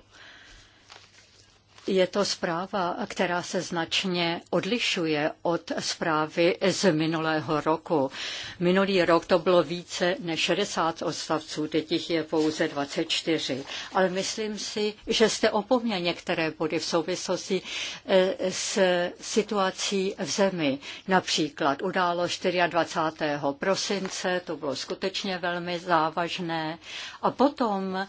C: Je to zpráva, která se značně odlišuje od zprávy z minulého roku. Minulý rok to bylo více než 60 odstavců, teď jich je pouze 24. Ale myslím si, že jste opomněl některé body v souvislosti eh, s situací v zemi. Například událo 24. prosince, to bylo skutečně velmi závažné. A potom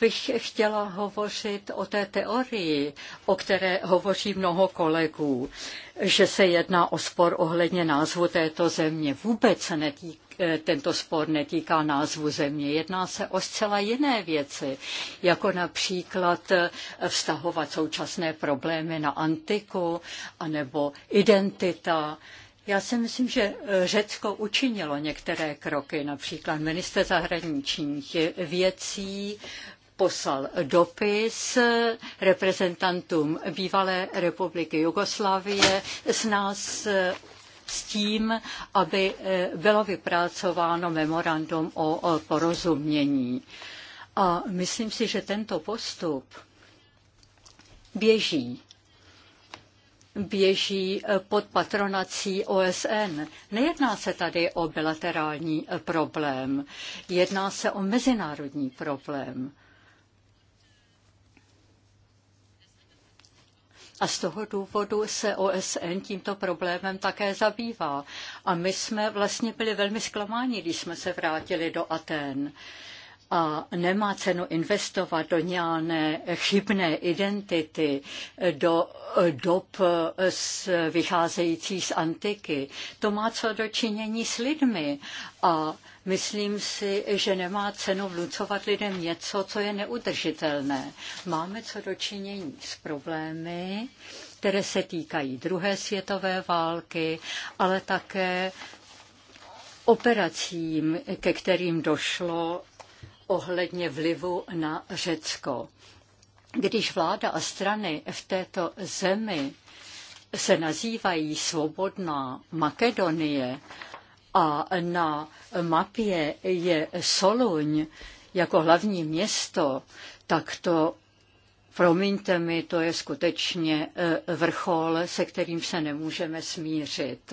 C: bych chtěla hovořit o té teorii, o které hovoří mnoho kolegů, že se jedná o spor ohledně názvu této země. Vůbec se netýká eh, tento spor netýká názvu země. Jedná se o zcela jiné věci, jako například eh, vztahovat současné problémy na antiku, anebo identita, já si myslím, že eh, Řecko učinilo některé kroky, například minister zahraničních věcí poslal dopis reprezentantům bývalé republiky Jugoslávie s nás s tím, aby eh, bylo vypracováno memorandum o porozumění. A myslím si, že tento postup běží běží eh, pod patronací OSN. Nejedná se tady o bilaterální eh, problém, jedná se o mezinárodní problém. a z toho důvodu se OSN tímto problémem také zabývá. A my jsme vlastně byli velmi zklamáni, když jsme se vrátili do Aten a nemá cenu investovat do nějaké chybné identity, do dob z, vycházející z antiky. To má co dočinění s lidmi a Myslím si, že nemá cenu vnucovat lidem něco, co je neudržitelné. Máme co dočinění s problémy, které se týkají druhé světové války, ale také operacím, ke kterým došlo ohledně vlivu na Řecko. Když vláda a strany v této zemi se nazývají Svobodná Makedonie, a na mapě je Soluň jako hlavní město, tak to, promiňte mi, to je skutečně e, vrchol, se kterým se nemůžeme smířit.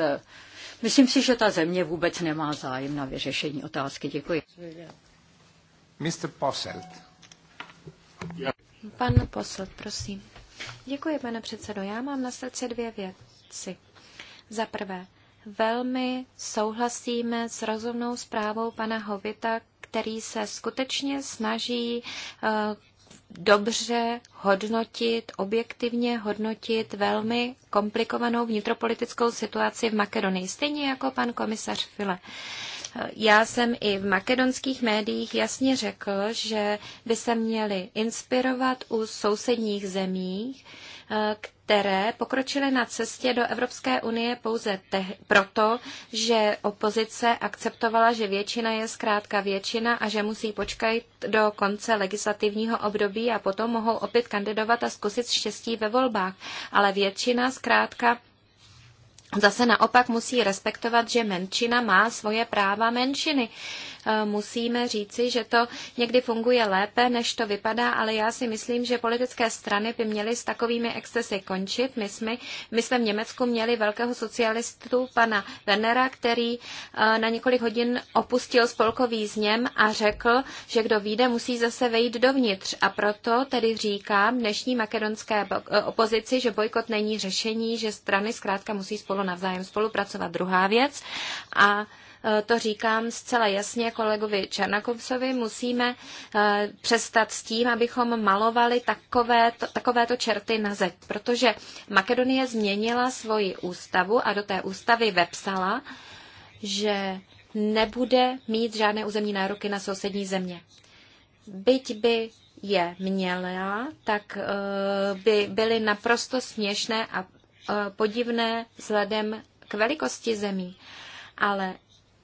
C: Myslím si, že ta země vůbec nemá zájem na vyřešení otázky. Děkuji. Mr. Posselt.
A: Pan Posselt, prosím. Děkuji, pane předsedo. Já mám na srdci dvě věci. Za prvé, velmi souhlasíme s rozumnou zprávou pana Hovita, který se skutečně snaží eh, dobře hodnotit, objektivně hodnotit velmi komplikovanou vnitropolitickou situaci v Makedonii, stejně jako pan komisař File. Eh, já jsem i v makedonských médiích jasně řekl, že by se měli inspirovat u sousedních zemích, které pokročily na cestě do Evropské unie pouze te- proto, že opozice akceptovala, že většina je zkrátka většina a že musí počkat do konce legislativního období a potom mohou opět kandidovat a zkusit štěstí ve volbách. Ale většina zkrátka Zase naopak musí respektovat, že menšina má svoje práva menšiny. Eh, musíme říci, že to někdy funguje lépe, než to vypadá, ale já si myslím, že politické strany by měly s takovými excesy končit. My jsme, my jsme v Německu měli velkého socialistu, pana Wernera, který eh, na několik hodin opustil spolkový zněm a řekl, že kdo vyjde, musí zase vejít dovnitř. A proto tedy říkám dnešní makedonské eh, opozici, že bojkot není řešení, že strany zkrátka musí spolu navzájem spolupracovat. Druhá věc. A to říkám zcela jasně kolegovi Černakovcovi, musíme eh, přestat s tím, abychom malovali takové to, čerty na zeď, protože Makedonie změnila svoji ústavu a do té ústavy vepsala, že nebude mít žádné územní nároky na sousední země. Byť by je měla, tak eh, by byly naprosto směšné a eh, podivné vzhledem k velikosti zemí. Ale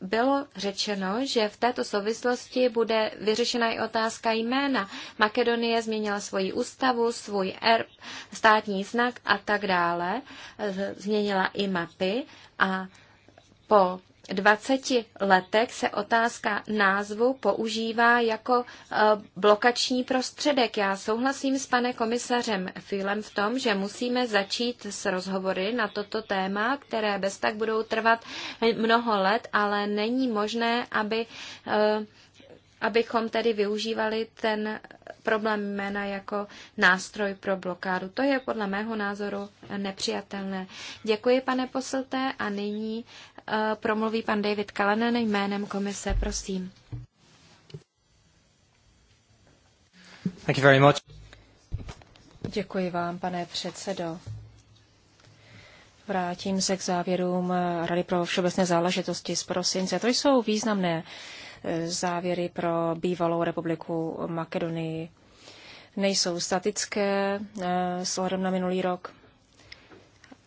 A: bylo řečeno, že v této souvislosti bude vyřešena i otázka jména. Makedonie změnila svoji ústavu, svůj erb, státní znak a tak dále. Změnila i mapy a po 20 letech se otázka názvu používá jako e, blokační prostředek. Já souhlasím s pane komisařem Filem v tom, že musíme začít s rozhovory na toto téma, které bez tak budou trvat mnoho let, ale není možné, aby e, abychom tedy využívali ten problém jména jako nástroj pro blokádu. To je podle mého názoru nepřijatelné. Děkuji, pane poslté, a nyní Eh, promluví pan David Kalanen jménem komise. Prosím.
C: Thank you very much.
B: Děkuji vám, pane předsedo. Vrátím se k závěrům Rady pro všeobecné záležitosti z prosince. To jsou významné eh, závěry pro bývalou republiku Makedonii. Nejsou statické eh, s ohledem na minulý rok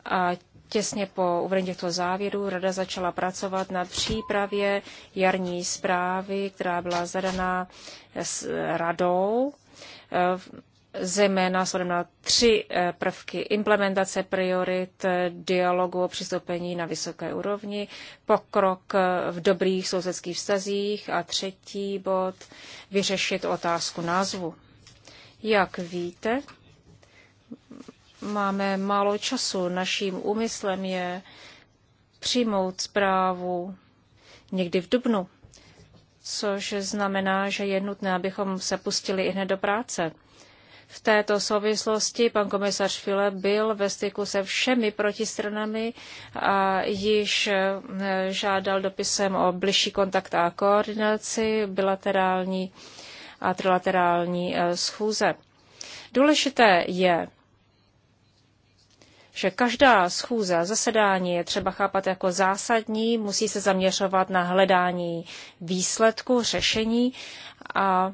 B: a Těsně po uvedení těchto závěrů rada začala pracovat na přípravě jarní zprávy, která byla zadaná s radou, eh, zejména shodem na tři eh, prvky implementace priorit, dialogu o přistoupení na vysoké úrovni, pokrok eh, v dobrých sousedských vztazích a třetí bod vyřešit otázku názvu. Jak víte, máme málo času. Naším úmyslem je přijmout zprávu někdy v dubnu, což znamená, že je nutné, abychom se pustili i hned do práce. V této souvislosti pan komisař File byl ve styku se všemi protistranami a již eh, žádal dopisem o bližší kontakt a koordinaci bilaterální a trilaterální eh, schůze. Důležité je, že každá schůze a zasedání je třeba chápat jako zásadní, musí se zaměřovat na hledání výsledku, řešení a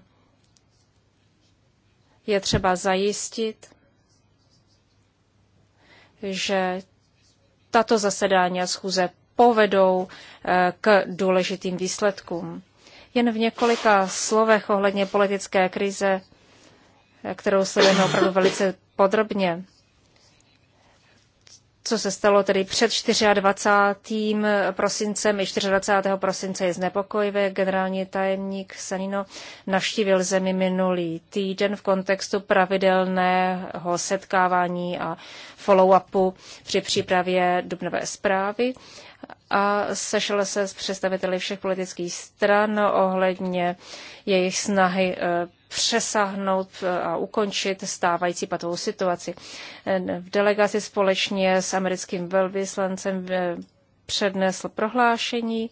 B: je třeba zajistit, že tato zasedání a schůze povedou eh, k důležitým výsledkům. Jen v několika slovech ohledně politické krize, eh, kterou sledujeme opravdu velice podrobně co se stalo tedy před 24. prosincem i 24. prosince je znepokojivé. Generální tajemník Sanino navštívil zemi minulý týden v kontextu pravidelného setkávání a follow-upu při přípravě dubnové zprávy a sešel se s představiteli všech politických stran ohledně jejich snahy eh, přesáhnout e, a ukončit stávající patovou situaci. E, v delegaci společně s americkým velvyslancem e, přednesl prohlášení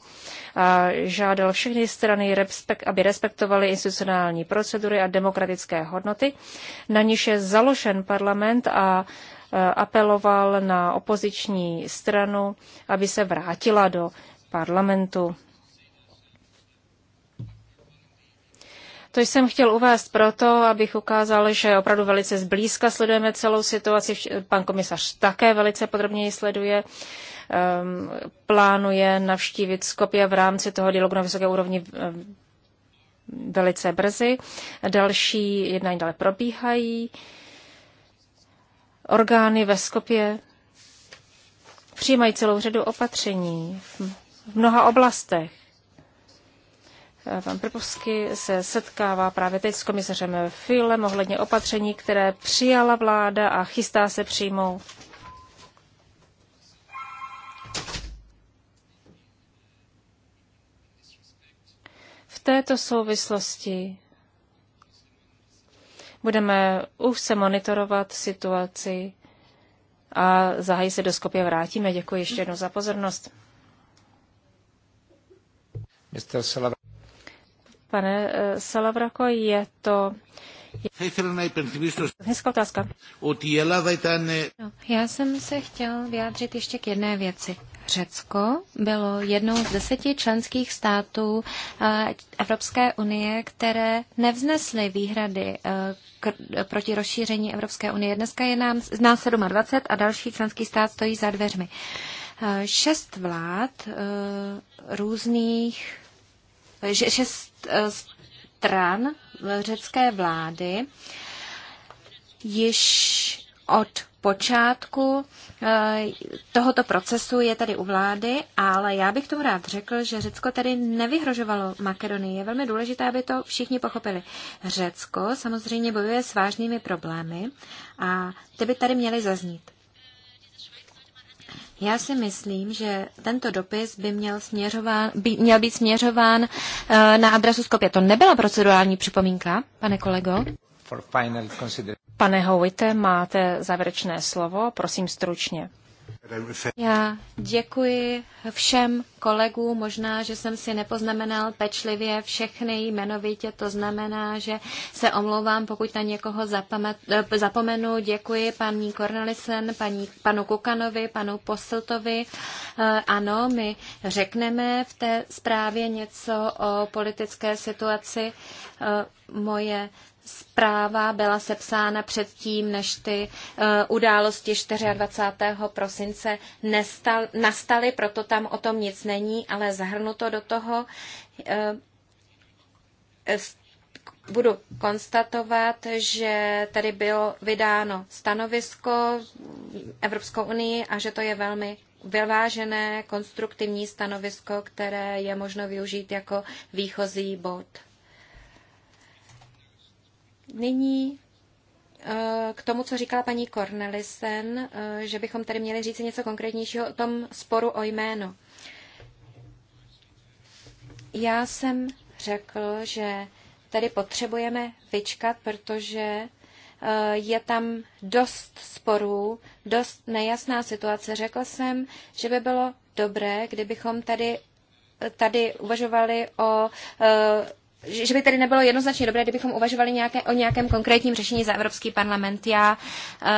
B: a žádal všechny strany, aby respektovaly institucionální procedury a demokratické hodnoty, na níž je založen parlament a apeloval na opoziční stranu, aby se vrátila do parlamentu. To jsem chtěl uvést proto, abych ukázal, že opravdu velice zblízka sledujeme celou situaci. Pan komisař také velice podrobně sleduje. Ehm, plánuje navštívit Skopje v rámci toho dialogu na vysoké úrovni ehm, velice brzy. Další jednání dále probíhají. Orgány ve Skopě přijímají celou řadu opatření v mnoha oblastech Pan Prpovsky se setkává právě teď s komisařem Filem ohledně opatření, které přijala vláda a chystá se přijmout. V této souvislosti budeme úzce monitorovat situaci a zahají se do Skopje vrátíme. Děkuji ještě jednou za pozornost. Pane eh, Salavrako, je to Hezká otázka. No, já
A: jsem se chtěl vyjádřit ještě k jedné věci. Řecko bylo jednou z deseti členských států eh, Evropské unie, které nevznesly výhrady eh, k, proti rozšíření Evropské unie. Dneska je nám, z nás 27 a další členský stát stojí za dveřmi. Šest vlád různých, šest Eh, stran řecké vlády již od počátku eh, tohoto procesu je tady u vlády, ale já bych tomu rád řekl, že Řecko tady nevyhrožovalo Makedonii. Je velmi důležité, aby to všichni pochopili. Řecko samozřejmě bojuje s vážnými problémy a ty by tady měly zaznít. Já si myslím, že tento dopis by měl, směřován, by měl být směřován eh, na adresu Skopě. To nebyla procedurální připomínka, pane kolego?
B: Pane Howite, máte závěrečné slovo, prosím stručně. Já
A: děkuji všem kolegům. Možná, že jsem si nepoznamenal pečlivě všechny jmenovitě. To znamená, že se omlouvám, pokud na někoho eh, zapomenu. Děkuji paní Cornelisen, paní, panu Kukanovi, panu Posiltovi. Eh, ano, my řekneme v té zprávě něco o politické situaci. Eh, moje zpráva byla sepsána předtím, než ty uh, události 24. prosince nestal, nastaly, proto tam o tom nic není, ale zahrnuto do toho uh, budu konstatovat, že tady bylo vydáno stanovisko Evropskou unii a že to je velmi vyvážené, konstruktivní stanovisko, které je možno využít jako výchozí bod. Nyní eh, k tomu, co říkala paní Cornelisen, eh, že bychom tady měli říct něco konkrétnějšího o tom sporu o jméno. Já jsem řekl, že tady potřebujeme vyčkat, protože eh, je tam dost sporů, dost nejasná situace. Řekl jsem, že by bylo dobré, kdybychom tady, tady uvažovali o že by tedy nebylo jednoznačně dobré, kdybychom uvažovali nějaké, o nějakém konkrétním řešení za Evropský parlament. Já uh,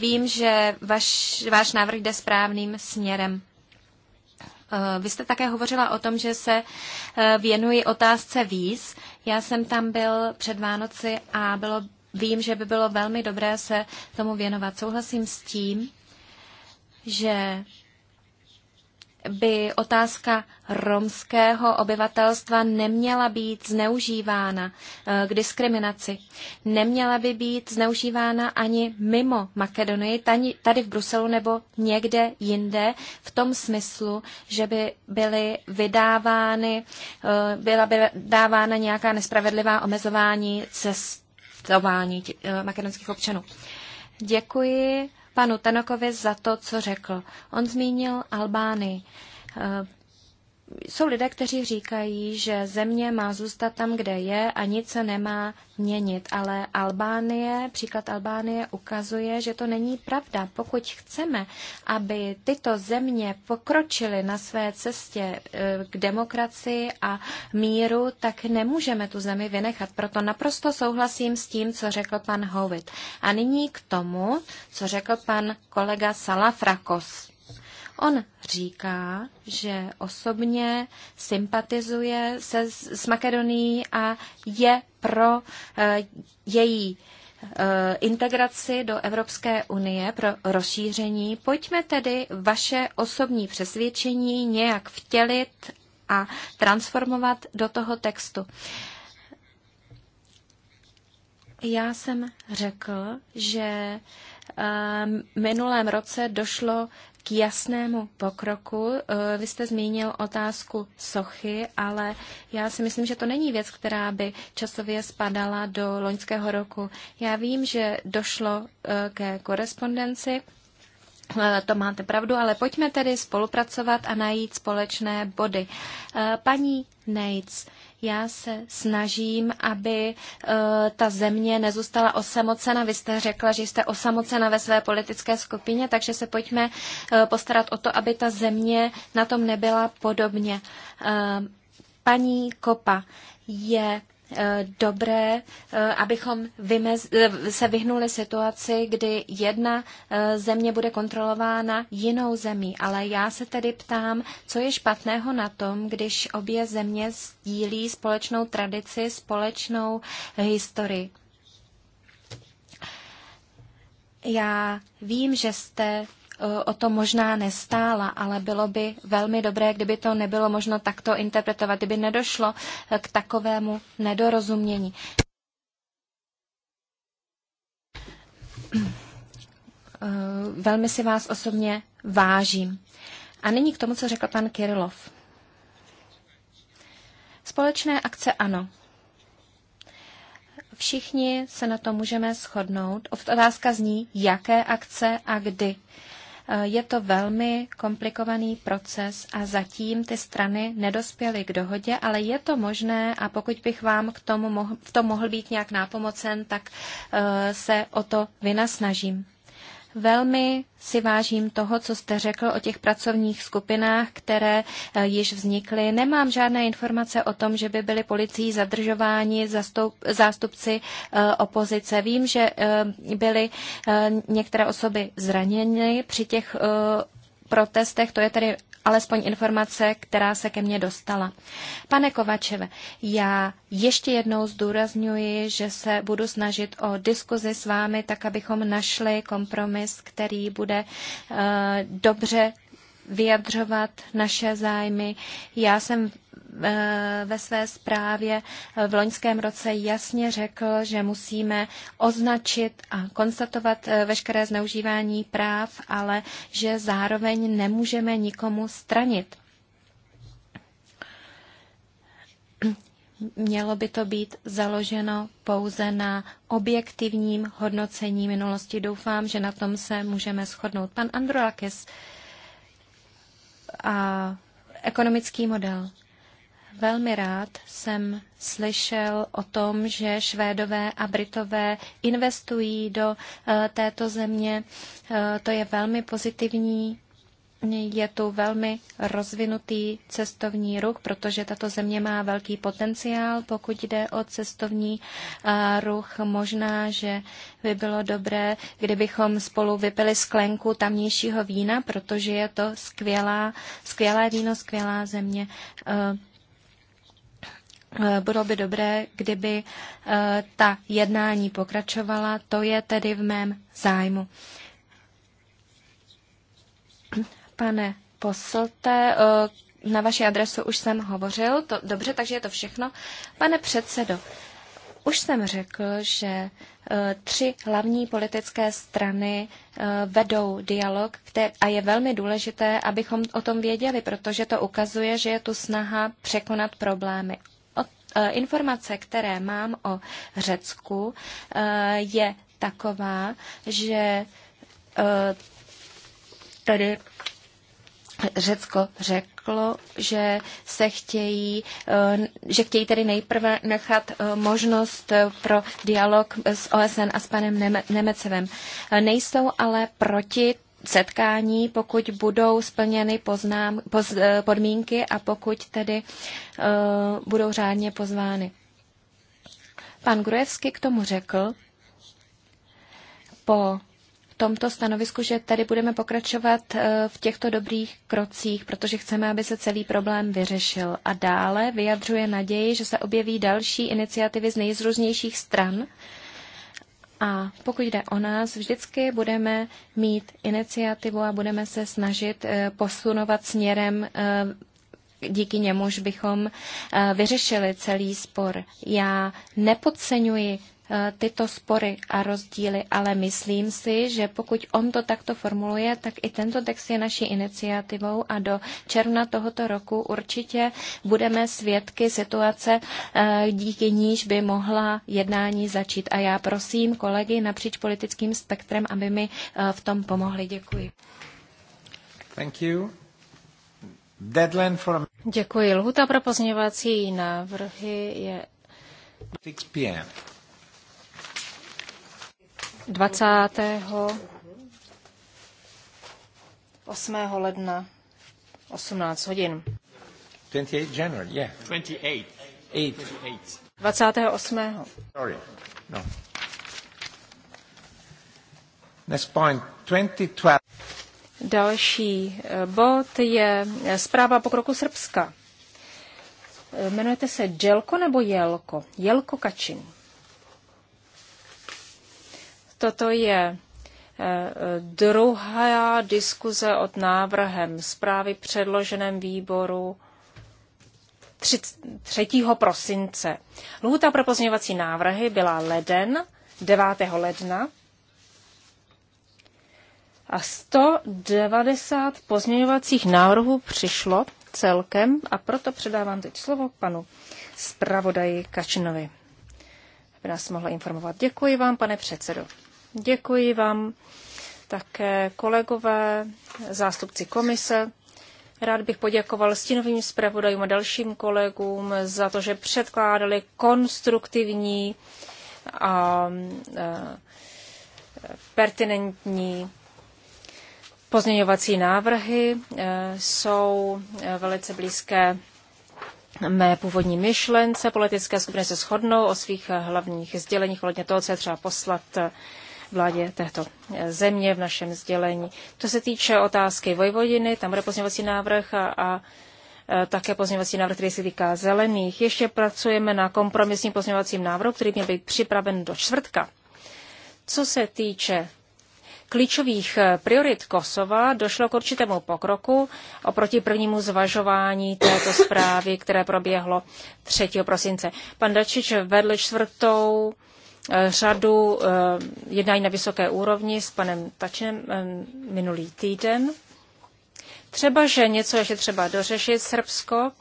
A: vím, že vaš, váš návrh jde správným směrem. Uh, vy jste také hovořila o tom, že se uh, věnuji otázce víz. Já jsem tam byl před Vánoci a bylo, vím, že by bylo velmi dobré se tomu věnovat. Souhlasím s tím, že by otázka romského obyvatelstva neměla být zneužívána eh, k diskriminaci. Neměla by být zneužívána ani mimo Makedonii, tady v Bruselu nebo někde jinde, v tom smyslu, že by byly vydávány, eh, byla by dávána nějaká nespravedlivá omezování cestování eh, makedonských občanů. Děkuji panu Tanokovi za to, co řekl. On zmínil Albánii. Eh, jsou lidé, kteří říkají, že země má zůstat tam, kde je a nic se nemá měnit. Ale Albánie, příklad Albánie ukazuje, že to není pravda. Pokud chceme, aby tyto země pokročily na své cestě eh, k demokracii a míru, tak nemůžeme tu zemi vynechat. Proto naprosto souhlasím s tím, co řekl pan Howitt. A nyní k tomu, co řekl pan kolega Salafrakos. On říká, že osobně sympatizuje se s Makedonií a je pro eh, její eh, integraci do Evropské unie pro rozšíření. Pojďme tedy vaše osobní přesvědčení nějak vtělit a transformovat do toho textu. Já jsem řekl, že eh, minulém roce došlo k jasnému pokroku. Eh, vy jste zmínil otázku sochy, ale já si myslím, že to není věc, která by časově spadala do loňského roku. Já vím, že došlo eh, ke korespondenci eh, to máte pravdu, ale pojďme tedy spolupracovat a najít společné body. Paní Nates, já se snažím, aby eh, ta země nezůstala osamocena. Vy jste řekla, že jste osamocena ve své politické skupině, takže se pojďme eh, postarat o to, aby ta země na tom nebyla podobně. Eh, paní Kopa je Eh, dobré, eh, abychom eh, se vyhnuli situaci, kdy jedna země bude kontrolována jinou zemí. Ale já se tedy ptám, co je špatného na tom, když obě země sdílí společnou tradici, společnou historii. Já vím, že jste Eh, o to možná nestála, ale bylo by velmi dobré, kdyby to nebylo možno takto interpretovat, kdyby nedošlo eh, k takovému nedorozumění. Eh, velmi si vás osobně vážím. A nyní k tomu, co řekl pan Kirilov. Společné akce ano. Všichni se na to můžeme shodnout. Otázka zní, jaké akce a kdy. Uh, je to velmi komplikovaný proces a zatím ty strany nedospěly k dohodě, ale je to možné a pokud bych vám k tomu mohl, v tom mohl být nějak nápomocen, tak eh, se o to vynasnažím. Velmi si vážím toho, co jste řekl o těch pracovních skupinách, které eh, již vznikly. Nemám žádné informace o tom, že by byli policií zadržováni zastup, zástupci eh, opozice. Vím, že eh, byly některé osoby zraněny při těch protestech, to je tedy alespoň informace, která se ke mně dostala. Pane Kovačeve, já ještě jednou zdůrazňuji, že se budu snažit o diskuzi s vámi, tak abychom našli kompromis, který bude uh, dobře vyjadřovat naše zájmy. Já jsem eh, ve své zprávě eh, v loňském roce jasně řekl, že musíme označit a konstatovat eh, veškeré zneužívání práv, ale že zároveň nemůžeme nikomu stranit. Mělo by to být založeno pouze na objektivním hodnocení minulosti. Doufám, že na tom se můžeme shodnout. Pan Androlakis. Uh, a ekonomický model. Velmi rád jsem slyšel o tom, že Švédové a Britové investují do eh, této země. Eh, to je velmi pozitivní je tu velmi rozvinutý cestovní ruch, protože tato země má velký potenciál. Pokud jde o cestovní ruch, možná, že by bylo dobré, kdybychom spolu vypili sklenku tamnějšího vína, protože je to skvělá, skvělé víno, skvělá země. Bylo by dobré, kdyby ta jednání pokračovala. To je tedy v mém zájmu. Pane poslte, eh, na vaši adresu už jsem hovořil, to, dobře, takže je to všechno. Pane předsedo, už jsem řekl, že eh, tři hlavní politické strany eh, vedou dialog a je velmi důležité, abychom o tom věděli, protože to ukazuje, že je tu snaha překonat problémy. Informace, které mám o Řecku, je taková, že tady. Řecko řeklo, že se chtějí, eh, že chtějí tedy nejprve nechat eh, možnost eh, pro dialog s OSN a s panem Nemecevem. Nejsou ale proti setkání, pokud budou splněny poznám, poz, podmínky a pokud tedy uh, budou řádně pozvány. Pan Grujevsky k tomu řekl po tomto stanovisku, že tady budeme pokračovat eh, v těchto dobrých krocích, protože chceme, aby se celý problém vyřešil. A dále vyjadřuje naději, že se objeví další iniciativy z nejzrůznějších stran. A pokud jde o nás, vždycky budeme mít iniciativu a budeme se snažit eh, posunovat směrem eh, díky němuž bychom vyřešili celý spor. Já nepodceňuji Eh, tyto spory a rozdíly, ale myslím si, že pokud on to takto formuluje, tak i tento text je naší iniciativou a do června tohoto roku určitě budeme svědky situace, eh, díky níž by mohla jednání začít. A já prosím kolegy napříč politickým spektrem, aby mi eh, v tom pomohli. Děkuji.
B: Thank you. Deadline for... Děkuji. Lhuta pro pozměňovací návrhy je 6 p.m. 20. 8. ledna 18 hodin. 28 January, yeah.
C: 28. 8.
B: 28. Sorry. No. Next point, 2012. Další eh, bod je eh, zpráva pokroku Srbska. Eh, jmenujete se Jelko nebo Jelko? Jelko Kačin. Toto je eh, druhá diskuze od návrhem zprávy předloženém výboru 3. prosince. Lhůta pro pozměňovací návrhy byla leden 9. ledna a 190 pozměňovacích návrhů přišlo celkem a proto předávám teď slovo panu zpravodaji Kačinovi, aby nás mohla informovat. Děkuji vám, pane předsedo. Děkuji vám také kolegové, zástupci komise. Rád bych poděkoval stínovým zpravodajům a dalším kolegům za to, že předkládali konstruktivní a e, pertinentní pozměňovací návrhy. E, jsou velice blízké mé původní myšlence. Politické skupiny se shodnou o svých hlavních sděleních, ohledně toho, co je třeba poslat vládě této eh, země v našem sdělení. To se týče otázky Vojvodiny, tam bude pozměňovací návrh a, a eh, také pozměňovací návrh, který se týká zelených. Ještě pracujeme na kompromisním pozměňovacím návrhu, který měl být připraven do čtvrtka. Co se týče klíčových eh, priorit Kosova došlo k určitému pokroku oproti prvnímu zvažování této zprávy, které proběhlo 3. prosince. Pan Dačič vedl čtvrtou Eh, řadu eh, jednání na vysoké úrovni s panem Tačem eh, minulý týden. Třeba, že něco ještě třeba dořešit Srbsko,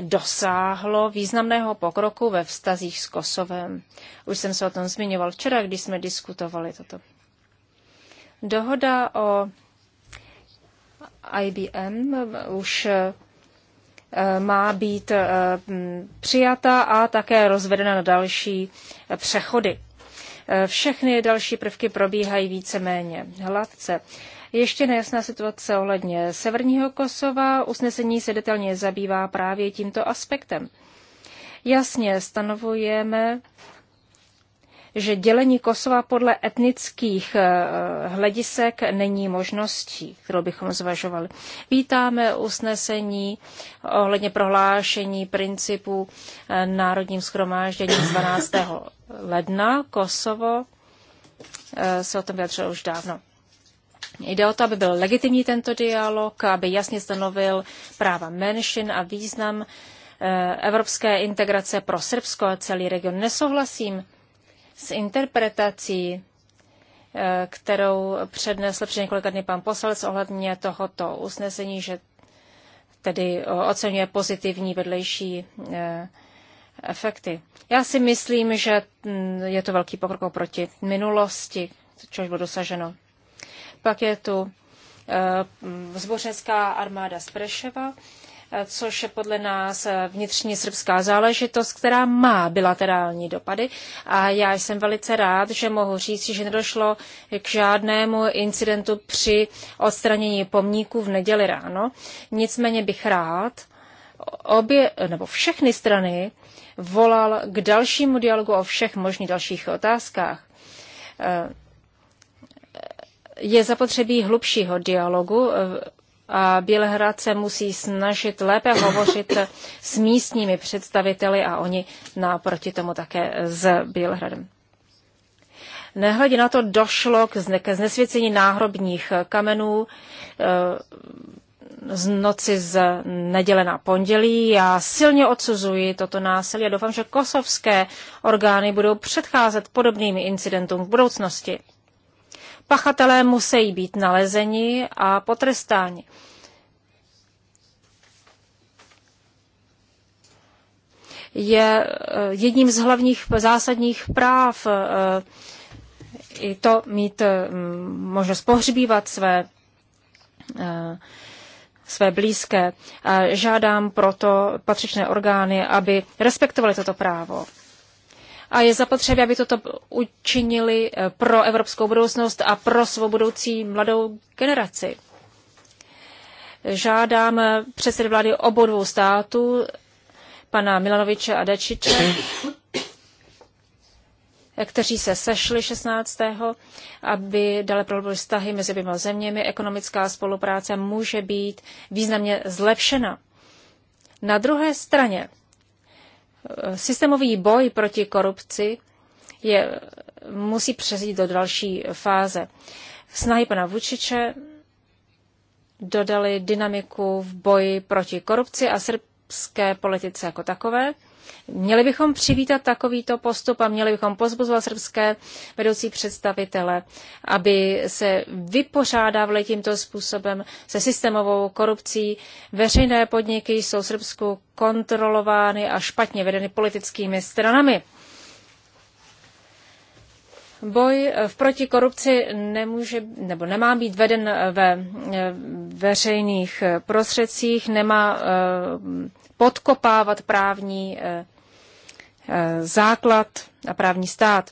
B: dosáhlo významného pokroku ve vztazích s Kosovem. Už jsem se o tom zmiňoval včera, když jsme diskutovali toto. Dohoda o IBM už Eh, má být eh, přijata a také rozvedena na další eh, přechody. Všechny další prvky probíhají víceméně hladce. Ještě nejasná situace ohledně Severního Kosova. Usnesení se detailně zabývá právě tímto aspektem. Jasně stanovujeme, že dělení Kosova podle etnických eh, hledisek není možností, kterou bychom zvažovali. Vítáme usnesení ohledně prohlášení principu eh, národním schromáždění 12. ledna. Kosovo eh, se o tom vyjadřilo už dávno. Jde o to, aby byl legitimní tento dialog, aby jasně stanovil práva menšin a význam evropské integrace pro Srbsko a celý region. Nesouhlasím s interpretací, eh, kterou přednesl před několika dny pan poslanec ohledně tohoto usnesení, že tedy eh, oceňuje pozitivní vedlejší eh, efekty. Já si myslím, že mm, je to velký pokrok oproti minulosti, což bylo dosaženo. Pak je tu zbořecká armáda z Prešova, což je podle nás vnitřní srbská záležitost, která má bilaterální dopady. A já jsem velice rád, že mohu říct, že nedošlo k žádnému incidentu při odstranění pomníků v neděli ráno. Nicméně bych rád obě, nebo všechny strany volal k dalšímu dialogu o všech možných dalších otázkách eh, je zapotřebí hlubšího dialogu eh, a Bělehrad se musí snažit lépe hovořit s místními představiteli a oni naproti tomu také s Bělehradem. Nehledě na to došlo k znesvěcení náhrobních kamenů eh, z noci z neděle na pondělí. Já silně odsuzuji toto násilí a doufám, že kosovské orgány budou předcházet podobným incidentům v budoucnosti. Pachatelé musí být nalezeni a potrestáni. Je eh, jedním z hlavních zásadních práv eh, i to mít eh, možnost pohřbívat své své blízké. Žádám proto patřičné orgány, aby respektovali toto právo a je zapotřebí, aby toto učinili eh, pro evropskou budoucnost a pro svou budoucí mladou generaci. Žádám eh, předsedy vlády obou dvou států, pana Milanoviče a Dečiče, eh, kteří se sešli 16. aby dále prohlubili vztahy mezi oběma zeměmi. Ekonomická spolupráce může být významně zlepšena. Na druhé straně Systémový boj proti korupci je, musí přezít do další fáze. Snahy pana Vučiče dodali dynamiku v boji proti korupci a srbské politice jako takové. Měli bychom přivítat takovýto postup a měli bychom pozbuzovat srbské vedoucí představitele, aby se vypořádávali tímto způsobem se systémovou korupcí. Veřejné podniky jsou v Srbsku kontrolovány a špatně vedeny politickými stranami. Boj eh, v proti korupci nemůže, nebo nemá být veden eh, ve eh, veřejných prostředcích, nemá podkopávat právní základ a právní stát.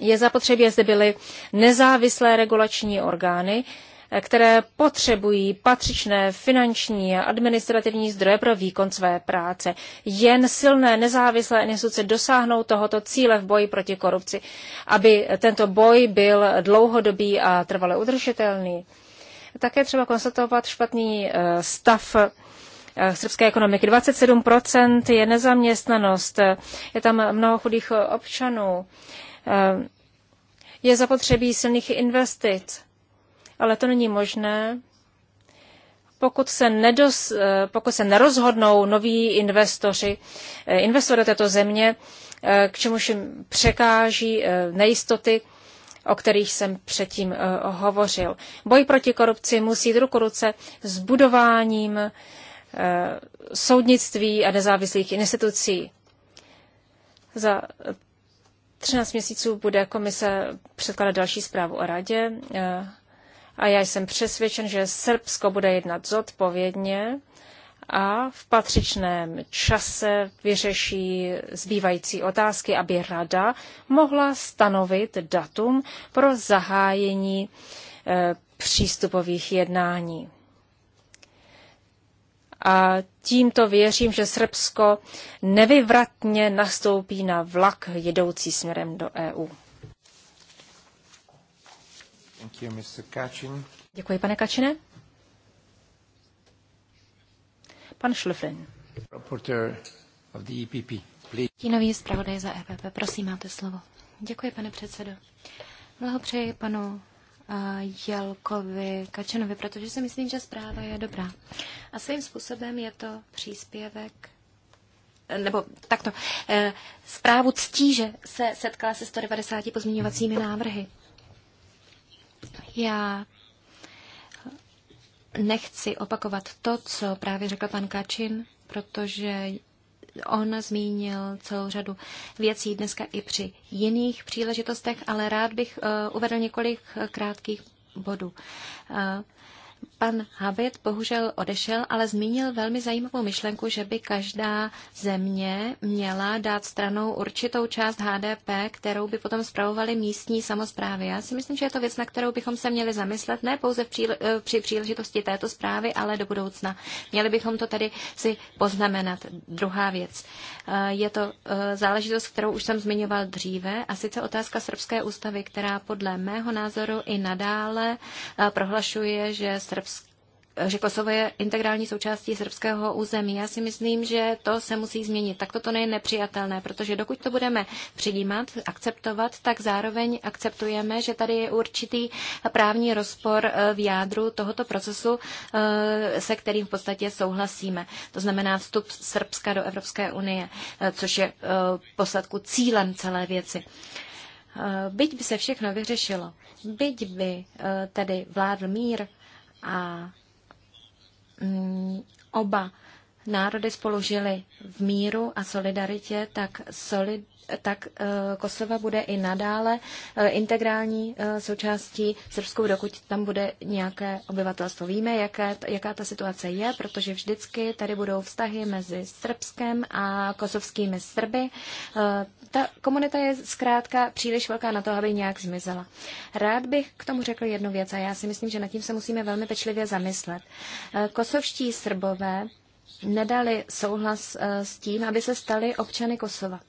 B: Je zapotřebí, zde byly nezávislé regulační orgány, které potřebují patřičné finanční a administrativní zdroje pro výkon své práce. Jen silné nezávislé instituce dosáhnou tohoto cíle v boji proti korupci, aby tento boj byl dlouhodobý a trvale udržitelný. Také třeba konstatovat špatný e, stav e, srbské ekonomiky. 27% je nezaměstnanost, je tam mnoho chudých občanů. E, je zapotřebí silných investic ale to není možné, pokud se, nedos, eh, pokud se nerozhodnou noví investoři, eh, investory této země, eh, k čemuž jim překáží nejistoty, o kterých jsem předtím hovořil. Boj proti korupci musí jít ruku ruce s budováním soudnictví a nezávislých institucí. Za 13 měsíců bude komise předkládat další zprávu o radě a já jsem přesvědčen, že Srbsko bude jednat zodpovědně a v patřičném čase vyřeší zbývající otázky, aby rada mohla stanovit datum pro zahájení e, přístupových jednání. A tímto věřím, že Srbsko nevyvratně nastoupí na vlak jedoucí směrem do EU you, Mr. Kachin. Děkuji, pane Kačine. Pan Šleflin.
C: E
A: Tínový zpravodaj za EPP, prosím, máte slovo. Děkuji, pane předsedo. Blahopřeji panu uh, Jelkovi Kačenovi, protože si myslím, že zpráva je dobrá. A svým způsobem je to příspěvek eh, nebo takto, eh, zprávu ctí, že se setkala se 190 pozměňovacími návrhy. Já nechci opakovat to, co právě řekl pan Kačin, protože on zmínil celou řadu věcí dneska i při jiných příležitostech, ale rád bych eh, uvedl několik krátkých bodů. Eh, Pan Havit bohužel odešel, ale zmínil velmi zajímavou myšlenku, že by každá země měla dát stranou určitou část HDP, kterou by potom zpravovali místní samozprávy. Já si myslím, že je to věc, na kterou bychom se měli zamyslet, ne pouze v příle- eh, při příležitosti této zprávy, ale do budoucna. Měli bychom to tady si poznamenat. Druhá věc. Eh, je to eh, záležitost, kterou už jsem zmiňoval dříve, a sice otázka srbské ústavy, která podle mého názoru i nadále prohlašuje, že srbské že Kosovo je integrální součástí srbského území. Já si myslím, že to se musí změnit. Tak toto není nepřijatelné, protože dokud to budeme přijímat, akceptovat, tak zároveň akceptujeme, že tady je určitý právní rozpor eh, v jádru tohoto procesu, eh, se kterým v podstatě souhlasíme. To znamená vstup Srbska do Evropské unie, eh, což je posledku cílem celé věci. Byť by se všechno vyřešilo, byť by tedy vládl mír a Mm, oba národy spolu žili v míru a solidaritě, tak, solid, tak eh, Kosova bude i nadále eh, integrální eh, součástí Srbskou, dokud tam bude nějaké obyvatelstvo. Víme, jaké, jaká ta situace je, protože vždycky tady budou vztahy mezi Srbskem a kosovskými Srby. Ta komunita je zkrátka příliš velká na to, aby nějak zmizela. Rád bych k tomu řekl jednu věc a já si myslím, že nad tím se musíme velmi pečlivě zamyslet. Kosovští Srbové nedali souhlas eh, s tím, aby se stali občany Kosova.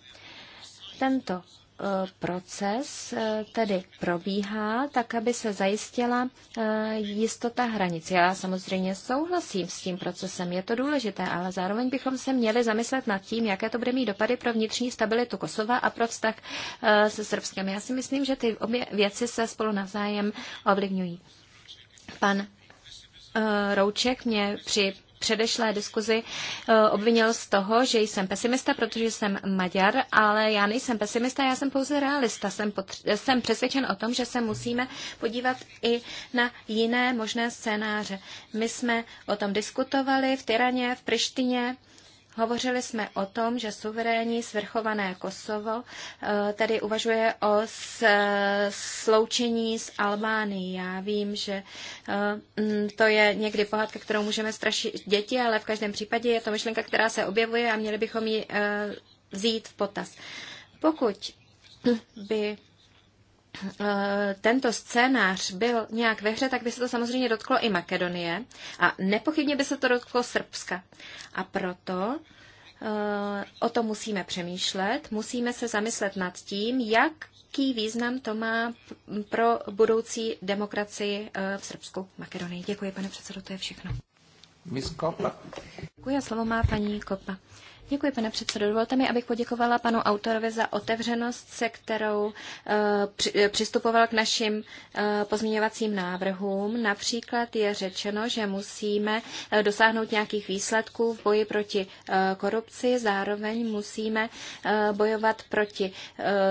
A: Tento eh, proces eh, tedy probíhá tak, aby se zajistila jistota hranic. Já samozřejmě souhlasím s tím procesem, je to důležité, ale zároveň bychom se měli zamyslet nad tím, jaké to bude mít dopady pro vnitřní stabilitu Kosova a pro vztah se Srbskem. Já si myslím, že ty obě věci se spolu navzájem ovlivňují. Pan Rouček mě při předešlé diskuzi eh, obvinil z toho, že jsem pesimista, protože jsem Maďar, ale já nejsem pesimista, já jsem pouze realista. Jsem, potř- jsem přesvědčen o tom, že se musíme podívat i na jiné možné scénáře. My jsme o tom diskutovali v Tyraně, v Prištině Hovořili jsme o tom, že suverénní svrchované Kosovo eh, tedy uvažuje o sloučení s Albánií. Já vím, že eh, mm, to je někdy pohádka, kterou můžeme strašit děti, ale v každém případě je to myšlenka, která se objevuje a měli bychom ji eh, vzít v potaz. Pokud by tento scénář byl nějak ve hře, tak by se to samozřejmě dotklo i Makedonie a nepochybně by se to dotklo Srbska. A proto eh, o tom musíme přemýšlet, musíme se zamyslet nad tím, jaký význam to má pro budoucí demokracii eh, v Srbsku Makedonii. Děkuji, pane předsedo, to je všechno.
B: Miss Kopa.
A: Děkuji a slovo má paní Kopa. Děkuji, pane předsedo. Dovolte mi, abych poděkovala panu autorovi za otevřenost, se kterou eh, eh, přistupoval k našim eh, pozměňovacím návrhům. Například je řečeno, že musíme dosáhnout nějakých výsledků v boji proti korupci, zároveň musíme bojovat proti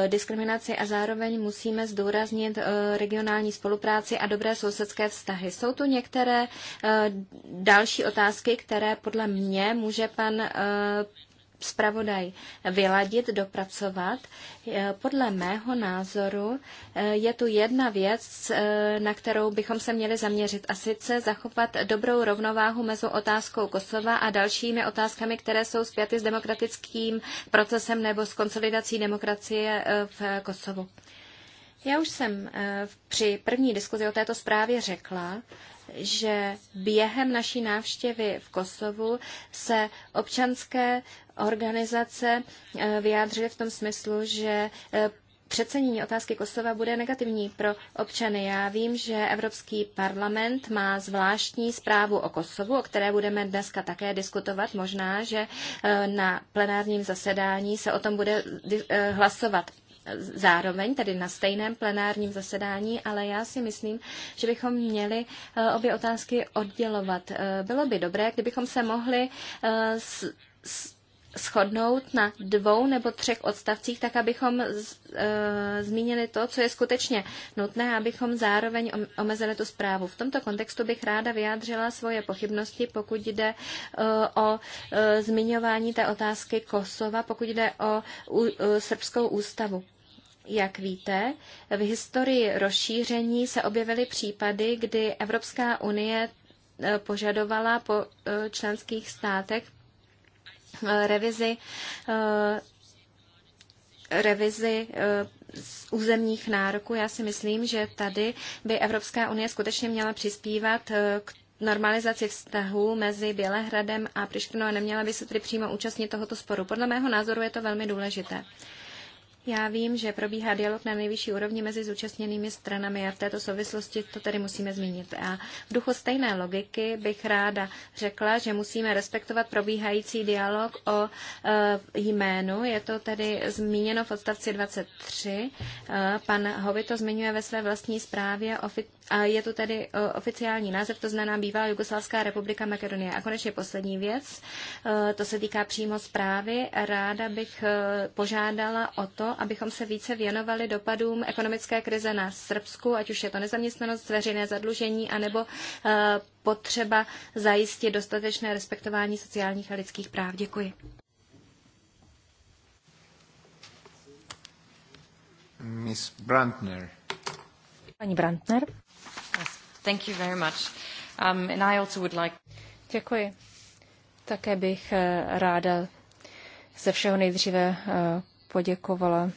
A: diskriminaci a zároveň musíme zdůraznit regionální spolupráci a dobré sousedské vztahy. Jsou tu některé další otázky, které podle mě může pan zpravodaj vyladit, dopracovat. Eh, podle mého názoru eh, je tu jedna věc, eh, na kterou bychom se měli zaměřit, a sice zachovat dobrou rovnováhu mezi otázkou Kosova a dalšími otázkami, které jsou zpěty s demokratickým procesem nebo s konsolidací demokracie v Kosovu. Já už jsem při první diskuzi o této zprávě řekla, že během naší návštěvy v Kosovu se občanské organizace eh, vyjádřily v tom smyslu, že eh, přecenění otázky Kosova bude negativní pro občany. Já vím, že Evropský parlament má zvláštní zprávu o Kosovu, o které budeme dneska také diskutovat. Možná, že eh, na plenárním zasedání se o tom bude hlasovat zároveň, tedy na stejném plenárním zasedání, ale já si myslím, že bychom měli eh, obě otázky oddělovat. Eh, bylo by dobré, kdybychom se mohli eh, s, s, shodnout na dvou nebo třech odstavcích, tak abychom z, e, zmínili to, co je skutečně nutné, abychom zároveň omezili tu zprávu. V tomto kontextu bych ráda vyjádřila svoje pochybnosti, pokud jde e, o e, zmiňování té otázky Kosova, pokud jde o u, e, srbskou ústavu. Jak víte, v historii rozšíření se objevily případy, kdy Evropská unie e, požadovala po e, členských státech e, revizi, revizi z územních nároků. Já si myslím, že tady by Evropská unie skutečně měla přispívat k normalizaci vztahů mezi Bělehradem a Prištinou a neměla by se tedy přímo účastnit tohoto sporu. Podle mého názoru je to velmi důležité. Já vím, že probíhá dialog na nejvyšší úrovni mezi zúčastněnými stranami a v této souvislosti to tedy musíme zmínit. A v duchu stejné logiky bych ráda řekla, že musíme respektovat probíhající dialog o e, jménu. Je to tedy zmíněno v odstavci 23. E, eh, pan Hovito zmiňuje ve své vlastní zprávě o fit je to tedy eh, oficiální název, to znamená bývalá Jugoslávská republika Makedonie. A konečně poslední věc, eh, to se týká přímo zprávy. Ráda bych eh, požádala o to, abychom se více věnovali dopadům ekonomické krize na Srbsku, ať už je to nezaměstnanost, veřejné zadlužení, anebo potřeba zajistit dostatečné respektování sociálních a lidských práv. Děkuji.
B: Miss Brandner. Paní Brandner. Thank you very much. Um, and I also would like... Děkuji. Také bych eh, ráda ze všeho nejdříve eh, poděkovala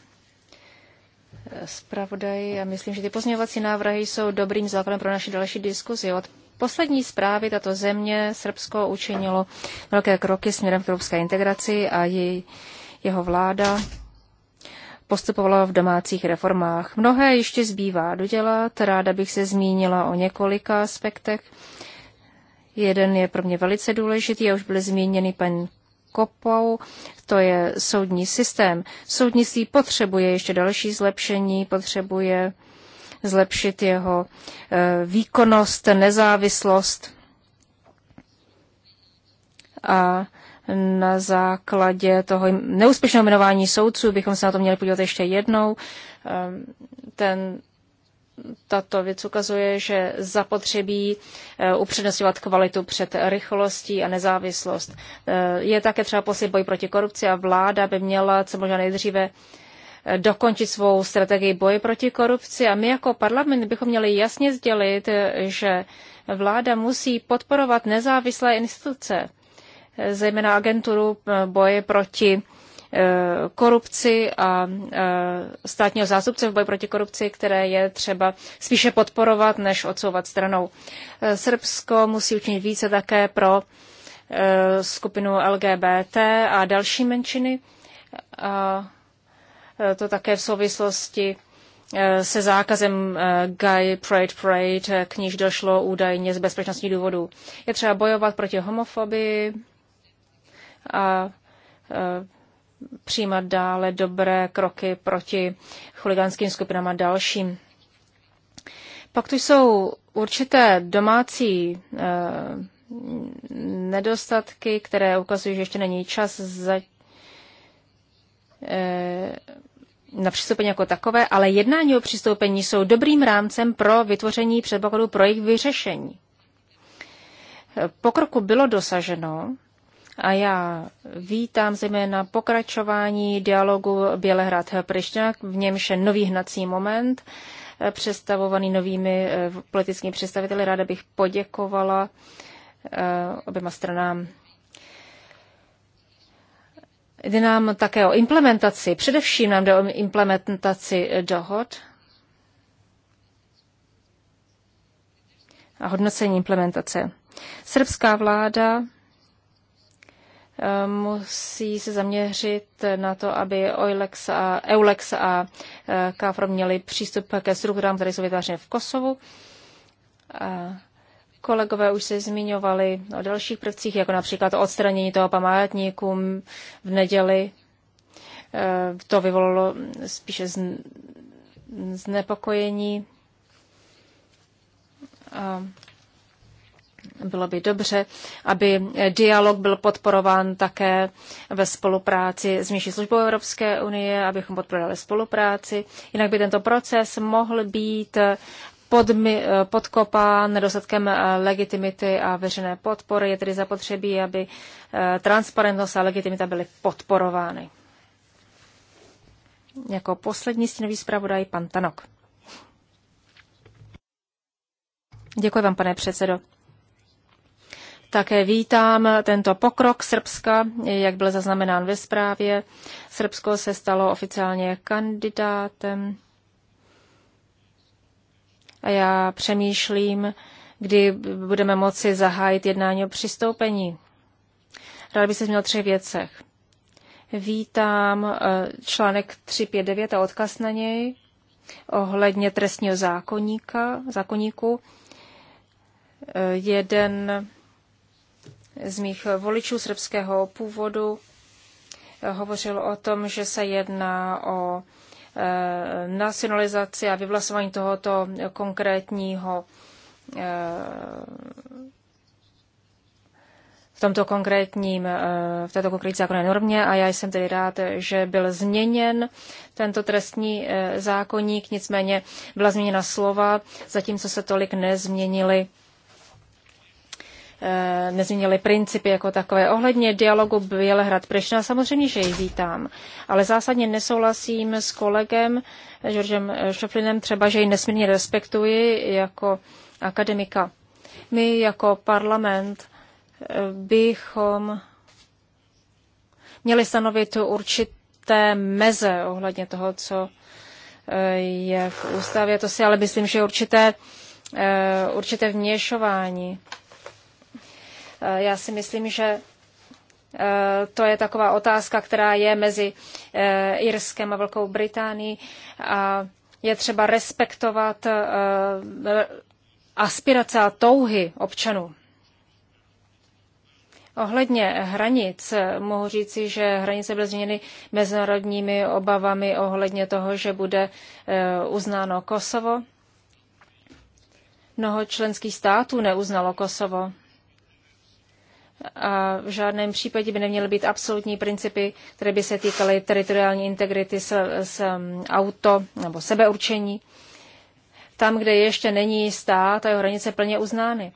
B: eh, zpravodaji a myslím, že ty pozměňovací návrhy jsou dobrým základem pro naši další diskuzi. Od poslední zprávy tato země Srbsko učinilo velké kroky směrem k evropské integraci a její, jeho vláda postupovala v domácích reformách. Mnohé ještě zbývá dodělat, ráda bych se zmínila o několika aspektech. Jeden je pro mě velice důležitý a už byl zmíněný paní Kopou, to je soudní systém. Soudnictví potřebuje ještě další zlepšení, potřebuje zlepšit jeho eh, výkonnost, nezávislost. A na základě toho neúspěšného jmenování soudců bychom se na to měli podívat ještě jednou. Ehm, ten, tato věc ukazuje, že zapotřebí eh, upřednostňovat kvalitu před rychlostí a nezávislost. Eh, je také třeba posílit boj proti korupci a vláda by měla co možná nejdříve eh, dokončit svou strategii boje proti korupci a my jako parlament bychom měli jasně sdělit, že vláda musí podporovat nezávislé instituce zejména agenturu eh, boje proti eh, korupci a eh, státního zástupce v boji proti korupci, které je třeba spíše podporovat, než odsouvat stranou. Srbsko musí učinit více také pro skupinu LGBT a další menšiny. A to také v souvislosti se zákazem Gay Pride Parade, k níž došlo údajně z bezpečnostních důvodů. Je třeba bojovat proti homofobii, a přijímat dále dobré kroky proti chuligánským skupinám a dalším. Pak tu jsou určité domácí e, nedostatky, které ukazují, že ještě není čas za, e, na přistoupení jako takové, ale jednání o přistoupení jsou dobrým rámcem pro vytvoření předpokladů pro jejich vyřešení. E, pokroku bylo dosaženo, a já vítám zejména pokračování dialogu Bělehrad Prišťák, v němž nový hnací moment eh, představovaný novými eh, politickými představiteli. Ráda bych poděkovala eh, oběma stranám. Jde nám také o implementaci. Především nám jde o implementaci dohod a hodnocení implementace. Srbská vláda musí se zaměřit na to, aby Eulex a, Eulex a KFOR eh, měli přístup ke strukturám, které jsou vytvářeny v Kosovu. A kolegové už se zmiňovali o dalších prvcích, jako například odstranění toho památníku v neděli. Eh, to vyvolalo spíše znepokojení. A bylo by dobře, aby dialog byl podporován také ve spolupráci s vnější službou Evropské unie, abychom podporovali spolupráci. Jinak by tento proces mohl být podkopán nedostatkem legitimity a veřejné podpory. Je tedy zapotřebí, aby eh, transparentnost a legitimita byly podporovány. Jako poslední stínový zpravodaj pan Tanok. Děkuji vám, pane předsedo. Také vítám tento pokrok Srbska, jak byl zaznamenán ve zprávě. Srbsko se stalo oficiálně kandidátem. A já přemýšlím, kdy budeme moci zahájit jednání o přistoupení. Rád bych se měl tři věcech. Vítám eh, článek 359 a odkaz na něj ohledně trestního zákonníka, zákonníku. Eh, jeden z mých voličů srbského původu eh, hovořil o tom, že se jedná o eh, nacionalizaci a vyvlasování tohoto konkrétního eh, v tomto konkrétním, v této konkrétní zákonné normě a já jsem tedy rád, že byl změněn tento trestní zákonník, nicméně byla změněna slova, zatímco se tolik nezměnily Eh, nezměnili principy jako takové. Ohledně dialogu Bělehrad Prešna samozřejmě, že ji vítám, ale zásadně nesouhlasím s kolegem eh, Georgem eh, Šoflinem, třeba, že ji nesmírně respektuji jako akademika. My jako parlament bychom měli stanovit určité meze ohledně toho, co je v ústavě. To si ale myslím, že určité, určité vměšování Eh, já si myslím, že eh, to je taková otázka, která je mezi eh, Irskem a Velkou Británií a je třeba respektovat aspirace a touhy občanů. Ohledně hranic mohu říci, že hranice byly změněny mezinárodními obavami ohledně toho, že bude uznáno Kosovo. Mnoho členských států neuznalo Kosovo a v žádném případě by neměly být absolutní principy, které by se týkaly teritoriální integrity s, s um, auto nebo sebeurčení, tam, kde ještě není stát a jeho hranice plně uznány.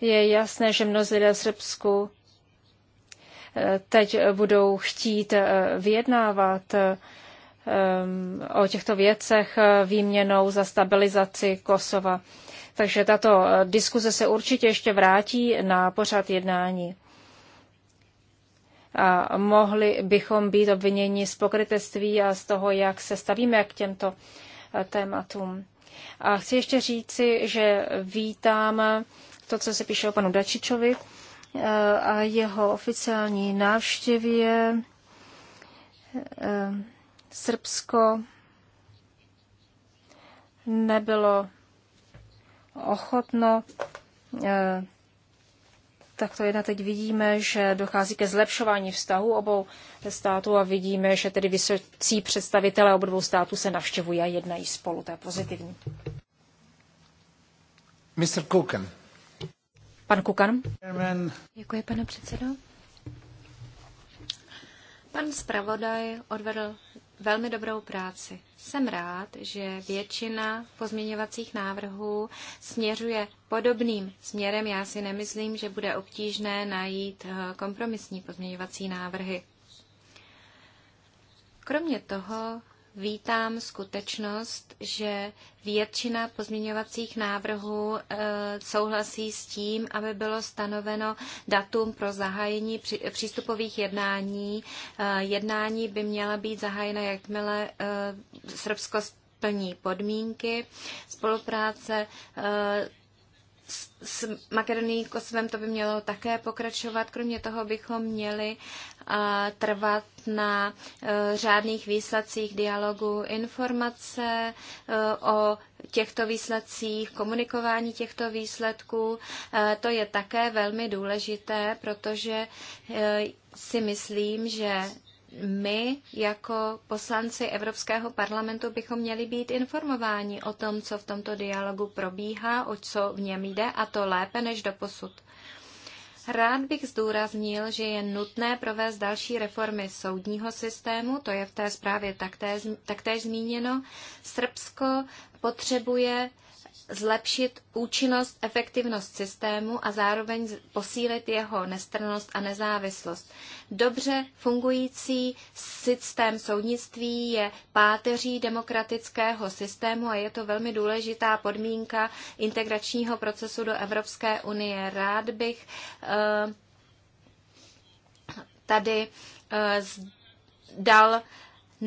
B: Je jasné, že mnozí lidé v Srbsku eh, teď budou chtít eh, vyjednávat eh, o těchto věcech výměnou za stabilizaci Kosova. Takže tato eh, diskuze se určitě ještě vrátí na pořad jednání. A mohli bychom být obviněni z pokrytectví a z toho, jak se stavíme k těmto eh, tématům. A chci ještě říci, že vítám eh, to, co se píše o panu Dačičovi a jeho oficiální návštěvě Srbsko nebylo ochotno eh, tak to jedna teď vidíme, že dochází ke zlepšování vztahu obou států a vidíme, že tedy vysocí představitelé obou dvou států se navštěvují a jednají spolu. To je pozitivní. Mr. Kukan.
C: Pan Kukan. Děkuji, pane předsedo.
A: Pan zpravodaj odvedl velmi dobrou práci. Jsem rád, že většina pozměňovacích návrhů směřuje podobným směrem. Já si nemyslím, že bude obtížné najít eh, kompromisní pozměňovací návrhy. Kromě toho vítám skutečnost, že většina pozměňovacích návrhů eh, souhlasí s tím, aby bylo stanoveno datum pro zahájení přístupových jednání. Eh, jednání by měla být zahájena, jakmile eh, Srbsko splní podmínky. Spolupráce s Makedonií Kosovem to by mělo také pokračovat. Kromě toho bychom měli trvat na e, řádných výsledcích dialogu informace e, o těchto výsledcích, komunikování těchto výsledků. E, to je také velmi důležité, protože si myslím, že my jako poslanci Evropského parlamentu bychom měli být informováni o tom, co v tomto dialogu probíhá, o co v něm jde, a to lépe než doposud. Rád bych zdůraznil, že je nutné provést další reformy soudního systému, to je v té zprávě taktéž, taktéž zmíněno. Srbsko potřebuje zlepšit účinnost, efektivnost systému a zároveň posílit jeho nestrannost a nezávislost. Dobře fungující systém soudnictví je páteří demokratického systému a je to velmi důležitá podmínka integračního procesu do Evropské unie. Rád bych eh, tady eh, dal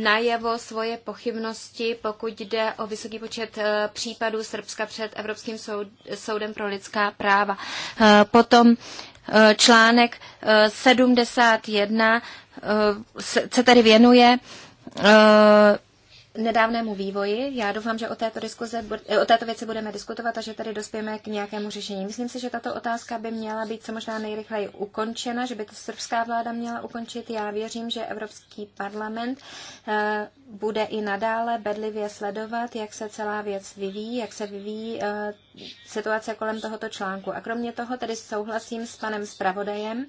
A: najevo svoje pochybnosti, pokud jde o vysoký počet eh, případů Srbska před Evropským soudem pro lidská práva. Eh, potom eh, článek 71 se tady věnuje nedávnému vývoji. Já doufám, že o této, diskuze, eh, o této věci budeme diskutovat a že tady dospějeme k nějakému řešení. Myslím si, že tato otázka by měla být co možná nejrychleji ukončena, že by to srbská vláda měla ukončit. Já věřím, že Evropský parlament eh, bude i nadále bedlivě sledovat, jak se celá věc vyvíjí, jak se vyvíjí eh, situace kolem tohoto článku. A kromě toho tedy souhlasím s panem zpravodajem,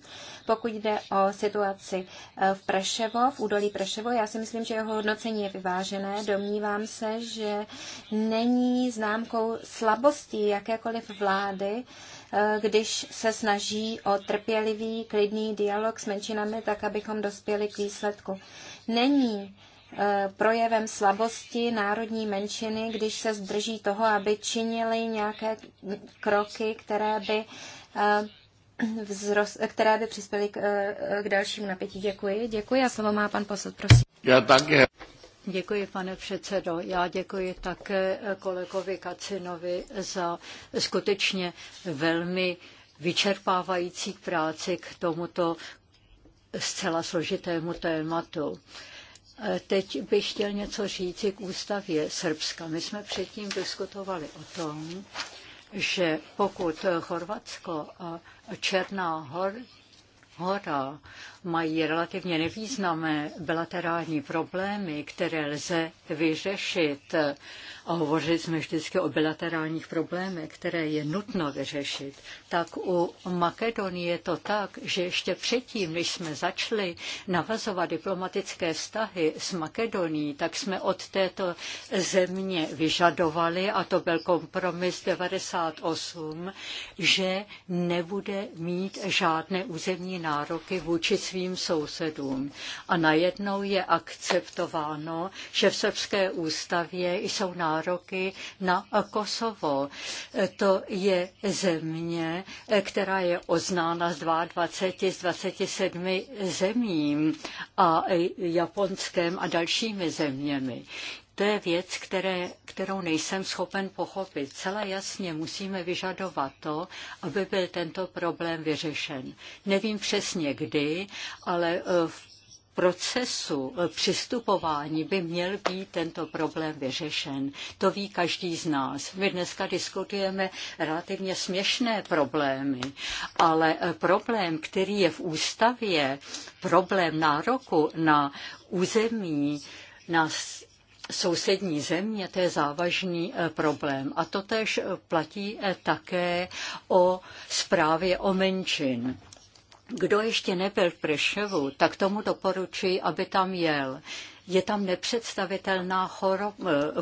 A: pokud jde o situaci eh, v Preševo, v údolí Preševo. Já si myslím, že jeho hodnocení je vyvážené. Domnívám se, že není známkou slabostí jakékoliv vlády, eh, když se snaží o trpělivý, klidný dialog s menšinami, tak abychom dospěli k výsledku. Není Eh, projevem slabosti národní menšiny, když se zdrží toho, aby činili nějaké kroky, které by, eh, vzrost, které by přispěly k, eh, k dalšímu
C: napětí. Děkuji. Děkuji a slovo má pan posud, prosím.
A: Já také.
C: Děkuji, pane předsedo. Já děkuji také kolegovi Kacinovi za skutečně velmi vyčerpávající práci k tomuto zcela složitému tématu. E, teď bych chtěl něco říci k ústavě Srbska. My jsme předtím diskutovali o tom, že pokud Chorvatsko a Černá hor, hora mají relativně nevýznamné bilaterální problémy, které lze vyřešit. A hovořili jsme vždycky o bilaterálních problémech, které je nutno vyřešit. Tak u Makedonie je to tak, že ještě předtím, než jsme začali navazovat diplomatické vztahy s Makedonií, tak jsme od této země vyžadovali, a to byl kompromis 98, že nebude mít žádné územní nároky vůči svým sousedům. A najednou je akceptováno, že v srbské ústavě jsou nároky na Kosovo. To je země, která je oznána z 22 z 27 zemím a Japonskem a dalšími zeměmi to je věc, které, kterou nejsem schopen pochopit. Celá jasně musíme vyžadovat to, aby byl tento problém vyřešen. Nevím přesně kdy, ale eh, v procesu eh, přistupování by měl být tento problém vyřešen. To ví každý z nás. My dneska diskutujeme relativně směšné problémy, ale eh, problém, který je v ústavě, problém nároku na území, na sousední země, to je závažný eh, problém. A to tež eh, platí eh, také o zprávě o menšin. Kdo ještě nebyl v Prešovu, tak tomu doporučuji, aby tam jel je tam nepředstavitelná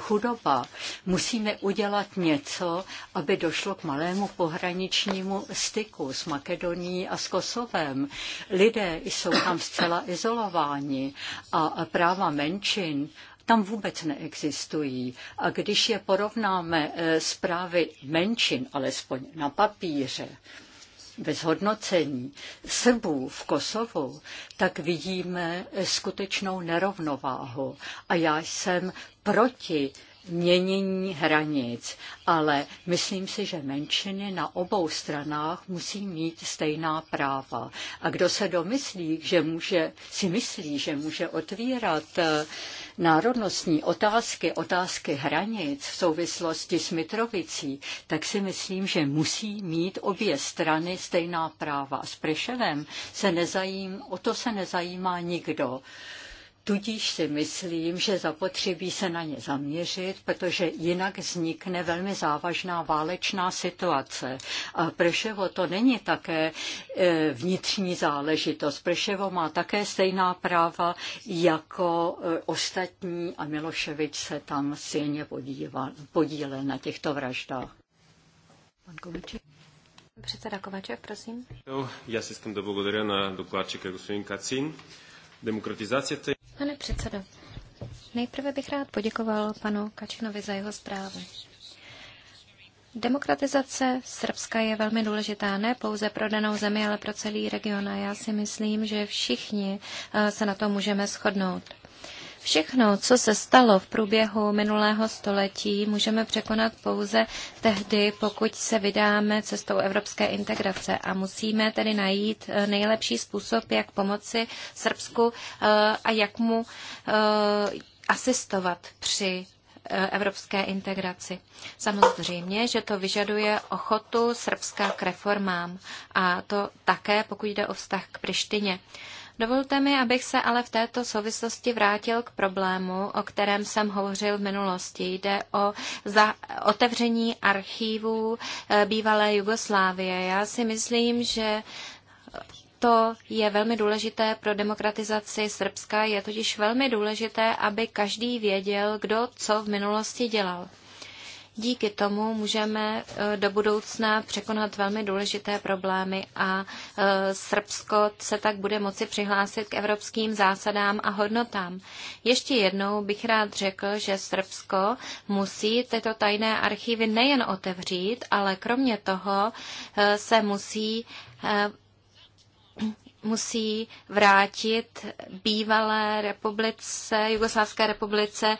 C: chudoba. Musíme udělat něco, aby došlo k malému pohraničnímu styku s Makedonií a s Kosovem. Lidé jsou tam zcela izolováni a práva menšin tam vůbec neexistují. A když je porovnáme s eh, právy menšin, alespoň na papíře, bez hodnocení Srbů v Kosovu, tak vidíme eh, skutečnou nerovnováhu. A já jsem proti měnění hranic, ale myslím si, že menšiny na obou stranách musí mít stejná práva. A kdo se domyslí, že může, si myslí, že může otvírat eh, národnostní otázky, otázky hranic v souvislosti s Mitrovicí, tak si myslím, že musí mít obě strany stejná práva. S Prešelem se nezajím, o to se nezajímá nikdo. Tudíž si myslím, že zapotřebí se na ně zaměřit, protože jinak vznikne velmi závažná válečná situace. A Prševo to není také e, vnitřní záležitost. Prševo má také stejná práva jako e, ostatní a Miloševič se tam silně podílel na těchto vraždách. Pan Kovaček. Předseda Kovačev, prosím. Já si s tím na dokladčíka господин Kacin.
A: Демократизацията předsedo. Nejprve bych rád poděkoval panu Kačinovi za jeho zprávu. Demokratizace Srbska je velmi důležitá ne pouze pro danou zemi, ale pro celý region a já si myslím, že všichni eh, se na to můžeme shodnout. Všechno, co se stalo v průběhu minulého století, můžeme překonat pouze tehdy, pokud se vydáme cestou evropské integrace a musíme tedy najít eh, nejlepší způsob, jak pomoci Srbsku eh, a jak mu eh, asistovat při evropské integraci. Samozřejmě, že to vyžaduje ochotu Srbska k reformám a to také, pokud jde o vztah k Prištině. Dovolte mi, abych se ale v této souvislosti vrátil k problému, o kterém jsem hovořil v minulosti. Jde o za- otevření archívů eh, bývalé Jugoslávie. Já si myslím, že to je velmi důležité pro demokratizaci Srbska. Je totiž velmi důležité, aby každý věděl, kdo co v minulosti dělal. Díky tomu můžeme eh, do budoucna překonat velmi důležité problémy a eh, Srbsko se tak bude moci přihlásit k evropským zásadám a hodnotám. Ještě jednou bych rád řekl, že Srbsko musí tyto tajné archivy nejen otevřít, ale kromě toho eh, se musí musí vrátit bývalé republice, Jugoslávské republice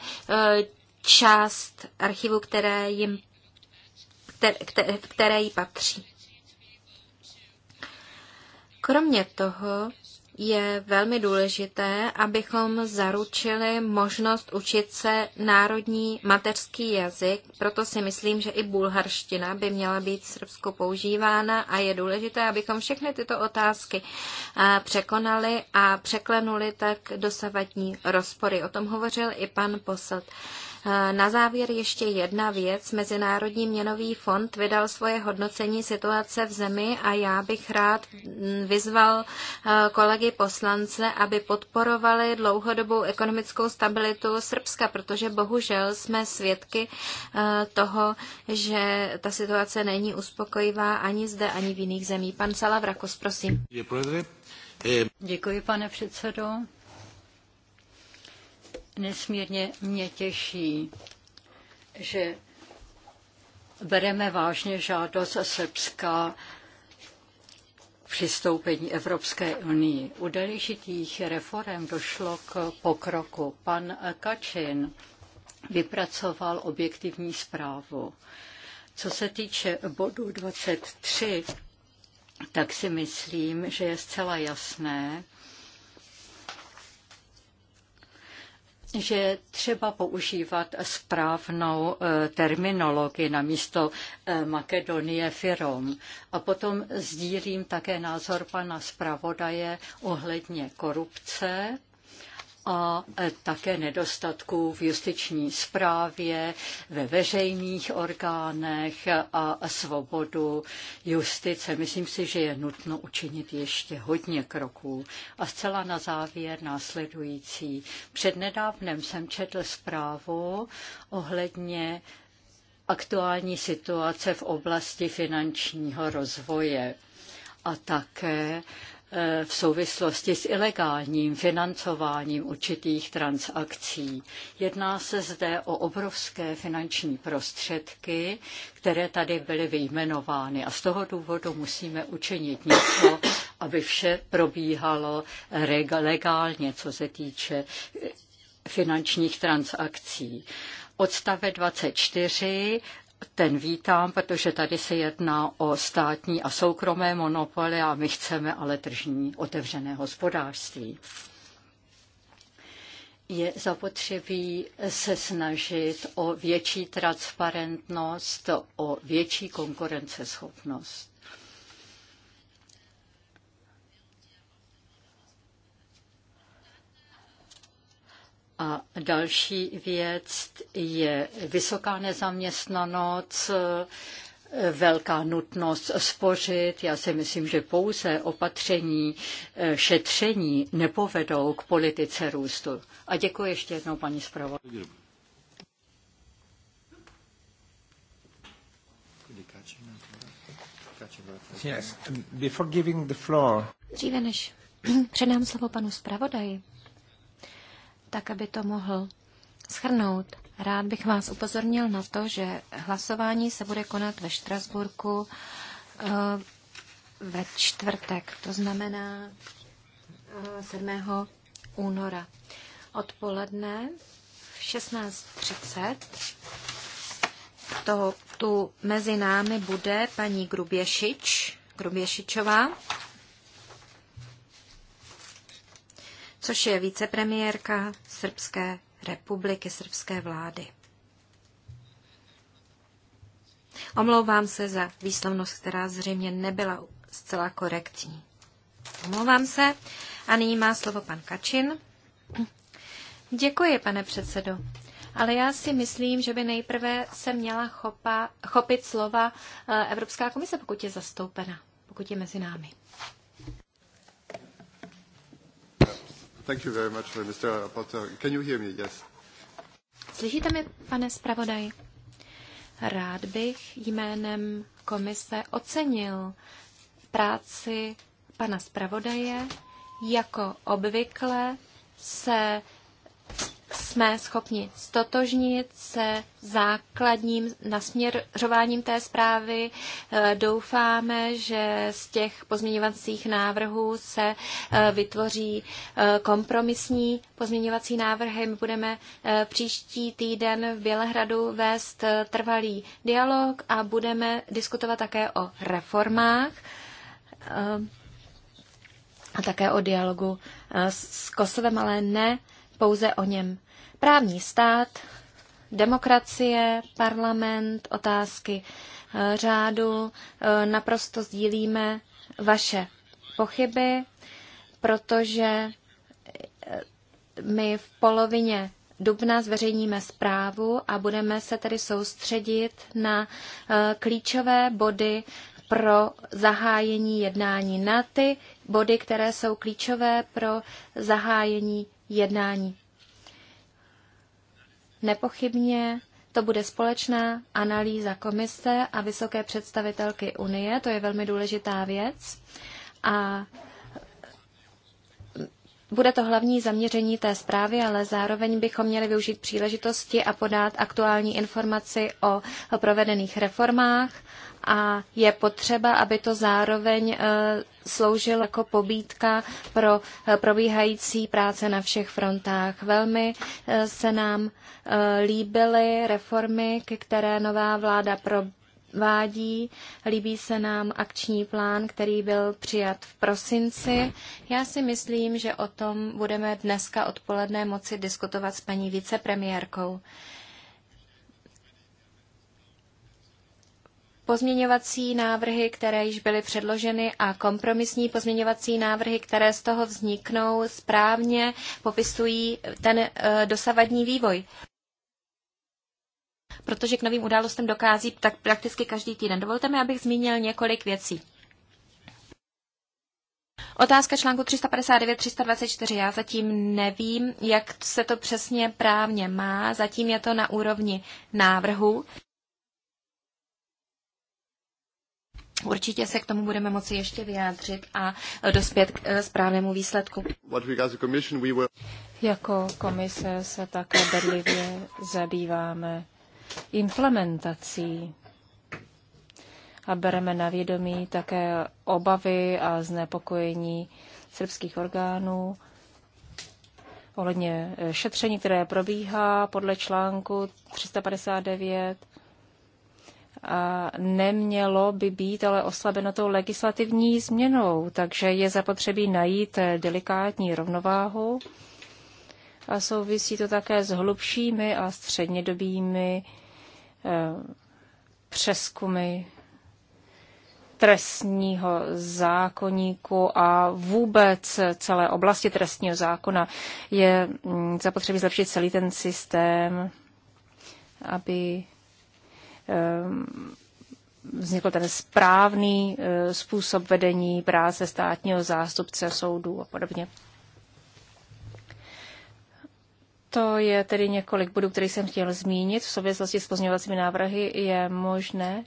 A: část archivu, které jim, které, jí patří. Kromě toho je velmi důležité, abychom zaručili možnost učit se národní mateřský jazyk, proto si myslím, že i bulharština by měla být v Srbsku používána a je důležité, abychom všechny tyto otázky překonali a překlenuli tak dosavadní rozpory. O tom hovořil i pan Posad. Na závěr ještě jedna věc. Mezinárodní měnový fond vydal svoje hodnocení situace v zemi a já bych rád vyzval e, kolegy poslance, aby podporovali dlouhodobou ekonomickou stabilitu Srbska, protože bohužel jsme svědky e, toho, že ta situace není uspokojivá ani zde, ani v jiných zemích. Pan Salavrakos, prosím. Děkuji, pane předsedo.
C: Nesmírně mě těší, že bereme vážně žádost Srbska přistoupení Evropské unii. U důležitých reform došlo k pokroku. Pan Kačin vypracoval objektivní zprávu. Co se týče bodu 23, tak si myslím, že je zcela jasné, že třeba používat správnou eh, terminologii na místo eh, Makedonie Firom. A potom sdílím také názor pana zpravodaje ohledně korupce a e, také nedostatků v justiční správě, ve veřejných orgánech a svobodu justice. Myslím si, že je nutno učinit ještě hodně kroků. A zcela na závěr následující. Přednedávnem jsem četl zprávu ohledně aktuální situace v oblasti finančního rozvoje a také v souvislosti s ilegálním financováním určitých transakcí. Jedná se zde o obrovské finanční prostředky, které tady byly vyjmenovány a z toho důvodu musíme učinit něco, aby vše probíhalo legálně, co se týče eh, finančních transakcí odstave 24 ten vítám, protože tady se jedná o státní a soukromé monopoly a my chceme ale tržní otevřené hospodářství. Je zapotřebí se snažit o větší transparentnost, o větší konkurenceschopnost. A další věc je vysoká nezaměstnanost, velká nutnost spořit. Já si myslím, že pouze opatření eh, šetření nepovedou k politice růstu. A děkuji ještě jednou paní zpravo.
B: Yes.
A: Dříve než předám slovo panu zpravodaji, tak aby to mohl schrnout. Rád bych vás upozornil na to, že hlasování se bude konat ve Štrasburku eh, ve čtvrtek, to znamená 7. Eh, února. Odpoledne v 16.30 to, tu mezi námi bude paní Gruběšič, Gruběšičová, což je vicepremiérka Srbské republiky, srbské vlády. Omlouvám se za výslovnost, která zřejmě nebyla zcela korektní. Omlouvám se. A nyní má slovo pan Kačin. Děkuji, pane předsedo. Ale já si myslím, že by nejprve se měla chopa, chopit slova eh, Evropská komise, pokud je zastoupena, pokud je mezi námi. Thank you very much, Mr. Rapporteur. Can you hear me? Yes. Slyšíte mě, pane zpravodaj? Rád bych jménem komise ocenil práci pana zpravodaje. Jako obvykle se jsme schopni stotožnit se základním nasměřováním té zprávy. E, doufáme, že z těch pozměňovacích návrhů se e, vytvoří e, kompromisní pozměňovací návrhy. My budeme příští týden v Bělehradu vést trvalý dialog a budeme diskutovat také o reformách a také o dialogu s Kosovem, ale ne pouze o něm. Právní stát, demokracie, parlament, otázky eh, řádu. Eh, naprosto sdílíme vaše pochyby, protože eh, my v polovině dubna zveřejníme zprávu a budeme se tedy soustředit na klíčové body pro zahájení jednání, na ty body, které jsou klíčové pro zahájení jednání. Nepochybně to bude společná analýza komise a vysoké představitelky Unie, to je velmi důležitá věc. A bude to hlavní zaměření té zprávy, ale zároveň bychom měli využít příležitosti a podat aktuální informaci o provedených reformách a je potřeba, aby to zároveň e, sloužilo jako pobídka pro e, probíhající práce na všech frontách. Velmi e, se nám líbily reformy, které nová vláda pro vádí. Líbí se nám akční plán, který byl přijat v prosinci. Já si myslím, že o tom budeme dneska odpoledne moci diskutovat s paní vicepremiérkou. pozměňovací návrhy, které již byly předloženy a kompromisní pozměňovací návrhy, které z toho vzniknou, správně popisují ten eh, dosavadní vývoj. Protože k novým událostem dokází tak prakticky každý týden. Dovolte mi, abych zmínil několik věcí. Otázka článku 359-324. Já zatím nevím, jak se to přesně právně má. Zatím je to na úrovni návrhu. Určitě se k tomu budeme moci ještě vyjádřit a e, dospět k e, správnému výsledku.
B: Jako komise se také bedlivě zabýváme implementací a bereme na vědomí také obavy a znepokojení srbských orgánů ohledně e, šetření, které probíhá podle článku 359 a nemělo by být ale oslabeno tou legislativní změnou, takže je zapotřebí najít eh, delikátní rovnováhu a souvisí to také s hlubšími a střednědobými eh, přeskumy trestního zákoníku a vůbec celé oblasti trestního zákona je mm, zapotřebí zlepšit celý ten systém, aby Ehm, vznikl ten správný e, způsob vedení práce státního zástupce soudů a podobně. To je tedy několik bodů, které jsem chtěl zmínit. V souvislosti s pozměňovacími návrhy je možné,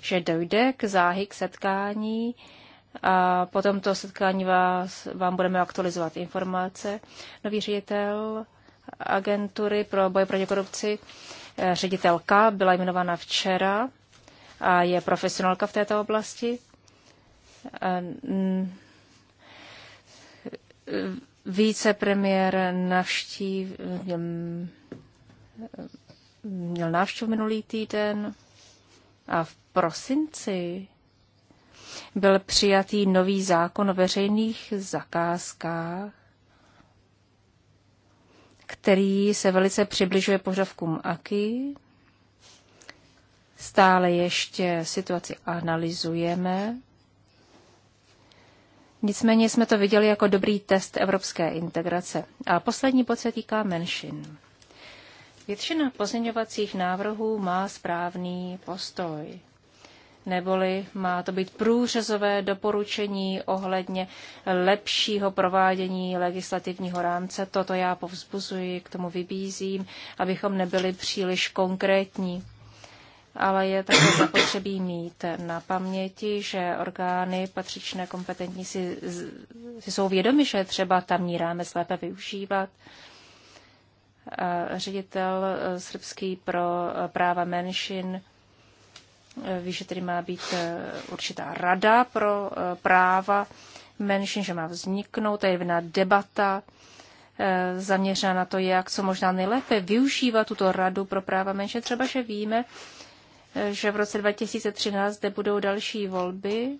B: že dojde k záhy k setkání a po tomto setkání vás, vám budeme aktualizovat informace. Nový ředitel agentury pro boj proti korupci Eh, ředitelka, byla jmenována včera a je profesionálka v této oblasti. Eh, Vícepremiér navštív, měl návštěvu minulý týden a v prosinci byl přijatý nový zákon o veřejných zakázkách který se velice přibližuje požadavkům AKI. Stále ještě situaci analyzujeme. Nicméně jsme to viděli jako dobrý test evropské integrace. A poslední bod se týká menšin. Většina pozměňovacích návrhů má správný postoj neboli má to být průřezové doporučení ohledně lepšího provádění legislativního rámce. Toto já povzbuzuji, k tomu vybízím, abychom nebyli příliš konkrétní. Ale je také zapotřebí mít na paměti, že orgány patřičné kompetentní si, si jsou vědomi, že třeba tamní rámec lépe využívat ředitel srbský pro práva menšin Ví, že tedy má být eh, určitá rada pro eh, práva menšin, že má vzniknout, je jedna debata eh, zaměřená na to, jak co možná nejlépe využívat tuto radu pro práva menšin. Třeba, že víme, že v roce 2013 zde budou další volby,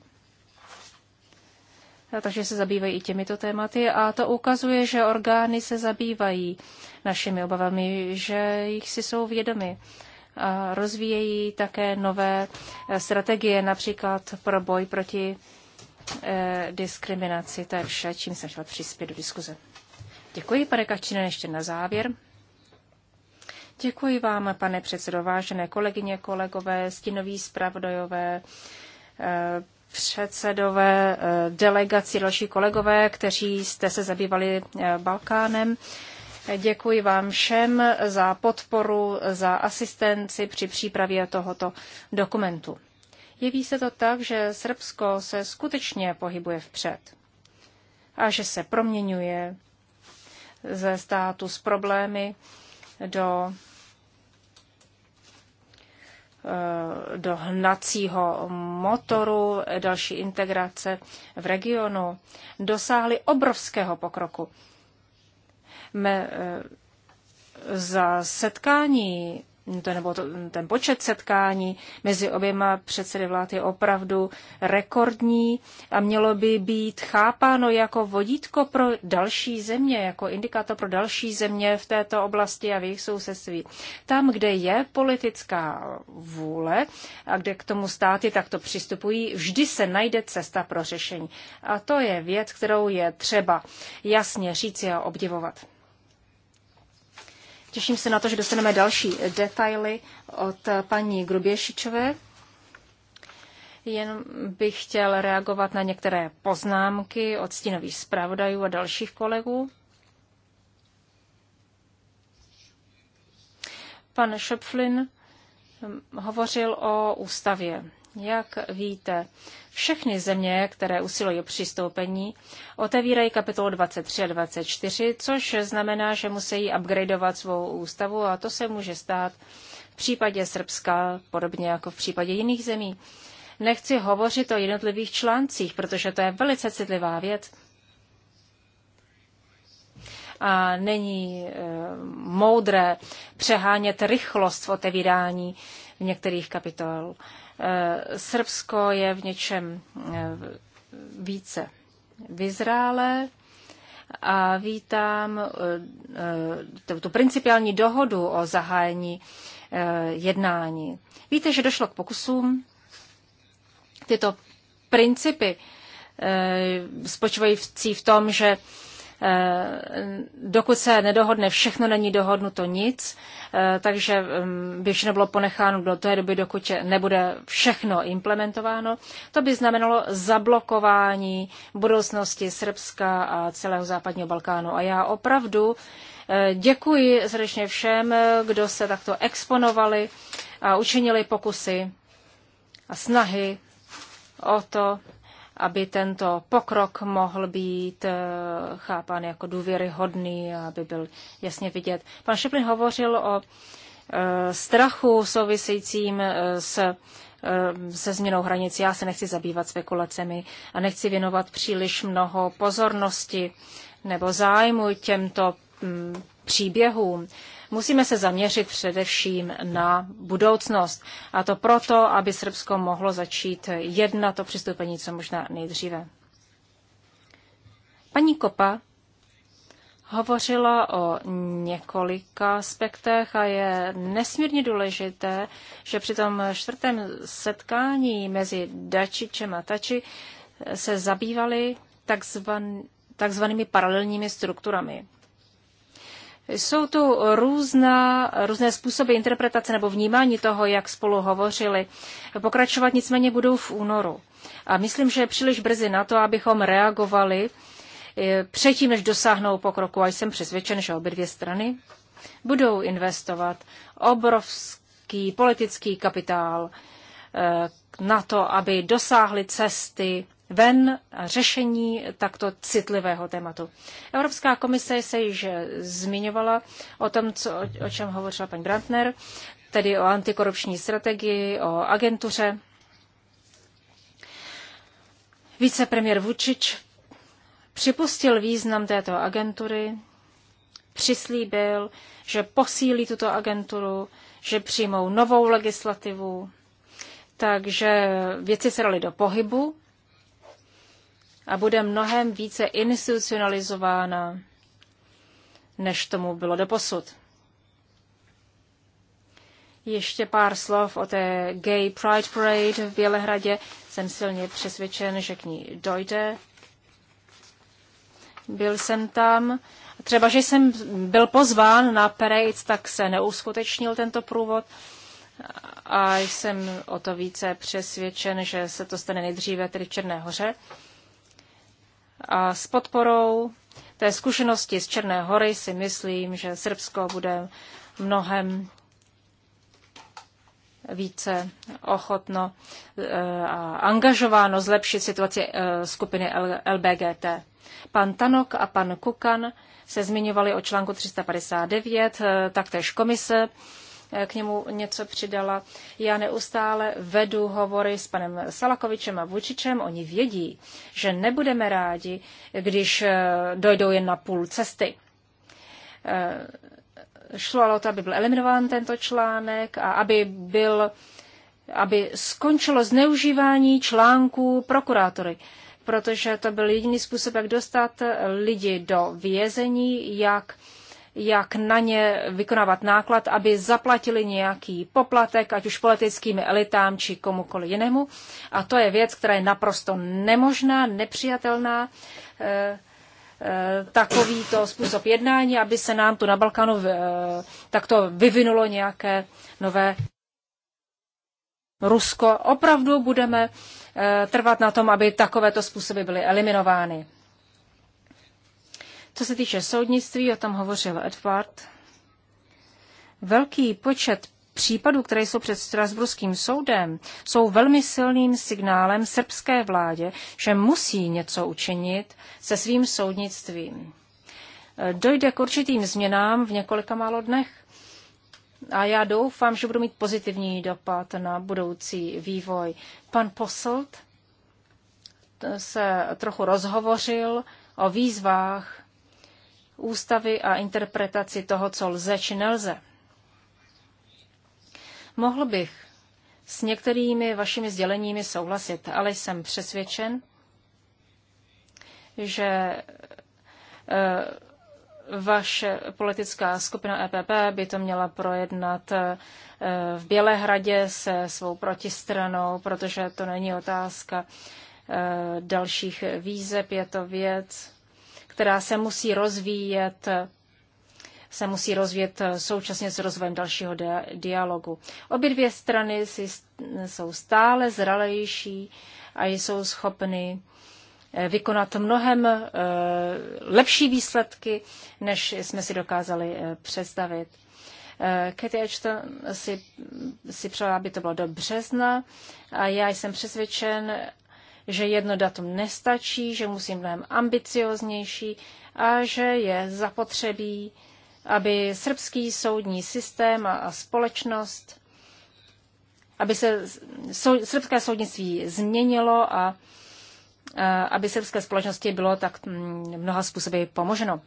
B: takže se zabývají i těmito tématy a to ukazuje, že orgány se zabývají našimi obavami, že jich si jsou vědomi rozvíjejí také nové e, strategie, například pro boj proti e, diskriminaci. To je vše, čím jsem chtěla přispět do diskuze. Děkuji, pane Kačine, ještě na závěr. Děkuji vám, pane předsedo, vážené kolegyně, kolegové, stinoví zpravodajové, e, předsedové delegaci, další kolegové, kteří jste se zabývali Balkánem. Děkuji vám všem za podporu, za asistenci při přípravě tohoto dokumentu. Jeví se to tak, že Srbsko se skutečně pohybuje vpřed a že se proměňuje ze státu s problémy do, eh, do hnacího motoru další integrace v regionu, dosáhly obrovského pokroku. E, za setkání, to, nebo to, ten počet setkání mezi oběma předsedy vlád je opravdu rekordní a mělo by být chápáno jako vodítko pro další země, jako indikátor pro další země v této oblasti a v jejich sousedství. Tam, kde je politická vůle a kde k tomu státy takto přistupují, vždy se najde cesta pro řešení. A to je věc, kterou je třeba jasně říci a obdivovat. Těším se na to, že dostaneme další detaily od paní Gruběšičové. Jen bych chtěl reagovat na některé poznámky od stínových zpravodajů a dalších kolegů. Pan Schöpflin hovořil o ústavě. Jak víte, všechny země, které usilují o přistoupení, otevírají kapitolu 23 a 24, což znamená, že musí upgradeovat svou ústavu a to se může stát v případě Srbska, podobně jako v případě jiných zemí. Nechci hovořit o jednotlivých článcích, protože to je velice citlivá věc a není e, moudré přehánět rychlost v otevírání v některých kapitol. Eh, Srbsko je v něčem eh, více vyzrále a vítám eh, tu principiální dohodu o zahájení jednání. Víte, že došlo k pokusům. Tyto principy spočívají v tom, že Eh, dokud se nedohodne všechno, není dohodnuto nic, eh, takže mm, by všechno bylo ponecháno do té doby, dokud nebude všechno implementováno. To by znamenalo zablokování budoucnosti Srbska a celého západního Balkánu. A já opravdu eh, děkuji srdečně všem, kdo se takto exponovali a učinili pokusy a snahy o to, aby tento pokrok mohl být eh, chápán jako důvěryhodný, aby byl jasně vidět. Pan Šeplin hovořil o eh, strachu souvisejícím eh, s se změnou hranic. Já se nechci zabývat spekulacemi a nechci věnovat příliš mnoho pozornosti nebo zájmu těmto mm, příběhům. Musíme se zaměřit především na budoucnost. A to proto, aby Srbsko mohlo začít jednat to přistoupení co možná nejdříve. Paní Kopa hovořila o několika aspektech a je nesmírně důležité, že při tom čtvrtém setkání mezi Dačičem a Tači se zabývali takzvan, takzvanými paralelními strukturami. Jsou tu různá, různé způsoby interpretace nebo vnímání toho, jak spolu hovořili. Pokračovat nicméně budou v únoru. A myslím, že je příliš brzy na to, abychom reagovali e, předtím, než dosáhnou pokroku. A jsem přesvědčen, že obě dvě strany budou investovat obrovský politický kapitál e, na to, aby dosáhli cesty, ven a řešení takto citlivého tématu. Evropská komise se již zmiňovala o tom, co, o čem hovořila paní Brantner, tedy o antikorupční strategii, o agentuře. Vicepremiér Vučič připustil význam této agentury, přislíbil, že posílí tuto agenturu, že přijmou novou legislativu, takže věci se daly do pohybu a bude mnohem více institucionalizována, než tomu bylo doposud. Ještě pár slov o té Gay Pride Parade v Bělehradě. Jsem silně přesvědčen, že k ní dojde. Byl jsem tam. Třeba, že jsem byl pozván na parade, tak se neuskutečnil tento průvod. A jsem o to více přesvědčen, že se to stane nejdříve tedy v Černé hoře. A s podporou té zkušenosti z Černé hory si myslím, že Srbsko bude mnohem více ochotno eh, a angažováno zlepšit situaci eh, skupiny LBGT. Pan Tanok a pan Kukan se zmiňovali o článku 359, eh, taktéž komise Eh, k němu něco přidala. Já neustále vedu hovory s panem Salakovičem a Vučičem. Oni vědí, že nebudeme rádi, když eh, dojdou jen na půl cesty. Eh, šlo ale o to, aby byl eliminován tento článek a aby byl aby skončilo zneužívání článků prokurátory protože to byl jediný způsob, jak dostat lidi do vězení, jak jak na ně vykonávat náklad, aby zaplatili nějaký poplatek, ať už politickým elitám či komukoli jinému. A to je věc, která je naprosto nemožná, nepřijatelná e, e, takovýto způsob jednání, aby se nám tu na Balkánu e, takto vyvinulo nějaké nové Rusko. Opravdu budeme trvat na tom, aby takovéto způsoby byly eliminovány. Co se týče soudnictví, o tom hovořil Edward, velký počet případů, které jsou před Strasburským soudem, jsou velmi silným signálem srbské vládě, že musí něco učinit se svým soudnictvím. Dojde k určitým změnám v několika málo dnech a já doufám, že budu mít pozitivní dopad na budoucí vývoj. Pan Posselt se trochu rozhovořil o výzvách ústavy a interpretaci toho, co lze či nelze. Mohl bych s některými vašimi sděleními souhlasit, ale jsem přesvědčen, že eh, vaše politická skupina EPP by to měla projednat eh, v Bělehradě se svou protistranou, protože to není otázka eh, dalších výzeb, je to věc, která se musí rozvíjet se musí rozvíjet současně s rozvojem dalšího dialogu. Obě dvě strany si jsou stále zralejší a jsou schopny eh, vykonat mnohem eh, lepší výsledky, než jsme si dokázali eh, představit. Katie Ashton si, si přála, aby to bylo do března a já jsem přesvědčen, že jedno datum nestačí, že musí mnohem ambicioznější a že je zapotřebí, aby srbský soudní systém a společnost, aby se srbské soudnictví změnilo a, a aby srbské společnosti bylo tak mm, mnoha způsoby pomoženo.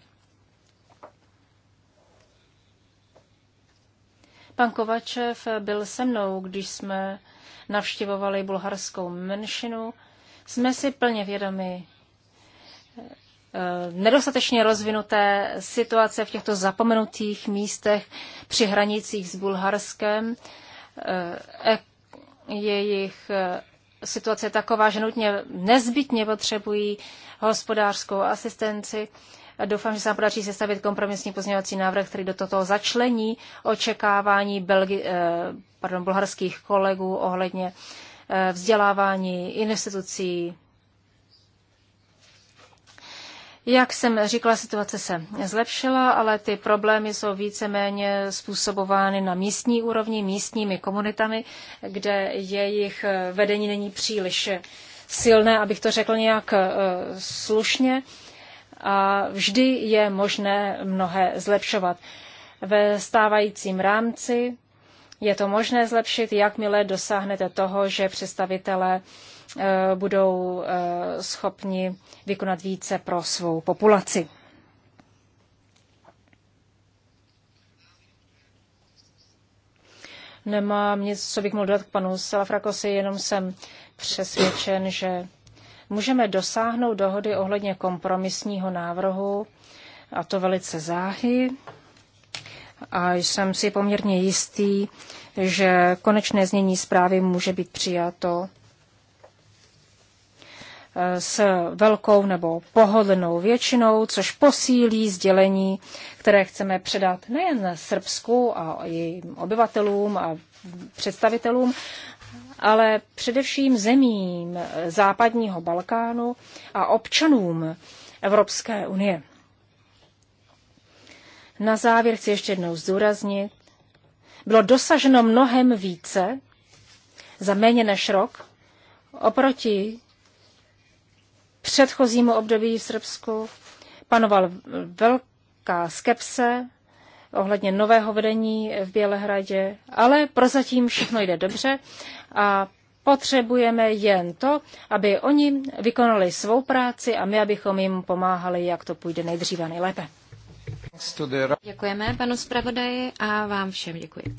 B: Pan Kovačev byl se mnou, když jsme navštěvovali bulharskou menšinu jsme si plně vědomi eh, nedostatečně rozvinuté situace v těchto zapomenutých místech při hranicích s Bulharskem. Eh, jejich eh, situace je taková, že nutně nezbytně potřebují hospodářskou asistenci. Doufám, že se nám podaří sestavit kompromisní pozměňovací návrh, který do toho začlení očekávání Belgi- pardon, bulharských kolegů ohledně Eh, vzdělávání institucí. Jak jsem říkala, situace se zlepšila, ale ty problémy jsou víceméně způsobovány na místní úrovni, místními komunitami, kde jejich eh, vedení není příliš silné, abych to řekl nějak eh, slušně. A vždy je možné mnohé zlepšovat. Ve stávajícím rámci je to možné zlepšit, jakmile dosáhnete toho, že představitelé eh, budou eh, schopni vykonat více pro svou populaci. Nemám nic, co bych mohl dodat k panu Salafrakosi, jenom jsem přesvědčen, že můžeme dosáhnout dohody ohledně kompromisního návrhu, a to velice záhy a jsem si poměrně jistý, že konečné znění zprávy může být přijato eh, s velkou nebo pohodlnou většinou, což posílí sdělení, které chceme předat nejen Srbsku a jejím obyvatelům a představitelům, ale především zemím západního Balkánu a občanům Evropské unie. Na závěr chci ještě jednou zdůraznit, bylo dosaženo mnohem více za méně než rok oproti předchozímu období v Srbsku. Panoval velká skepse ohledně nového vedení v Bělehradě, ale prozatím všechno jde dobře a potřebujeme jen to, aby oni vykonali svou práci a my, abychom jim pomáhali, jak to půjde nejdříve nejlépe.
C: Děkujeme panu
B: zpravodaji a vám všem děkuji.